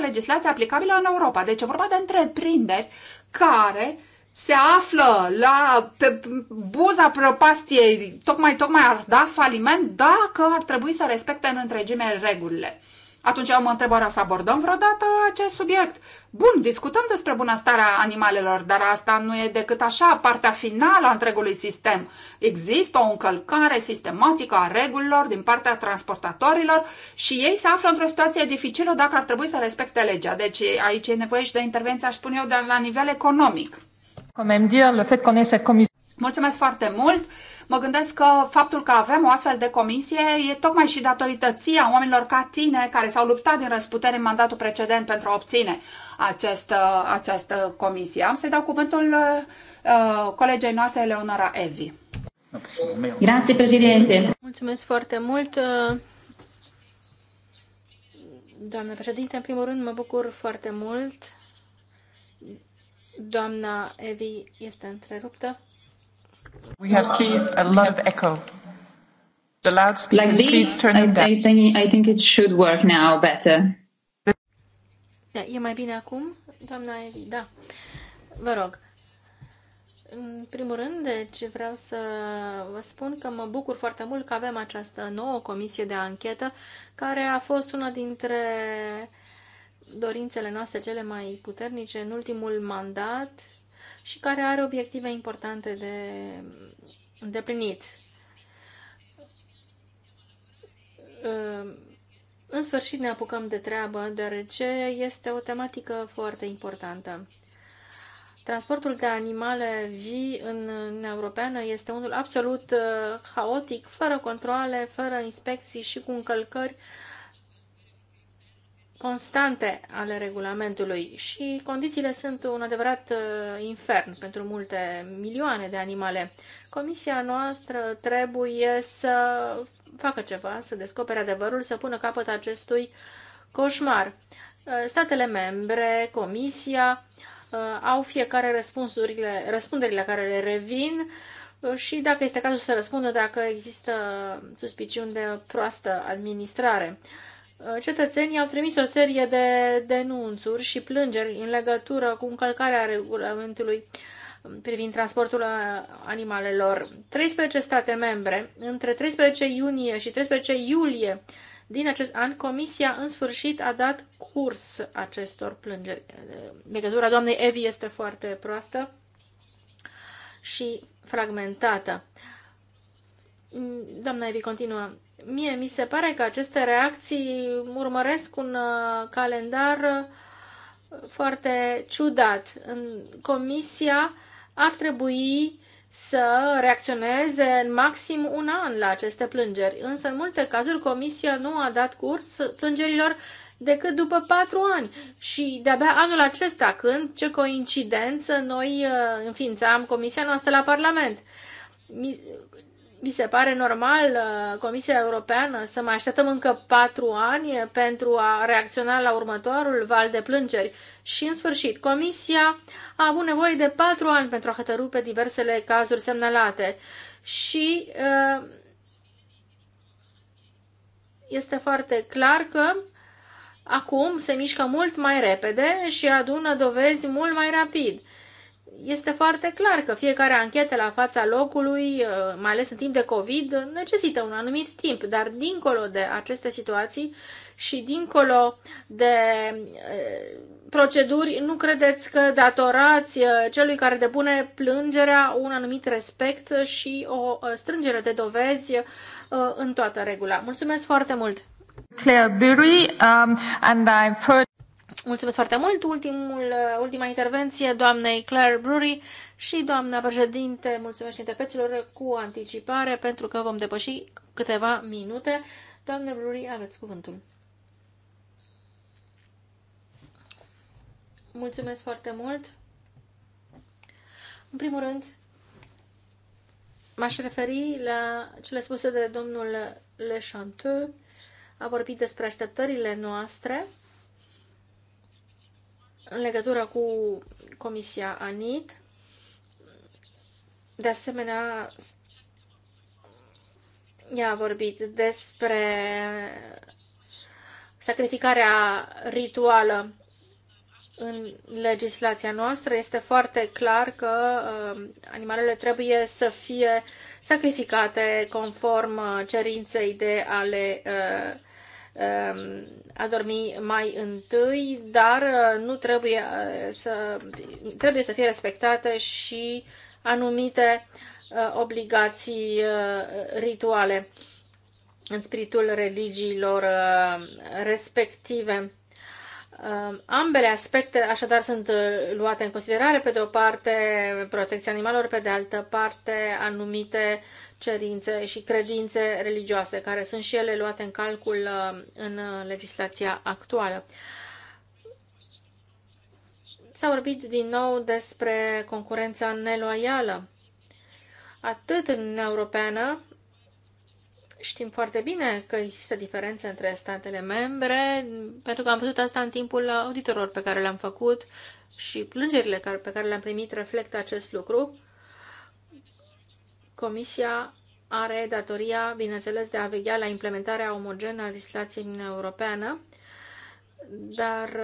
Speaker 6: legislația aplicabilă în Europa. Deci e vorba de întreprinderi care uh, se află la, pe buza prăpastiei, tocmai, tocmai ar da faliment dacă ar trebui să respecte în întregime regulile. Atunci am întrebarea să abordăm vreodată acest subiect. Bun, discutăm despre bunăstarea animalelor, dar asta nu e decât așa partea finală a întregului sistem. Există o încălcare sistematică a regulilor din partea transportatorilor și ei se află într-o situație dificilă dacă ar trebui să respecte legea. Deci aici e nevoie și de intervenție, aș spune eu, de la nivel economic. Mulțumesc foarte mult! Mă gândesc că faptul că avem o astfel de comisie e tocmai și datorită ție a oamenilor ca tine care s-au luptat din răsputere în mandatul precedent pentru a obține această, această comisie. Am să-i dau cuvântul uh, colegei noastre, Eleonora Evi. Grazie, președinte! Mulțumesc foarte mult!
Speaker 3: Uh, doamnă președinte, în primul rând mă bucur foarte mult Doamna Evi este întreruptă.
Speaker 1: We have please a lot of echo. The loudspeakers, like this, please turn it down.
Speaker 6: I, I, think, I think it should work now better.
Speaker 3: Da, e mai bine acum, doamna Evi? Da. Vă rog. În primul rând, deci vreau să vă spun că mă bucur foarte mult că avem această nouă comisie de anchetă, care a fost una dintre uh, dorințele noastre cele mai puternice în ultimul mandat și care are obiective importante de îndeplinit. Ehm, în sfârșit ne apucăm de treabă, deoarece este o tematică foarte importantă. Transportul de animale vii în Uniunea Europeană este unul absolut eh, haotic, fără controle, fără inspecții și cu încălcări uh, constante ale regulamentului și condițiile sunt un adevărat uh, infern pentru multe milioane de animale. Comisia noastră trebuie să facă ceva, să descopere adevărul, să pună capăt acestui coșmar. Uh, statele membre, Comisia uh, au fiecare răspunsurile, răspunderile care le revin și dacă este cazul să răspundă dacă există suspiciuni de proastă administrare. Uh, cetățenii au trimis o serie de denunțuri și plângeri în legătură cu încălcarea regulamentului privind transportul uh, animalelor. 13 state membre, între 13 iunie și 13 iulie din acest an, Comisia în sfârșit a dat curs acestor plângeri. Uh, legătura doamnei Evi este foarte proastă și fragmentată. Uh, Doamna Evi continuă. Mie mi se pare că aceste reacții urmăresc un uh, calendar uh, foarte ciudat. Comisia ar trebui să reacționeze în maxim un an la aceste plângeri, însă în multe cazuri Comisia nu a dat curs plângerilor decât după patru ani și de-abia anul acesta când, ce coincidență, noi uh, înființam Comisia noastră la Parlament vi se pare normal uh, Comisia Europeană să mai așteptăm încă patru ani pentru a reacționa la următorul val de plângeri? Și, în sfârșit, Comisia a avut nevoie de patru ani pentru a hotărâ pe diversele cazuri semnalate și uh, este foarte clar că acum se mișcă mult mai repede și adună dovezi mult mai rapid este foarte clar că fiecare anchetă la fața locului, uh, mai ales în timp de COVID, necesită un anumit timp, dar dincolo de aceste situații și dincolo de uh, proceduri, nu credeți că datorați uh, celui care depune plângerea un anumit respect și o strângere de dovezi în toată regula? Mulțumesc foarte mult!
Speaker 1: Claire Berry, um, and I've heard
Speaker 3: Mulțumesc foarte mult. Ultimul, uh, ultima intervenție doamnei Claire Brury și doamna președinte, mulțumesc interpreților cu anticipare pentru că vom depăși câteva minute. Doamne Brury, aveți cuvântul. Mulțumesc foarte mult. În primul rând, m-aș referi la cele spuse de domnul Le Chanteux. A vorbit despre așteptările noastre în legătură cu Comisia ANIT. De asemenea, ea a vorbit despre sacrificarea rituală în legislația noastră. Este foarte clar că uh, animalele trebuie să fie sacrificate conform uh, cerinței de ale uh, Um, a dormi mai întâi, dar uh, nu trebuie uh, să, trebuie să fie respectate și anumite uh, obligații rituale în spiritul religiilor respective. Um, ambele aspecte așadar sunt uh, luate în considerare, pe de o parte protecția animalelor, pe de altă parte anumite cerințe și credințe religioase, care sunt și ele luate în calcul uh, în uh, legislația actuală. S-a vorbit din nou despre concurența neloială, atât în Uniunea Europeană, Știm foarte bine că există diferențe între statele membre, pentru că am văzut asta în timpul auditorilor pe care le-am făcut și plângerile pe care le-am primit reflectă acest lucru. Comisia are datoria, bineînțeles, de a veghea la implementarea omogenă a legislației europeană, dar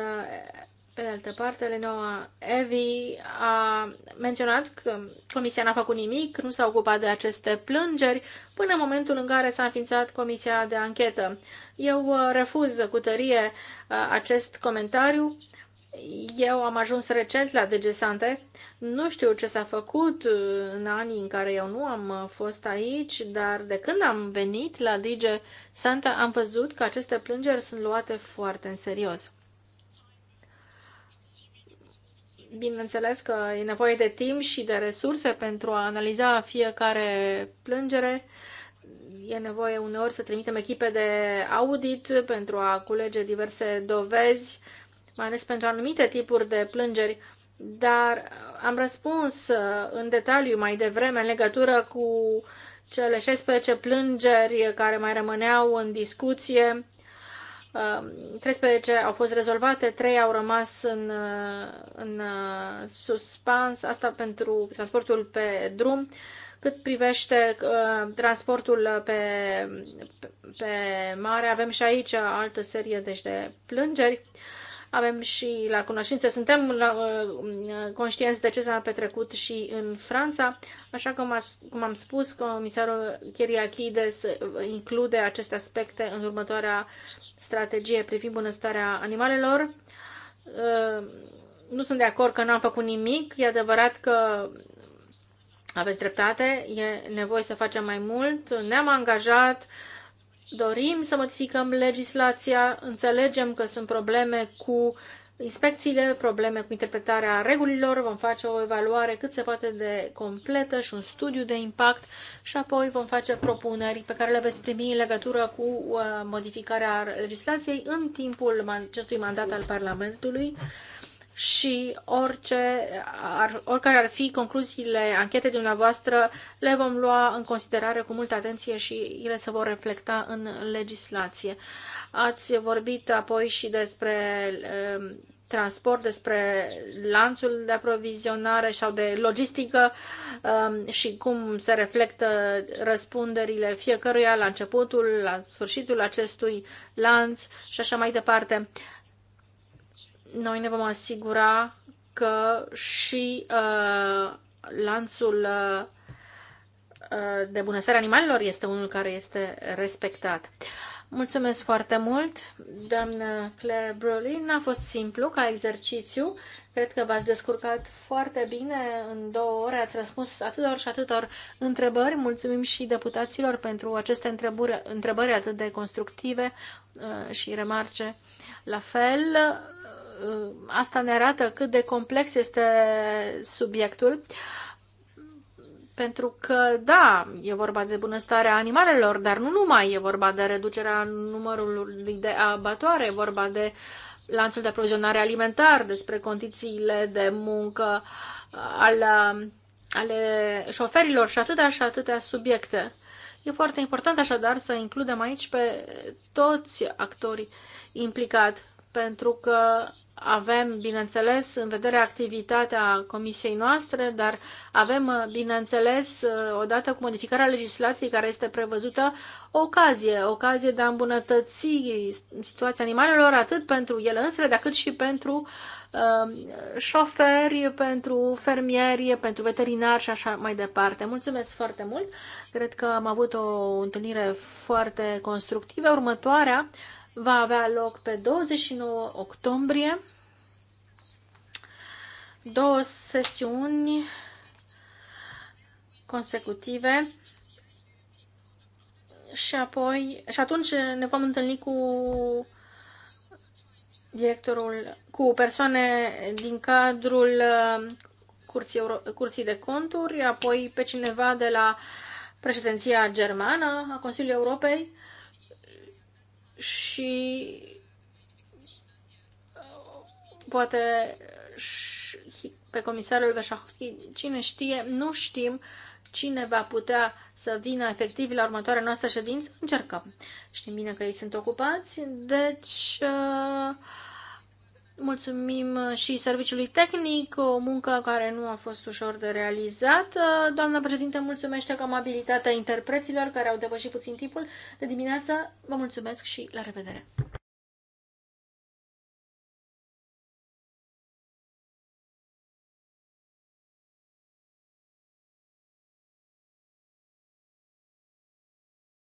Speaker 3: pe de altă parte, Lenoa Evi a menționat că comisia n-a făcut nimic, nu s-a ocupat de aceste plângeri, până în momentul în care s-a înființat comisia de anchetă. Eu uh, refuz cu tărie uh, acest comentariu. Eu am ajuns recent la Degesante. Nu știu ce s-a făcut uh, în anii în care eu nu am fost aici, dar de când am venit la Dege Santa am văzut că aceste plângeri sunt luate foarte în serios. Bineînțeles că e nevoie de timp și de resurse pentru a analiza fiecare plângere. E nevoie uneori să trimitem echipe de audit pentru a culege diverse dovezi, mai ales pentru anumite tipuri de plângeri. Dar am răspuns uh, în detaliu mai devreme în legătură cu cele 16 plângeri care mai rămâneau în discuție 13 um, au fost rezolvate, 3 au rămas în, uh, în uh, suspans, asta pentru transportul pe drum. Cât privește uh, transportul pe, pe, pe mare, avem și aici altă serie deci, de plângeri. Uh, avem și la cunoștință, suntem la, uh, conștienți de ce s-a petrecut și în Franța, așa că, cum am spus, comisarul Chiriachides include aceste aspecte în următoarea strategie privind bunăstarea animalelor. Uh, nu sunt de acord că nu am făcut nimic, e adevărat că aveți dreptate, e nevoie să facem mai mult, ne-am angajat, uh, dorim să modificăm legislația, înțelegem că sunt probleme cu inspecțiile, probleme cu interpretarea regulilor, vom face o evaluare cât se poate de completă și un studiu de impact și apoi vom face propuneri pe care le veți primi în legătură cu uh, modificarea legislației în timpul acestui mandat al Parlamentului și orice, ar, oricare ar fi concluziile anchetei dumneavoastră, le vom lua în considerare cu multă atenție și ele se vor reflecta în legislație. Ați vorbit apoi și despre um, transport, despre lanțul de aprovizionare sau de logistică um, și cum se reflectă răspunderile fiecăruia la începutul, la sfârșitul acestui lanț și așa mai departe noi ne vom asigura că și uh, lanțul uh, uh de bunăstare animalelor este unul care este respectat. Mulțumesc foarte mult, doamnă Claire Broly. N-a fost simplu ca exercițiu. Cred că v-ați descurcat foarte bine în două ore. Ați răspuns atâtor și atâtor întrebări. Mulțumim și deputaților pentru aceste întrebări, întrebări atât de constructive uh, și remarce. La fel, asta ne arată cât de complex este subiectul, pentru că, da, e vorba de bunăstarea animalelor, dar nu numai, e vorba de reducerea numărului de abatoare, e vorba de lanțul de aprovizionare alimentar, despre condițiile de muncă uh, ale, uh, ale șoferilor și atâtea și atâtea subiecte. E foarte important așadar să includem aici pe toți actorii implicați pentru că avem, bineînțeles, în vedere activitatea comisiei noastre, dar avem, bineînțeles, odată cu modificarea legislației care este prevăzută, ocazie, ocazie de a îmbunătăți situația animalelor atât pentru ele însele, dar cât și pentru uh, șoferi, pentru fermieri, pentru veterinari și așa mai departe. Mulțumesc foarte mult! Cred că am avut o întâlnire foarte constructivă. Următoarea va avea loc pe 29 octombrie. Două sesiuni consecutive și apoi și atunci ne vom întâlni cu directorul, cu persoane din cadrul uh, Curții, Euro, Curții de Conturi, apoi pe cineva de la președinția germană a Consiliului Europei și uh, poate pe comisarul Veșahovski, cine știe, nu știm cine va putea să vină efectiv la următoarea noastră ședință, încercăm. Știm bine că ei sunt ocupați, deci uh, Mulțumim uh, și serviciului tehnic, o muncă care nu a fost ușor de realizat. Uh, doamna președinte, mulțumește că
Speaker 4: amabilitatea interpreților care au depășit puțin timpul de dimineață. Vă mulțumesc și la revedere!